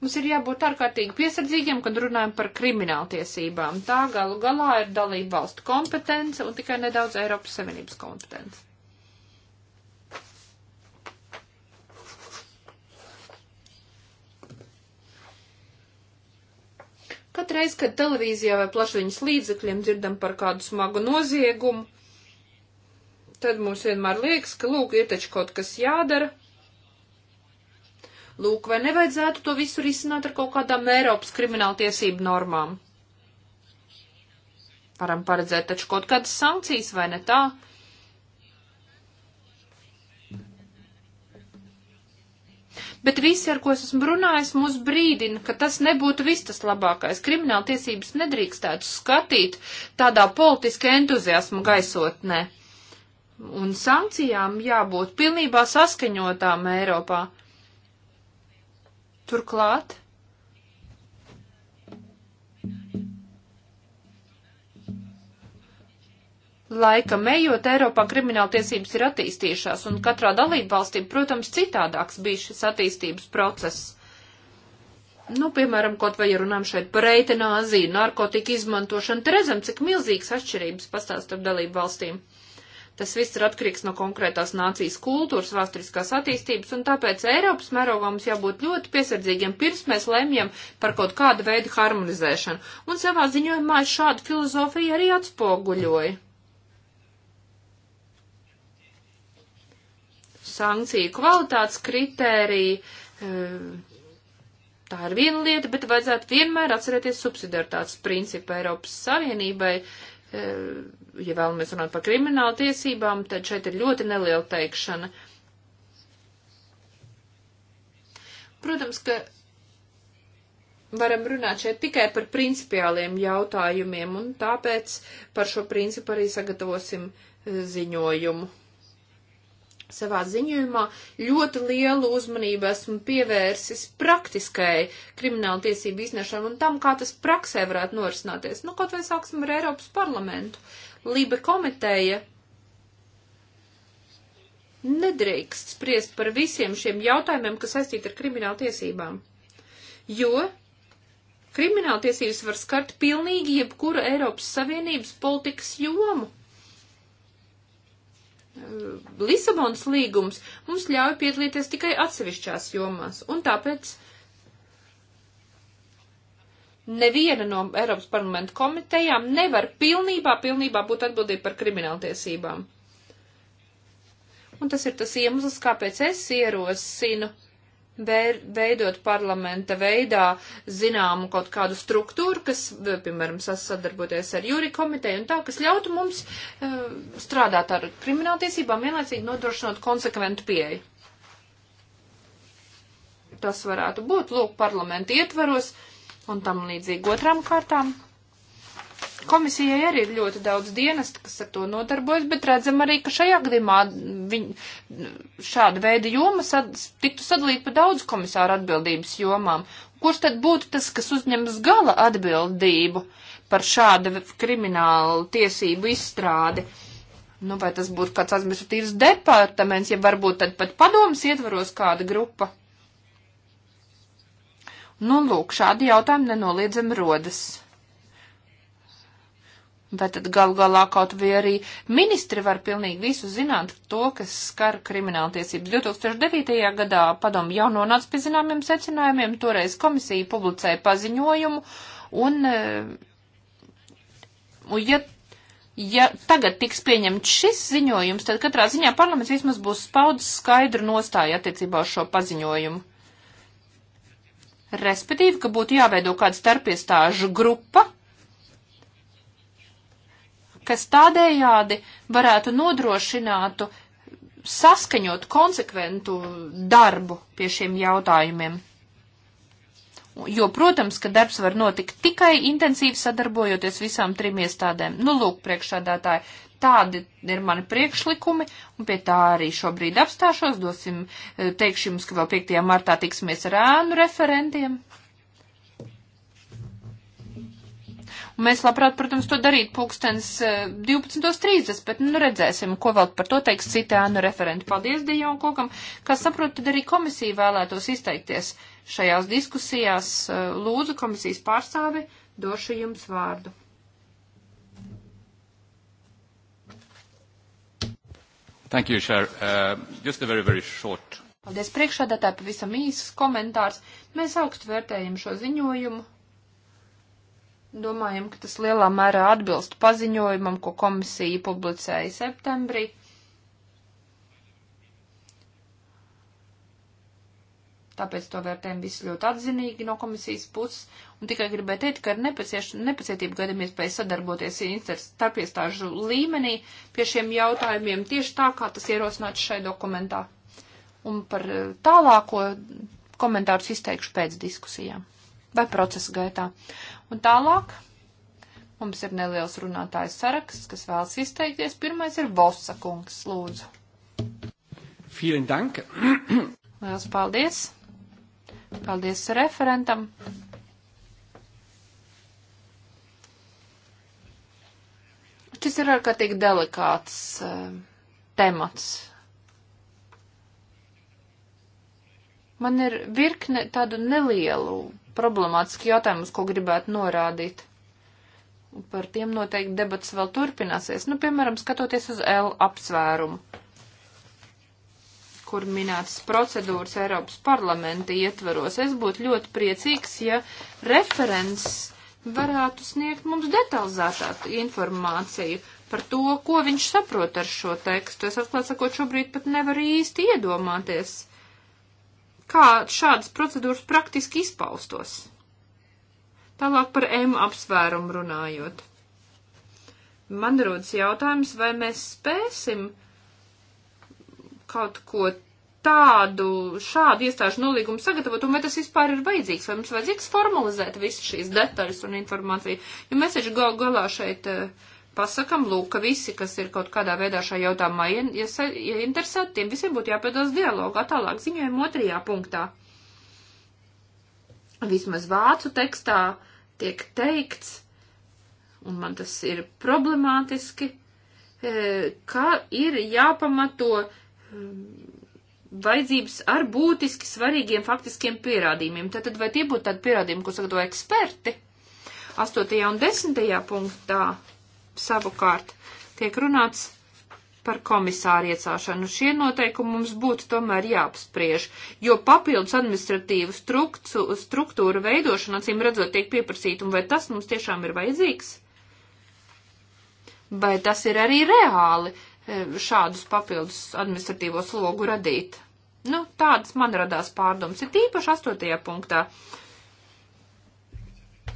A: Mums ir jābūt ārkārtīgi piesardzīgiem, kad runājam par krimināltiesībām. Tā galu galā ir dalība valstu kompetence un tikai nedaudz Eiropas Savienības kompetence. Katreiz, kad televīzijā vai plašsaziņas līdzekļiem dzirdam par kādu smagu noziegumu, tad mums vienmēr liekas, ka lūk, ir taču kaut kas jādara. Lūk, vai nevajadzētu to visu risināt ar kaut kādām Eiropas krimināla tiesību normām? Varam paredzēt taču kaut kādas sankcijas, vai ne tā? bet visi, ar ko es esmu runājis, mūs brīdina, ka tas nebūtu viss tas labākais. Krimināla tiesības nedrīkstētu skatīt tādā politiska entuziasma gaisotnē. Un sankcijām jābūt pilnībā saskaņotām Eiropā. Turklāt laikam ejot, Eiropā krimināla tiesības ir attīstījušās, un katrā dalība valstī, protams, citādāks bija šis attīstības process. Nu, piemēram, kaut vai runām šeit par eitanāziju, narkotiku izmantošanu, te redzam, cik milzīgas atšķirības pastāv starp dalību valstīm. Tas viss ir atkarīgs no konkrētās nācijas kultūras, vēsturiskās attīstības, un tāpēc Eiropas mērogā mums jābūt ļoti piesardzīgiem, pirms mēs lemjam par kaut kādu veidu harmonizēšanu. Un savā ziņojumā es šādu filozofiju arī atspoguļoju. sankciju kvalitātes kritērija. E, tā ir viena lieta, bet vajadzētu vienmēr atcerēties subsidiaritātes principu Eiropas Savienībai. E, ja vēlamies runāt par kriminālu tiesībām, tad šeit ir ļoti neliela teikšana. Protams, ka varam runāt šeit tikai par principiāliem jautājumiem, un tāpēc par šo principu arī sagatavosim ziņojumu savā ziņojumā ļoti lielu uzmanību esmu pievērsis praktiskai krimināla tiesību iznešanai un tam, kā tas praksē varētu norisināties. Nu, kaut vai sāksim ar Eiropas parlamentu. Lība komiteja nedrīkst spriest par visiem šiem jautājumiem, kas saistīti ar krimināla tiesībām. Jo krimināla tiesības var skart pilnīgi jebkuru Eiropas Savienības politikas jomu Eh, Lisabonas līgums mums ļauj piedalīties tikai atsevišķās jomās, un tāpēc neviena no Eiropas parlamenta komitejām nevar pilnībā, pilnībā būt atbildīga par krimināltiesībām. Un tas ir tas iemesls, kāpēc es ierosinu veidot parlamenta veidā zināmu kaut kādu struktūru, kas, piemēram, sadarboties ar jūri komiteju un tā, kas ļautu mums uh, strādāt ar krimināltiesībām, vienlaicīgi nodrošinot konsekventu pieeju. Tas varētu būt, lūk, parlamenta ietveros un tam līdzīgi otrām kārtām. Komisijai arī ir ļoti daudz dienestu, kas ar to nodarbojas, bet redzam arī, ka šajā gadījumā viņ, šāda veida joma sad, tiktu sadalīta pa daudz komisāru atbildības jomām. Kurš tad būtu tas, kas uzņemas gala atbildību par šādu kriminālu tiesību izstrādi? Nu, vai tas būtu kāds administratīvs departaments, ja varbūt tad pat padomas ietvaros kāda grupa? Nu, lūk, šādi jautājumi nenoliedzami rodas. Vai tad galu galā kaut vai arī ministri var pilnīgi visu zināt to, kas skar krimināltiesības? 2009. gadā padomu jau nonāca pie zināmiem secinājumiem, toreiz komisija publicēja paziņojumu, un, eh, un ja, ja tagad tiks pieņemts šis ziņojums, tad katrā ziņā parlaments vismaz būs spaudas skaidru nostāju attiecībā uz šo paziņojumu. Respektīvi, ka būtu jāveido kāda starpiestāžu grupa, kas tādējādi varētu nodrošinātu saskaņot konsekventu darbu pie šiem jautājumiem. Jo, protams, ka darbs var notikt tikai intensīvi sadarbojoties visām trim iestādēm. Nu, lūk, priekšādātāji, tādi ir mani priekšlikumi, un pie tā arī šobrīd apstāšos. Dosim, eh, teikšu jums, ka vēl 5. martā tiksimies ar ēnu referentiem. Un mēs labprāt, protams, to darītu pulkstens 12.30, eh, bet nu redzēsim, ko vēl par to teiks citā nu referenti. Paldies Dijon Kogam, kas saprot, tad arī komisija vēlētos izteikties šajās diskusijās. Eh, lūdzu, komisijas pārstāvi, došu jums vārdu.
C: Thank you, Chair. Uh, just a very, very short
A: Paldies priekšādātāji, pavisam īsts komentārs. Mēs augstu vērtējam šo ziņojumu. Domājam, ka tas lielā mērā atbilst paziņojumam, ko komisija publicēja septembrī. Tāpēc to vērtējam visi ļoti atzinīgi no komisijas puses. Un tikai gribēju teikt, ka ar nepacietību gaidām iespēju sadarboties starpiestāžu līmenī pie šiem jautājumiem tieši tā, kā tas ierosināts šai dokumentā. Un par eh, tālāko komentārus izteikšu pēc diskusijām vai procesa gaitā. Un tālāk mums ir neliels runātājs saraksts, kas vēlas izteikties. Pirmais ir Vossa kungs, lūdzu. Vielen dank. Liels paldies. Paldies referentam. šis ir ārkārtīgi delikāts uh, temats. Man ir virkne tādu nelielu problemātiski jautājumi, uz ko gribētu norādīt. Par tiem noteikti debats vēl turpināsies. Nu, piemēram, skatoties uz L apsvērumu, kur minētas procedūras Eiropas parlamenta ietvaros, es būtu ļoti priecīgs, ja referents varētu sniegt mums detalizētāku informāciju par to, ko viņš saprot ar šo tekstu. Es atklāt sakot, šobrīd pat nevar īsti iedomāties kā šādas procedūras praktiski izpaustos. Tālāk par M apsvērumu runājot. Man rodas jautājums, vai mēs spēsim kaut ko tādu, šādu iestāžu nolīgumu sagatavot, un vai tas vispār ir vajadzīgs, vai mums vajadzīgs formalizēt visas šīs detaļas un informāciju, jo mēs taču gal galā šeit uh, pasakam, lūk, ka visi, kas ir kaut kādā veidā šajā jautājumā ieinteresēti, ja, ja tiem visiem būtu jāpiedalās dialogā tālāk ziņojuma otrajā punktā. Vismaz vācu tekstā tiek teikts, un man tas ir problemātiski, e, ka ir jāpamato mm, vajadzības ar būtiski svarīgiem faktiskiem pierādījumiem. Tātad vai tie būtu tādi pierādījumi, ko sagatavo eksperti? 8. un 10. punktā savukārt tiek runāts par komisāru iecāšanu. Šie noteikumi mums būtu tomēr jāapspriež, jo papildus administratīvu struktu, struktūru veidošana, acīm redzot, tiek pieprasīta, un vai tas mums tiešām ir vajadzīgs? Vai tas ir arī reāli e, šādus papildus administratīvo slogu radīt? Nu, tādas man radās pārdomas, ir tīpaši astotajā punktā. Uh,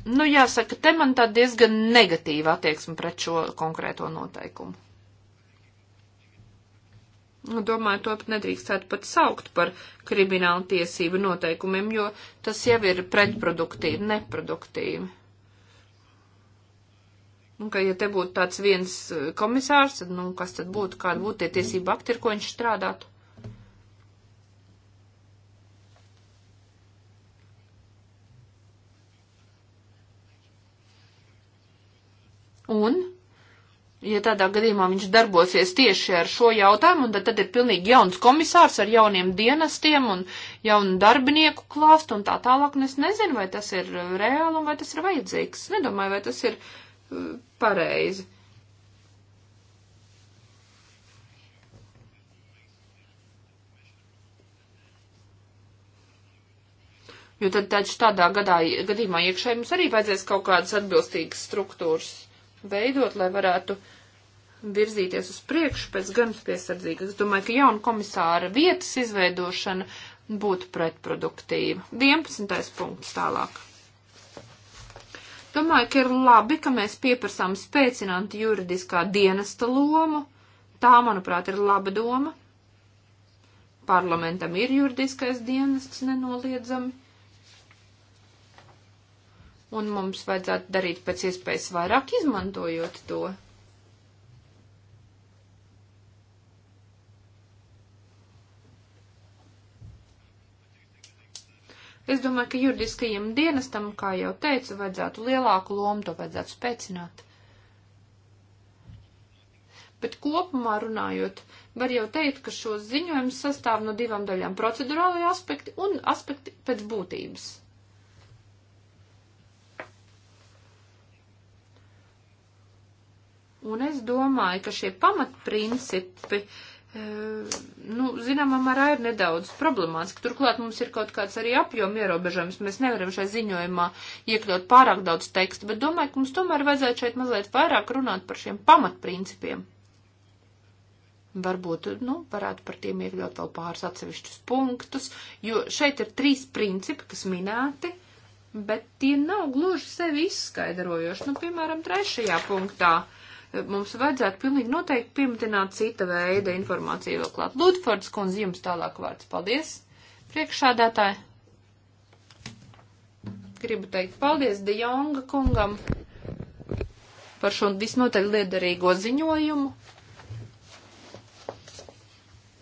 A: Nu, jāsaka, te man tā diezgan negatīva attieksme pret šo konkrēto noteikumu. Nu, domāju, to pat nedrīkstētu pat saukt par kriminālu tiesību noteikumiem, jo tas jau ir pretproduktīvi, neproduktīvi. Un, nu, ka, ja te būtu tāds viens eh, komisārs, tad, nu, kas tad būtu, kāda būtu tie tiesība akti, ar ko viņš strādātu? Un, ja tādā gadījumā viņš darbosies tieši ar šo jautājumu, tad, tad ir pilnīgi jauns komisārs ar jauniem dienestiem un jaunu darbinieku klāstu un tā tālāk. Un es nezinu, vai tas ir reāli un vai tas ir vajadzīgs. Es nedomāju, vai tas ir uh, pareizi. Jo tad taču tādā gadā, gadījumā iekšēji mums arī vajadzēs kaut kādas atbilstīgas struktūras veidot, lai varētu virzīties uz priekšu pēc ganas piesardzīgas. Es domāju, ka jauna komisāra vietas izveidošana būtu pretproduktīva. 11. punkts tālāk. Domāju, ka ir labi, ka mēs pieprasām spēcināt juridiskā dienesta lomu. Tā, manuprāt, ir laba doma. Parlamentam ir juridiskais dienests nenoliedzami un mums vajadzētu darīt pēc iespējas vairāk izmantojot to. Es domāju, ka juridiskajam dienestam, kā jau teicu, vajadzētu lielāku lomu, to vajadzētu spēcināt. Bet kopumā runājot, var jau teikt, ka šo ziņojumu sastāv no divām daļām - procedurālajā aspekti un aspekti pēc būtības. Un es domāju, ka šie pamatprincipi, e, nu, zināmā mērā ir nedaudz problemātiski. Turklāt mums ir kaut kāds arī apjoma ierobežojums. Mēs nevaram šai ziņojumā iekļaut pārāk daudz tekstu, bet domāju, ka mums tomēr vajadzētu šeit mazliet vairāk runāt par šiem pamatprincipiem. Varbūt, nu, varētu par tiem iekļaut vēl pāris atsevišķus punktus, jo šeit ir trīs principi, kas minēti bet tie nav gluži sevi izskaidrojoši. Nu, piemēram, trešajā punktā mums vajadzētu pilnīgi noteikti pieminēt cita veida informāciju vēl klāt. Lūdfords kundze, jums tālāk vārds. Paldies, priekšādātāji. Gribu teikt paldies De Jonga kungam par šo visnotaļ liederīgo ziņojumu.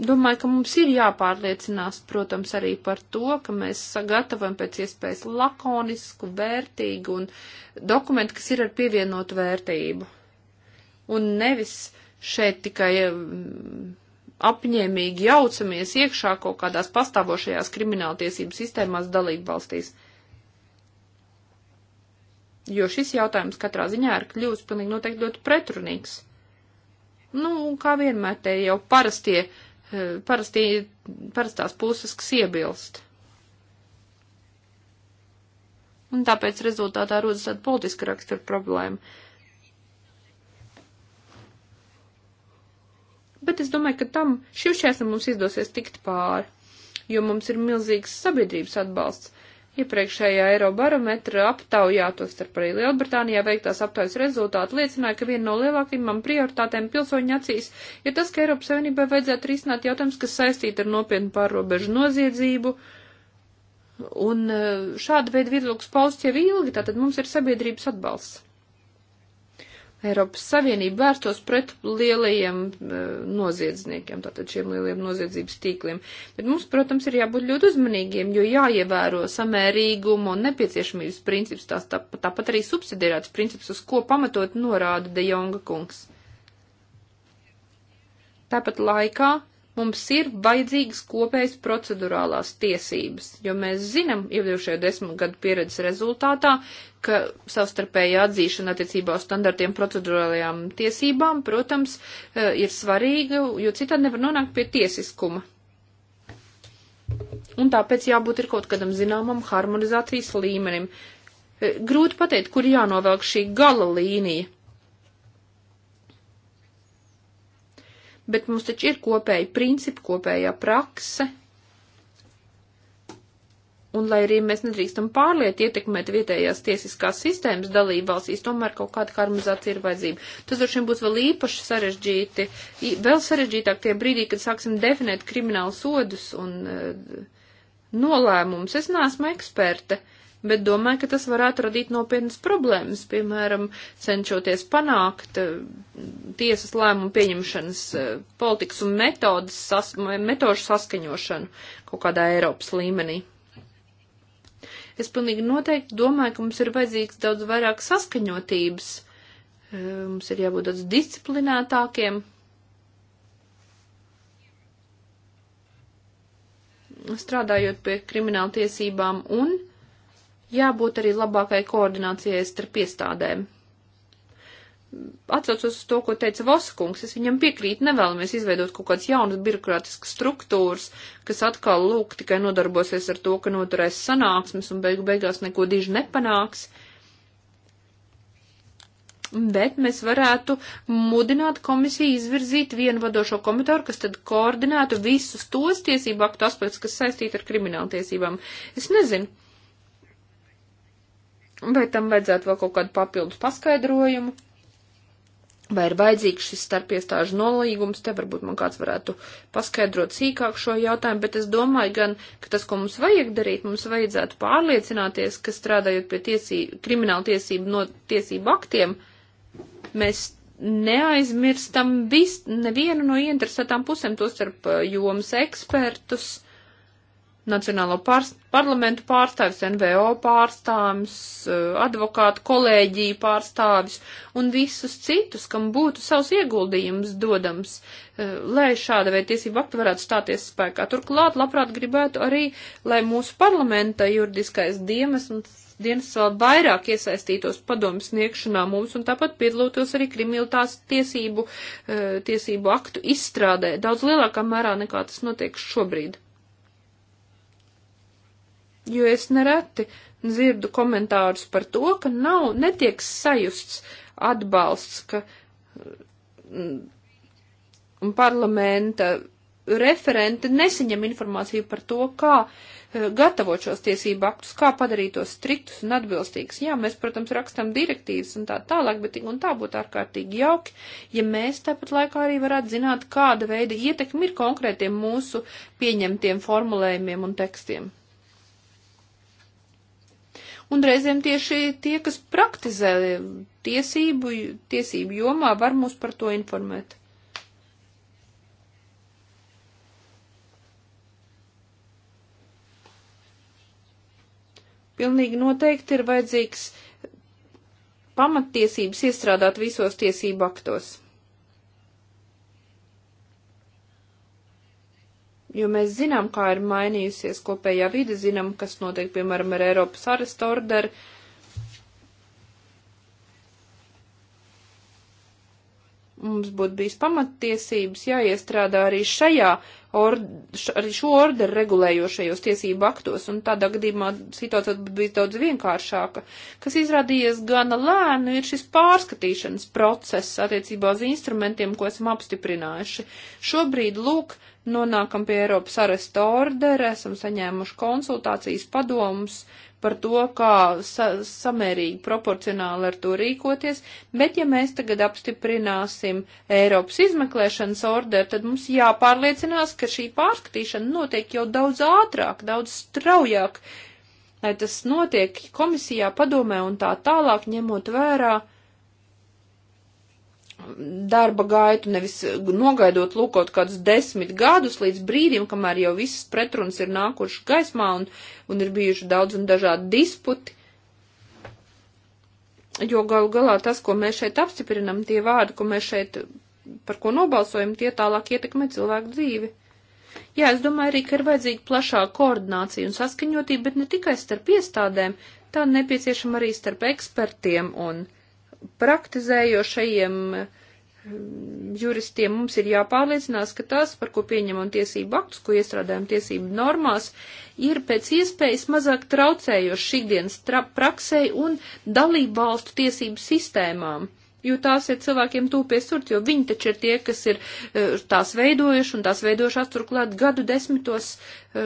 A: Domāju, ka mums ir jāpārliecinās, protams, arī par to, ka mēs sagatavojam pēc iespējas lakonisku, vērtīgu un dokumentu, kas ir ar pievienotu vērtību un nevis šeit tikai apņēmīgi jaucamies iekšā kaut kādās pastāvošajās krimināltiesību sistēmās dalību valstīs. Jo šis jautājums katrā ziņā ir kļūst pilnīgi noteikti ļoti pretrunīgs. Nu, un kā vienmēr te jau parastie, eh, parastie, parastās puses, kas iebilst. Un tāpēc rezultātā rodas tāda politiska rakstura problēma bet es domāju, ka tam šim šķērslim mums izdosies tikt pāri, jo mums ir milzīgs sabiedrības atbalsts. Iepriekšējā Eirobarometra aptaujā, to starp arī Lielbritānijā veiktās aptaujas rezultāti, liecināja, ka viena no lielākajām prioritātēm pilsoņu acīs ir tas, ka Eiropas Savienībai vajadzētu risināt jautājumus, kas saistīti ar nopietnu pārrobežu noziedzību. Un eh, šāda veida viedoklis pausts jau ilgi, tātad mums ir sabiedrības atbalsts. Eiropas Savienība vērstos pret lielajiem uh, noziedzniekiem, tātad šiem lielajiem noziedzības tīkliem. Bet mums, protams, ir jābūt ļoti uzmanīgiem, jo jāievēro samērīguma un nepieciešamības princips, tās tā, tāpat arī subsidiārāts princips, uz ko pamatot norāda De Jonga kungs. Tāpat laikā mums ir vajadzīgas kopējas procedurālās tiesības, jo mēs zinām iepriekšējo desmit gadu pieredzes rezultātā, ka savstarpēja atzīšana attiecībā uz standartiem procedurālajām tiesībām, protams, e, ir svarīga, jo citādi nevar nonākt pie tiesiskuma. Un tāpēc jābūt ir kaut kādam zināmam harmonizācijas līmenim. E, grūti pateikt, kur jānovelk šī gala līnija. Bet mums taču ir kopēji principi, kopējā prakse. Un lai arī mēs nedrīkstam pārliet ietekmēt vietējās tiesiskās sistēmas dalībvalstīs, tomēr kaut kāda harmonizācija ir vajadzība. Tas droši vien būs vēl īpaši sarežģīti, vēl sarežģītāk tie brīdī, kad sāksim definēt kriminālu sodus un uh, nolēmumus. Es neesmu eksperte. Bet domāju, ka tas varētu radīt nopietnas problēmas, piemēram, cenšoties panākt uh, tiesas lēmumu pieņemšanas uh, politikas un metodas, sas, metožu saskaņošanu kaut kādā Eiropas līmenī. Es pilnīgi noteikti domāju, ka mums ir vajadzīgs daudz vairāk saskaņotības. Eh, mums ir jābūt daudz disciplinētākiem. Strādājot pie krimināla tiesībām un jābūt arī labākai koordinācijai starp iestādēm atsaucos uz to, ko teica Voskungs, es viņam piekrītu, nevēlamies izveidot kaut kādas jaunas birokrātiskas struktūras, kas atkal lūk tikai nodarbosies ar to, ka noturēs sanāksmes un beigu beigās neko diži nepanāks. Bet mēs varētu mudināt komisiju izvirzīt vienu vadošo komitāru, kas tad koordinētu visus tos tiesību aktu aspektus, kas saistīti ar kriminālu tiesībām. Es nezinu, vai tam vajadzētu vēl kaut kādu papildus paskaidrojumu vai ir vajadzīgs šis starpiestāžu nolīgums, te varbūt man kāds varētu paskaidrot sīkāk šo jautājumu, bet es domāju gan, ka tas, ko mums vajag darīt, mums vajadzētu pārliecināties, ka strādājot pie tiesību, krimināla tiesību no tiesību aktiem, mēs neaizmirstam vis, nevienu no interesētām pusēm, to starp eh, jomas ekspertus, Nacionālo pārst parlamentu pārstāvis, NVO pārstāvis, eh, advokātu kolēģiju pārstāvis un visus citus, kam būtu savs ieguldījums dodams, eh, lai šāda veida tiesība aktu varētu stāties spēkā. Turklāt, labprāt, gribētu arī, lai mūsu parlamenta juridiskais dienas un dienas vēl vairāk iesaistītos padomu sniegšanā mums un tāpat piedalītos arī kriminālās tiesību, eh, tiesību aktu izstrādē daudz lielākā mērā nekā tas notiek šobrīd. Jo es nereti dzirdu komentārus par to, ka nav, netiek sajusts atbalsts, ka un mm, parlamenta referenti nesaņem informāciju par to, kā eh, gatavot šos tiesību aktus, kā padarīt tos striktus un atbilstīgus. Jā, mēs, protams, rakstam direktīvas un tā tālāk, bet tik un tā būtu ārkārtīgi jauki, ja mēs tāpat laikā arī varētu zināt, kāda veida ietekmi ir konkrētiem mūsu pieņemtiem formulējumiem un tekstiem un reizēm tieši tie, kas praktizē tiesību, tiesību jomā, var mūs par to informēt. Pilnīgi noteikti ir vajadzīgs pamattiesības iestrādāt visos tiesību aktos. jo mēs zinām, kā ir mainījusies kopējā vide, zinām, kas notiek, piemēram, ar Eiropas arestu orderu. Mums būtu bijis pamattiesības jāiestrādā arī šajā, or, š, arī šo orderu regulējošajos tiesību aktos, un tādā gadījumā situācija būtu bijis daudz vienkāršāka. Kas izrādījies gana lēnu, ir šis pārskatīšanas process attiecībā uz instrumentiem, ko esam apstiprinājuši. Šobrīd, lūk, nonākam pie Eiropas arestu ordera, esam saņēmuši konsultācijas padomus par to, kā sa samērīgi proporcionāli ar to rīkoties, bet ja mēs tagad apstiprināsim Eiropas izmeklēšanas orderu, tad mums jāpārliecinās, ka šī pārskatīšana notiek jau daudz ātrāk, daudz straujāk, lai tas notiek komisijā, padomē un tā tālāk, ņemot vērā, uh, darba gaitu, nevis nogaidot lūkot kādus desmit gadus līdz brīdim, kamēr jau visas pretrunas ir nākušas gaismā un, un ir bijuši daudz un dažādi disputi. Jo galu galā tas, ko mēs šeit apstiprinam, tie vārdi, ko mēs šeit par ko nobalsojam, tie tālāk ietekmē cilvēku dzīvi. Jā, es domāju arī, ka ir vajadzīga plašāka koordinācija un saskaņotība, bet ne tikai starp iestādēm, tā nepieciešama arī starp ekspertiem un praktizējošajiem mm, juristiem mums ir jāpārliecinās, ka tas, par ko pieņemam tiesību aktus, ko iestrādājam tiesību normās, ir pēc iespējas mazāk traucējoši ikdienas praksē un dalību valstu tiesību sistēmām jo tās ir cilvēkiem tūpies surt, jo viņi taču ir tie, kas ir e, tās veidojuši un tās veidojušās turklāt gadu desmitos uh,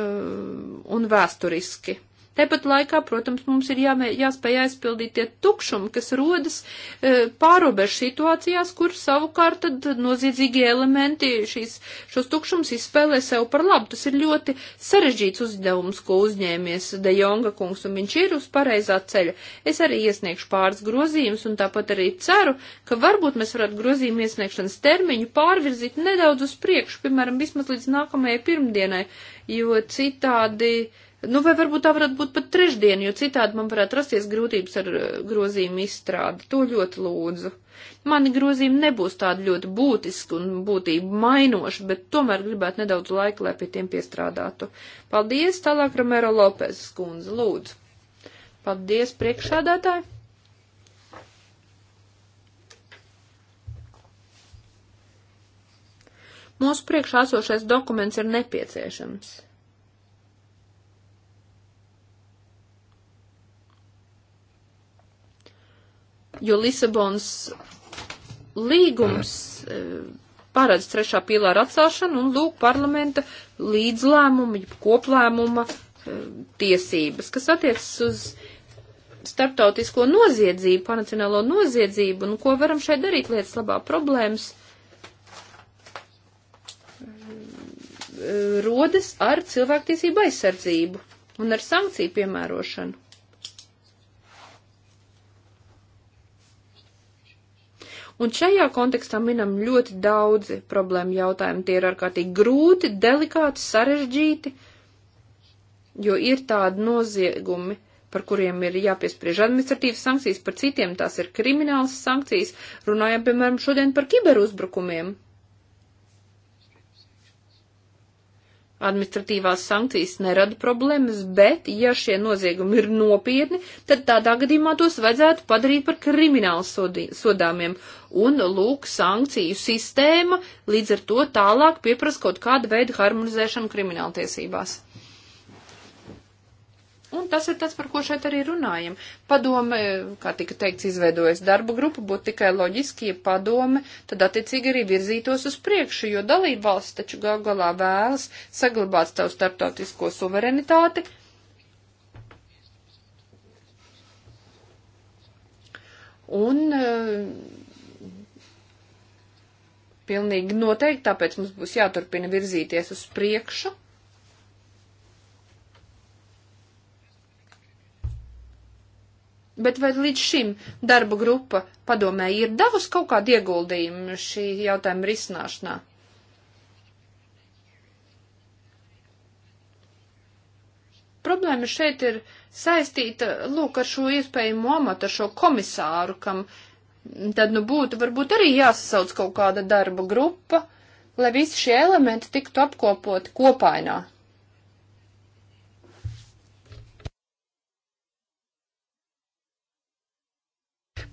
A: un vēsturiski. Tāpat laikā, protams, mums ir jā, jāspēj aizpildīt tie tukšumi, kas rodas e, pārobežu situācijās, kur savukārt tad noziedzīgie elementi šīs, šos tukšumus izspēlē sev par labu. Tas ir ļoti sarežģīts uzdevums, ko uzņēmies De Jonga kungs, un viņš ir uz pareizā ceļa. Es arī iesniegšu pāris grozījumus, un tāpat arī ceru, ka varbūt mēs varētu grozījumu iesniegšanas termiņu pārvirzīt nedaudz uz priekšu, piemēram, vismaz līdz nākamajai pirmdienai, jo citādi. Uh, Nu, vai varbūt tā varētu būt pat trešdien, jo citādi man varētu rasties grūtības ar eh, grozījumu izstrādi. To ļoti lūdzu. Mani grozījumi nebūs tādi ļoti būtiski un būtību mainoši, bet tomēr gribētu nedaudz laika, lai pie tiem piestrādātu. Paldies, tālāk Romero Lopezes kundze, lūdzu. Paldies, priekšādātāji. Mūsu priekšā esošais dokuments ir nepieciešams jo Lisabons līgums eh, paredz trešā pīlāra atcelšanu un lūk parlamenta līdzlēmuma, koplēmuma eh, tiesības, kas attiecas uz starptautisko noziedzību, panacionālo noziedzību, un ko varam šeit darīt lietas labā problēmas eh, rodas ar cilvēktiesību aizsardzību un ar sankciju piemērošanu. Un šajā kontekstā minam ļoti daudzi problēmu jautājumi. Tie ir ārkārtīgi grūti, delikāti, sarežģīti, jo ir tādi noziegumi, par kuriem ir jāpiespriež administratīvas sankcijas, par citiem tās ir kriminālas sankcijas. Runājam, piemēram, šodien par kiberuzbrukumiem. administratīvās sankcijas nerada problēmas, bet, ja šie noziegumi ir nopietni, tad tādā gadījumā tos vajadzētu padarīt par kriminālu sodī, sodāmiem. Un, lūk, sankciju sistēma līdz ar to tālāk pieprasa kaut kādu veidu harmonizēšanu krimināltiesībās. Un tas ir tas, par ko šeit arī runājam. Padome, kā tika teikts, izveidojas darba grupa, būtu tikai loģiski, ja padome tad attiecīgi arī virzītos uz priekšu, jo dalība valsts taču gal galā vēlas saglabāt savu starptautisko suverenitāti. Un eh, pilnīgi noteikti, tāpēc mums būs jāturpina virzīties uz priekšu Bet vai līdz šim darba grupa padomē ir devusi kaut kādu ieguldījumu šī jautājuma risināšanā? Problēma šeit ir saistīta, lūk, ar šo iespējamo amatu, ar šo komisāru, kam tad, nu, būtu varbūt arī jāsasauc kaut kāda darba grupa, lai visi šie elementi tiktu apkopoti kopainā.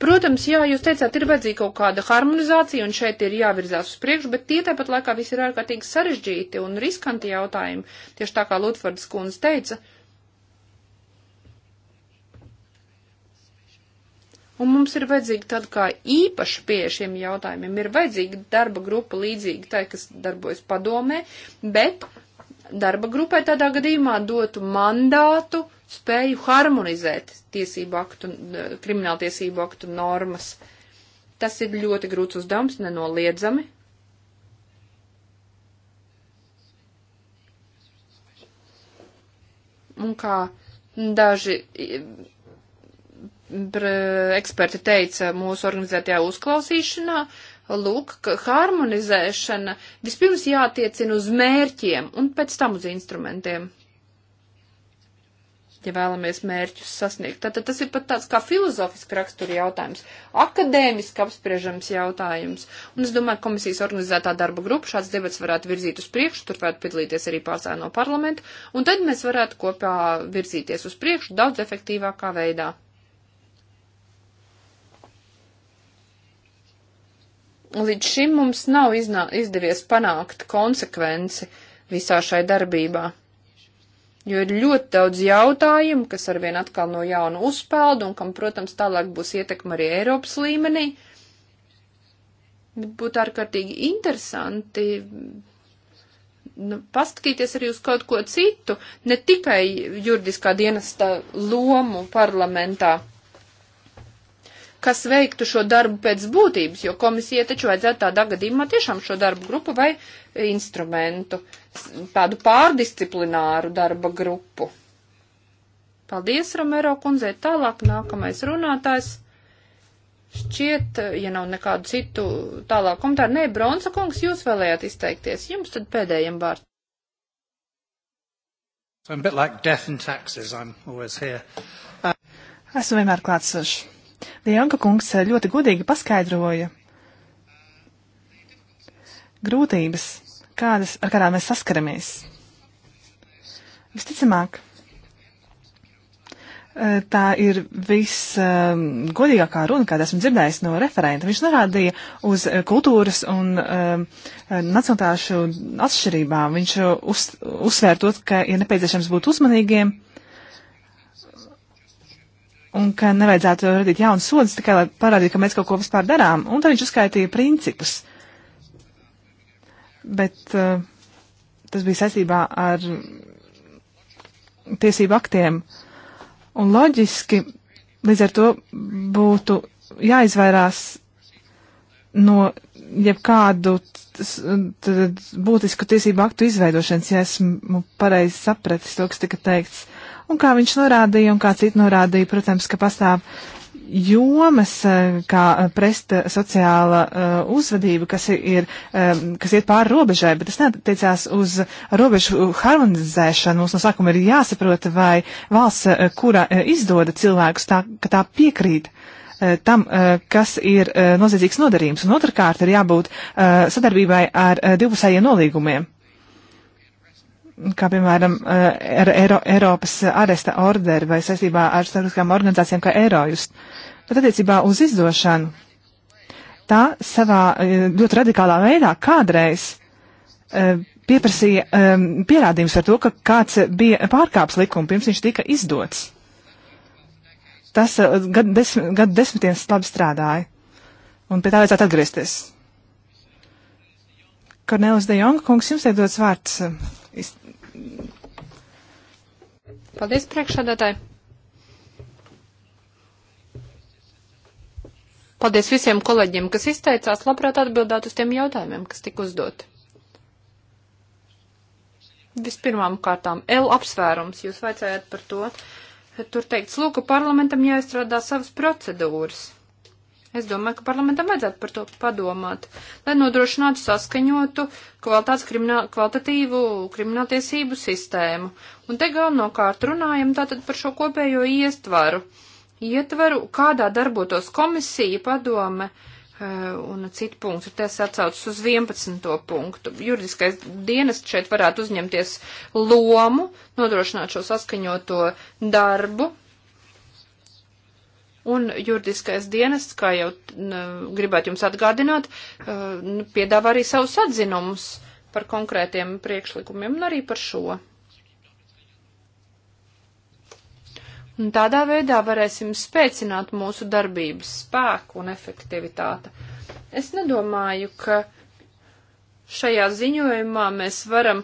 A: Protams, jā, jūs teicāt, ir vajadzīga kaut kāda harmonizācija un šeit ir jāvirzās uz priekšu, bet tie tāpat laikā visi ir ārkārtīgi sarežģīti un riskanti jautājumi, tieši tā kā Lutfords kundze teica. Un mums ir vajadzīga tāda kā īpaša pie šiem jautājumiem. Ir vajadzīga darba grupa līdzīga tai, kas darbojas padomē, bet darba grupai tādā gadījumā dotu mandātu spēju harmonizēt tiesību aktu, kriminālu tiesību aktu normas. Tas ir ļoti grūts uzdevums, nenoliedzami. Un kā daži eksperti teica mūsu organizētajā uzklausīšanā, uh, Lūk, harmonizēšana vispirms jātiecina uz mērķiem un pēc tam uz instrumentiem. Ja vēlamies mērķus sasniegt, tad, tad tas ir pat tāds kā filozofisks rakstura jautājums, akadēmiski apspriežams jautājums. Un es domāju, komisijas organizētā darba grupa šāds debats varētu virzīt uz priekšu, tur varētu piedalīties arī pārstāvji no parlamenta, un tad mēs varētu kopā virzīties uz priekšu daudz efektīvākā veidā. Līdz šim mums nav iznā, izdevies panākt konsekvenci visā šai darbībā, jo ir ļoti daudz jautājumu, kas arvien atkal no jauna uzpeld un kam, protams, tālāk būs ietekma arī Eiropas līmenī. Bet būtu ārkārtīgi interesanti nu, paskatīties arī uz kaut ko citu, ne tikai juridiskā dienesta lomu parlamentā kas veiktu šo darbu pēc būtības, jo komisija taču vajadzētu tādā gadījumā tiešām šo darbu grupu vai instrumentu, tādu pārdisciplināru darba grupu. Paldies, Romero kundzei. Tālāk nākamais runātājs. Šķiet, ja nav nekādu citu tālāk komentāru, nē, Bronsa kungs, jūs vēlējāt izteikties. Jums tad pēdējiem vārds.
C: So I'm a bit like death and taxes. I'm always here.
B: Uh... Esmu vienmēr klātsošs. Lijanka kungs ļoti godīgi paskaidroja grūtības, kādas, ar kādām mēs saskaramies. Visticamāk, tā ir visgodīgākā um, runa, kādu esmu dzirdējis no referenta. Viņš norādīja uz uh, kultūras un um, nacionātāšu atšķirībām. Viņš uh, uz, uzsvēr to, ka ir nepieciešams būt uzmanīgiem un ka nevajadzētu radīt jaunas sodas tikai, lai parādītu, ka mēs kaut ko vispār darām. Un tad viņš uzskaitīja principus. Bet uh, tas bija saistībā ar tiesību aktiem. Un loģiski līdz ar to būtu jāizvairās no jebkādu būtisku tiesību aktu izveidošanas, ja esmu pareizi sapratis to, kas tika teikts. Un kā viņš norādīja, un kā citi norādīja, protams, ka pastāv jomas, e, kā e, presta sociāla uh, uzvedība, kas ir, um, kas iet pāri robežai, bet tas neatiecās uz robežu harmonizēšanu. Mums no sākuma ir jāsaprot, vai valsts, uh, kura uh, izdoda cilvēkus, tā, ka tā piekrīt tam, kas ir noziedzīgs nodarījums. Un otrkārt ir jābūt sadarbībai ar divpusējiem nolīgumiem kā piemēram ar eh, Eiro, Eiropas aresta orderi vai saistībā ar starptautiskām organizācijām kā Eirojust. Bet attiecībā uz izdošanu, tā savā eh, ļoti radikālā veidā kādreiz eh, pieprasīja pierādījums par to, ka kāds bija pārkāps likumu pirms viņš tika izdots. Tas gadu desmit, gad desmitiem labi strādāja. Un pie tā vajadzētu atgriezties. Kornelis de Jonga kungs, jums tiek dots vārds
A: Paldies, priekšsādātāji! Paldies visiem kolēģiem, kas izteicās, labprāt atbildēt uz tiem jautājumiem, kas tika uzdoti. Vispirmām kārtām, L apsvērums, jūs vaicājāt par to. Tur teikts, lūk, parlamentam jāizstrādā savas procedūras. Es domāju, ka parlamentam vajadzētu par to padomāt, lai nodrošinātu saskaņotu kvalitātes krimināl, kvalitatīvu krimināltiesību sistēmu. Un te galvenokārt runājam tātad par šo kopējo iestvaru. Ietvaru, kādā darbotos komisija, padome eh, un citi punkti. Tas atsaucas uz 11. punktu. Juridiskais dienas šeit varētu uzņemties lomu, nodrošināt šo saskaņoto darbu un juridiskais dienests, kā jau gribētu jums atgādināt, e, piedāvā arī savus atzinumus par konkrētiem priekšlikumiem un arī par šo. Un tādā veidā varēsim spēcināt mūsu darbības spēku un efektivitāti. Es nedomāju, ka šajā ziņojumā mēs varam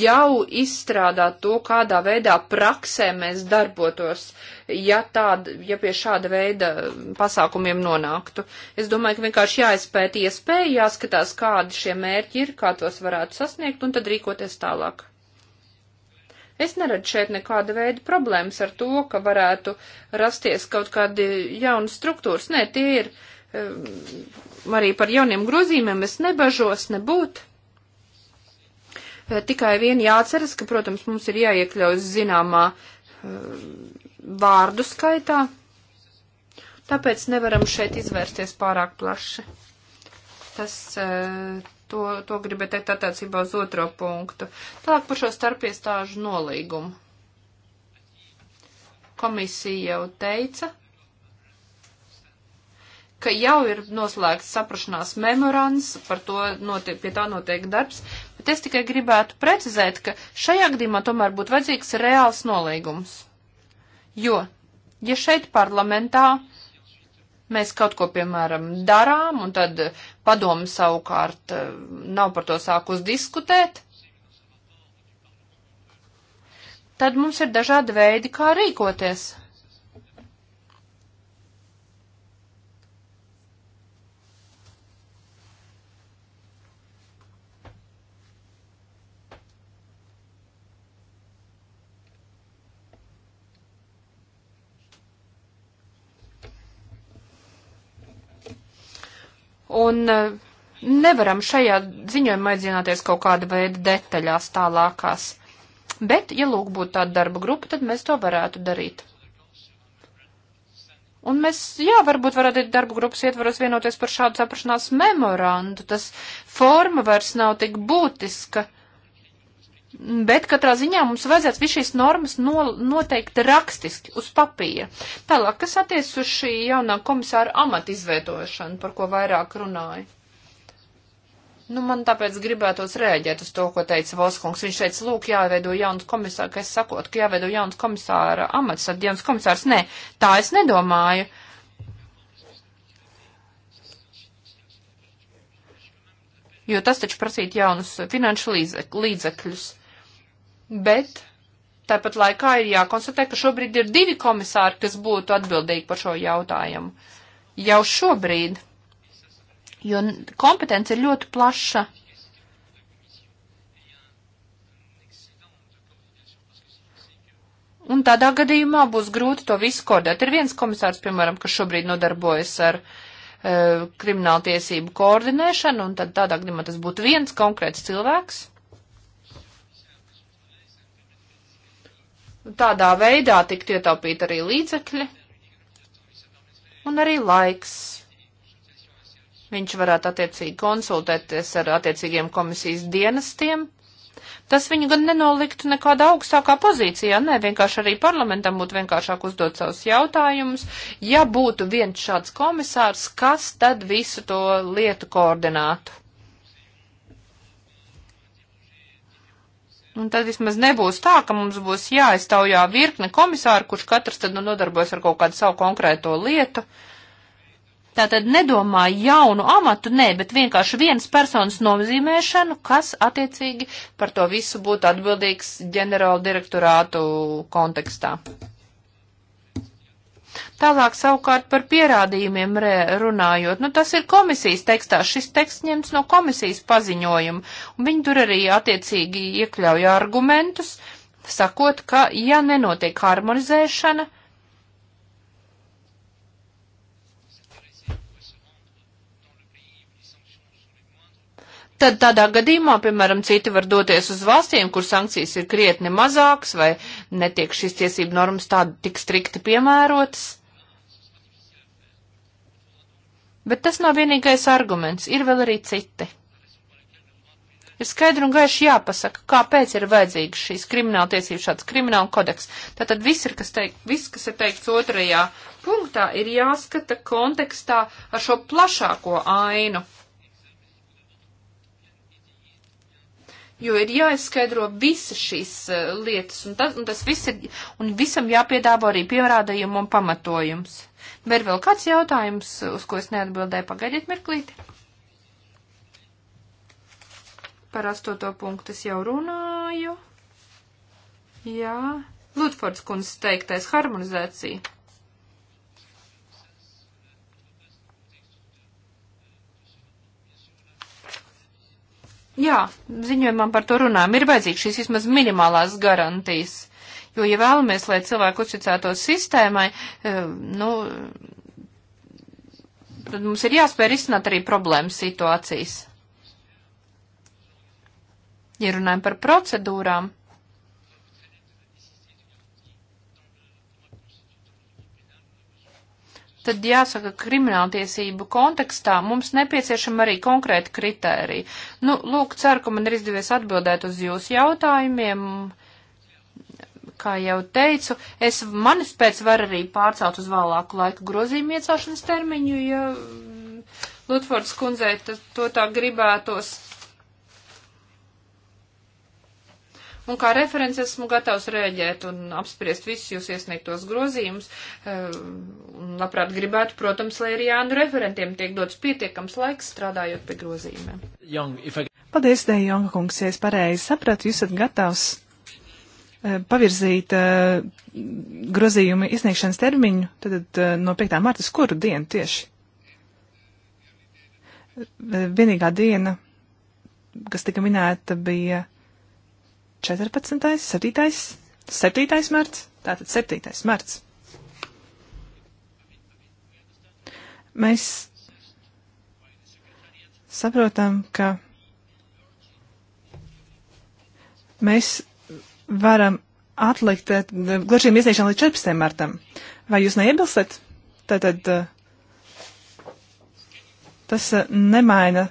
A: jau izstrādāt to, kādā veidā praksē mēs darbotos, ja, tād, ja pie šāda veida pasākumiem nonāktu. Es domāju, ka vienkārši jāizpēt iespēja, jāskatās, kādi šie mērķi ir, kā tos varētu sasniegt, un tad rīkoties tālāk. Es neredzu šeit nekāda veida problēmas ar to, ka varētu rasties kaut kādi jauni struktūras. Nē, tie ir um, arī par jauniem grozījumiem es nebažos nebūt. Eh, tikai vien jāatceras, ka, protams, mums ir jāiekļaus zināmā eh, vārdu skaitā, tāpēc nevaram šeit izvērsties pārāk plaši. Tas, eh, to, to gribētu teikt attiecībā uz otro punktu. Tālāk par šo starpiestāžu nolīgumu. Komisija jau teica, ka jau ir noslēgts saprašanās memorands, par to notiek, pie tā notiek darbs, bet es tikai gribētu precizēt, ka šajā gadījumā tomēr būtu vajadzīgs reāls nolīgums. Jo, ja šeit parlamentā mēs kaut ko, piemēram, darām, un tad padomu savukārt eh, nav par to sākus diskutēt, tad mums ir dažādi veidi, kā rīkoties. Un e, nevaram šajā ziņojumā aizzināties kaut kāda veida detaļās tālākās. Bet, ja lūk būtu tāda darba grupa, tad mēs to varētu darīt. Un mēs, jā, varbūt varētu darba grupas ietvaros vienoties par šādu saprašanās memorandu. Tas forma vairs nav tik būtiska. Bet katrā ziņā mums vajadzētu visu šīs normas no, noteikti rakstiski uz papīra. Tālāk, kas attiec uz šī jaunā komisāra amata izveidošanu, par ko vairāk runāja? Nu, man tāpēc gribētos rēģēt uz to, ko teica Voskungs. Viņš teica, lūk, jāveido jauns komisārs, ka es sakotu, ka jāveido jauns komisāra amats, tad jauns komisārs. Nē, tā es nedomāju. Jo tas taču prasītu jaunus finanšu līdzekļus bet tāpat laikā ir jākonstatē, ka šobrīd ir divi komisāri, kas būtu atbildīgi par šo jautājumu. Jau šobrīd, jo kompetence ir ļoti plaša. Un tādā gadījumā būs grūti to visu koordinēt. Ir viens komisārs, piemēram, kas šobrīd nodarbojas ar e, krimināltiesību koordinēšanu, un tad tādā gadījumā tas būtu viens konkrēts cilvēks. Tādā veidā tiktu ietaupīt arī līdzekļi un arī laiks. Viņš varētu attiecīgi konsultēties ar attiecīgiem komisijas dienestiem. Tas viņu gan nenoliktu nekādā augstākā pozīcijā, nē, vienkārši arī parlamentam būtu vienkāršāk uzdot savus jautājumus. Ja būtu viens šāds komisārs, kas tad visu to lietu koordinātu? Un tad vismaz nebūs tā, ka mums būs jāiztaujā virkne komisāru, kurš katrs tad nu nodarbojas ar kaut kādu savu konkrēto lietu. Tātad nedomā jaunu amatu, nē, bet vienkārši vienas personas nozīmēšanu, kas attiecīgi par to visu būtu atbildīgs ģenerāla direktorātu kontekstā. Tālāk savukārt par pierādījumiem runājot. Nu, tas ir komisijas tekstā. Šis teksts ņemts no komisijas paziņojuma. Un viņi tur arī attiecīgi iekļauj argumentus, sakot, ka ja nenotiek harmonizēšana, tad tādā gadījumā, piemēram, citi var doties uz valstīm, kur sankcijas ir krietni mazākas vai netiek šīs tiesību normas tādi tik strikti piemērotas. Bet tas nav vienīgais arguments, ir vēl arī citi. Ir skaidri un gaiši jāpasaka, kāpēc ir vajadzīgs šīs krimināla tiesības šāds krimināla kodeks. Tātad viss, ir, kas, teik, viss, kas ir teikts otrajā punktā, ir jāskata kontekstā ar šo plašāko ainu. jo ir jāizskaidro visas šīs eh, lietas, un tas, un tas viss ir, un visam jāpiedāvo arī pierādījumu un pamatojums. Vai ir vēl kāds jautājums, uz ko es neatbildēju? Pagaidiet mirklīti. Par astoto punktu es jau runāju. Jā. Lutfords kundze teiktais harmonizācija. Jā, ziņojumam par to runājam. Ir vajadzīgs šīs vismaz minimālās garantijas. Jo, ja vēlamies, lai cilvēku uzticētos sistēmai, eh, nu, tad mums ir jāspēj risināt arī problēmas situācijas. Ja runājam par procedūrām, tad jāsaka, krimināltiesību kontekstā mums nepieciešama arī konkrēta kritērija. Nu, lūk, ceru, ka man ir izdevies atbildēt uz jūsu jautājumiem. Kā jau teicu, es manis pēc var arī pārcelt uz vēlāku laiku grozījumu iecāšanas termiņu, ja Lutfords kundzei to tā gribētos. un kā referents esmu gatavs rēģēt un apspriest visus jūs iesniegtos grozījumus. Eh, un labprāt gribētu, protams, lai arī Jānu referentiem tiek dots pietiekams laiks strādājot pie grozījumiem. Young, I...
B: Paldies, Dēļ Jonga kungs, ja es pareizi sapratu, jūs esat gatavs eh, pavirzīt uh, eh, grozījumu izsniegšanas termiņu, tad uh, no 5. marta uz kuru dienu tieši? Vienīgā diena, kas tika minēta, bija 14. 7. 7. marts. Tātad 7. marts. Mēs saprotam, ka mēs varam atlikt eh, grozījumu iesniegšanu līdz 14. martam. Vai jūs neiebilstat? Tātad eh, tas eh, nemaina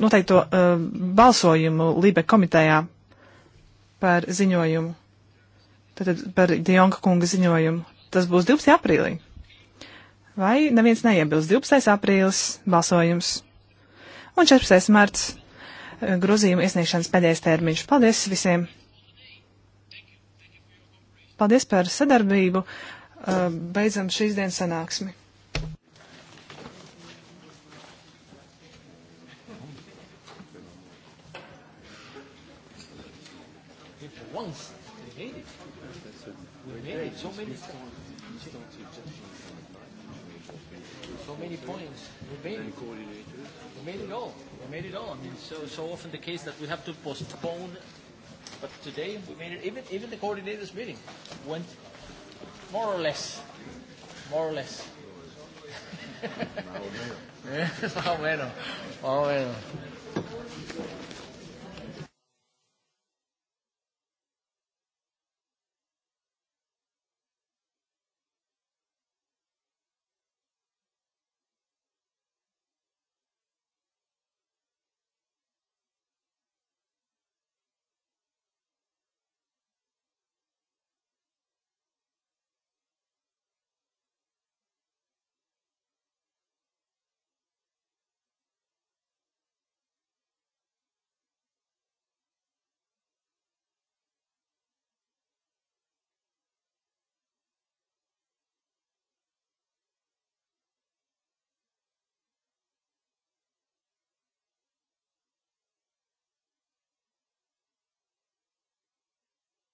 B: noteikto balsojumu Lībe komitejā par ziņojumu. Tātad par Dionka kunga ziņojumu. Tas būs 12. aprīlī. Vai neviens neiebilst? 12. aprīlis balsojums un 14. marts eh, grozījuma iesniegšanas pēdējais termiņš. Paldies visiem! Paldies par sadarbību! Eh, beidzam šīs dienas sanāksmi! sorry, so many
A: so many points. We made it. We made it all. We made it all. I mean, so so often the case that we have to postpone, but today we made it. Even even the coordinators' meeting went more or less, more or less. Más o menos. Más o
C: menos.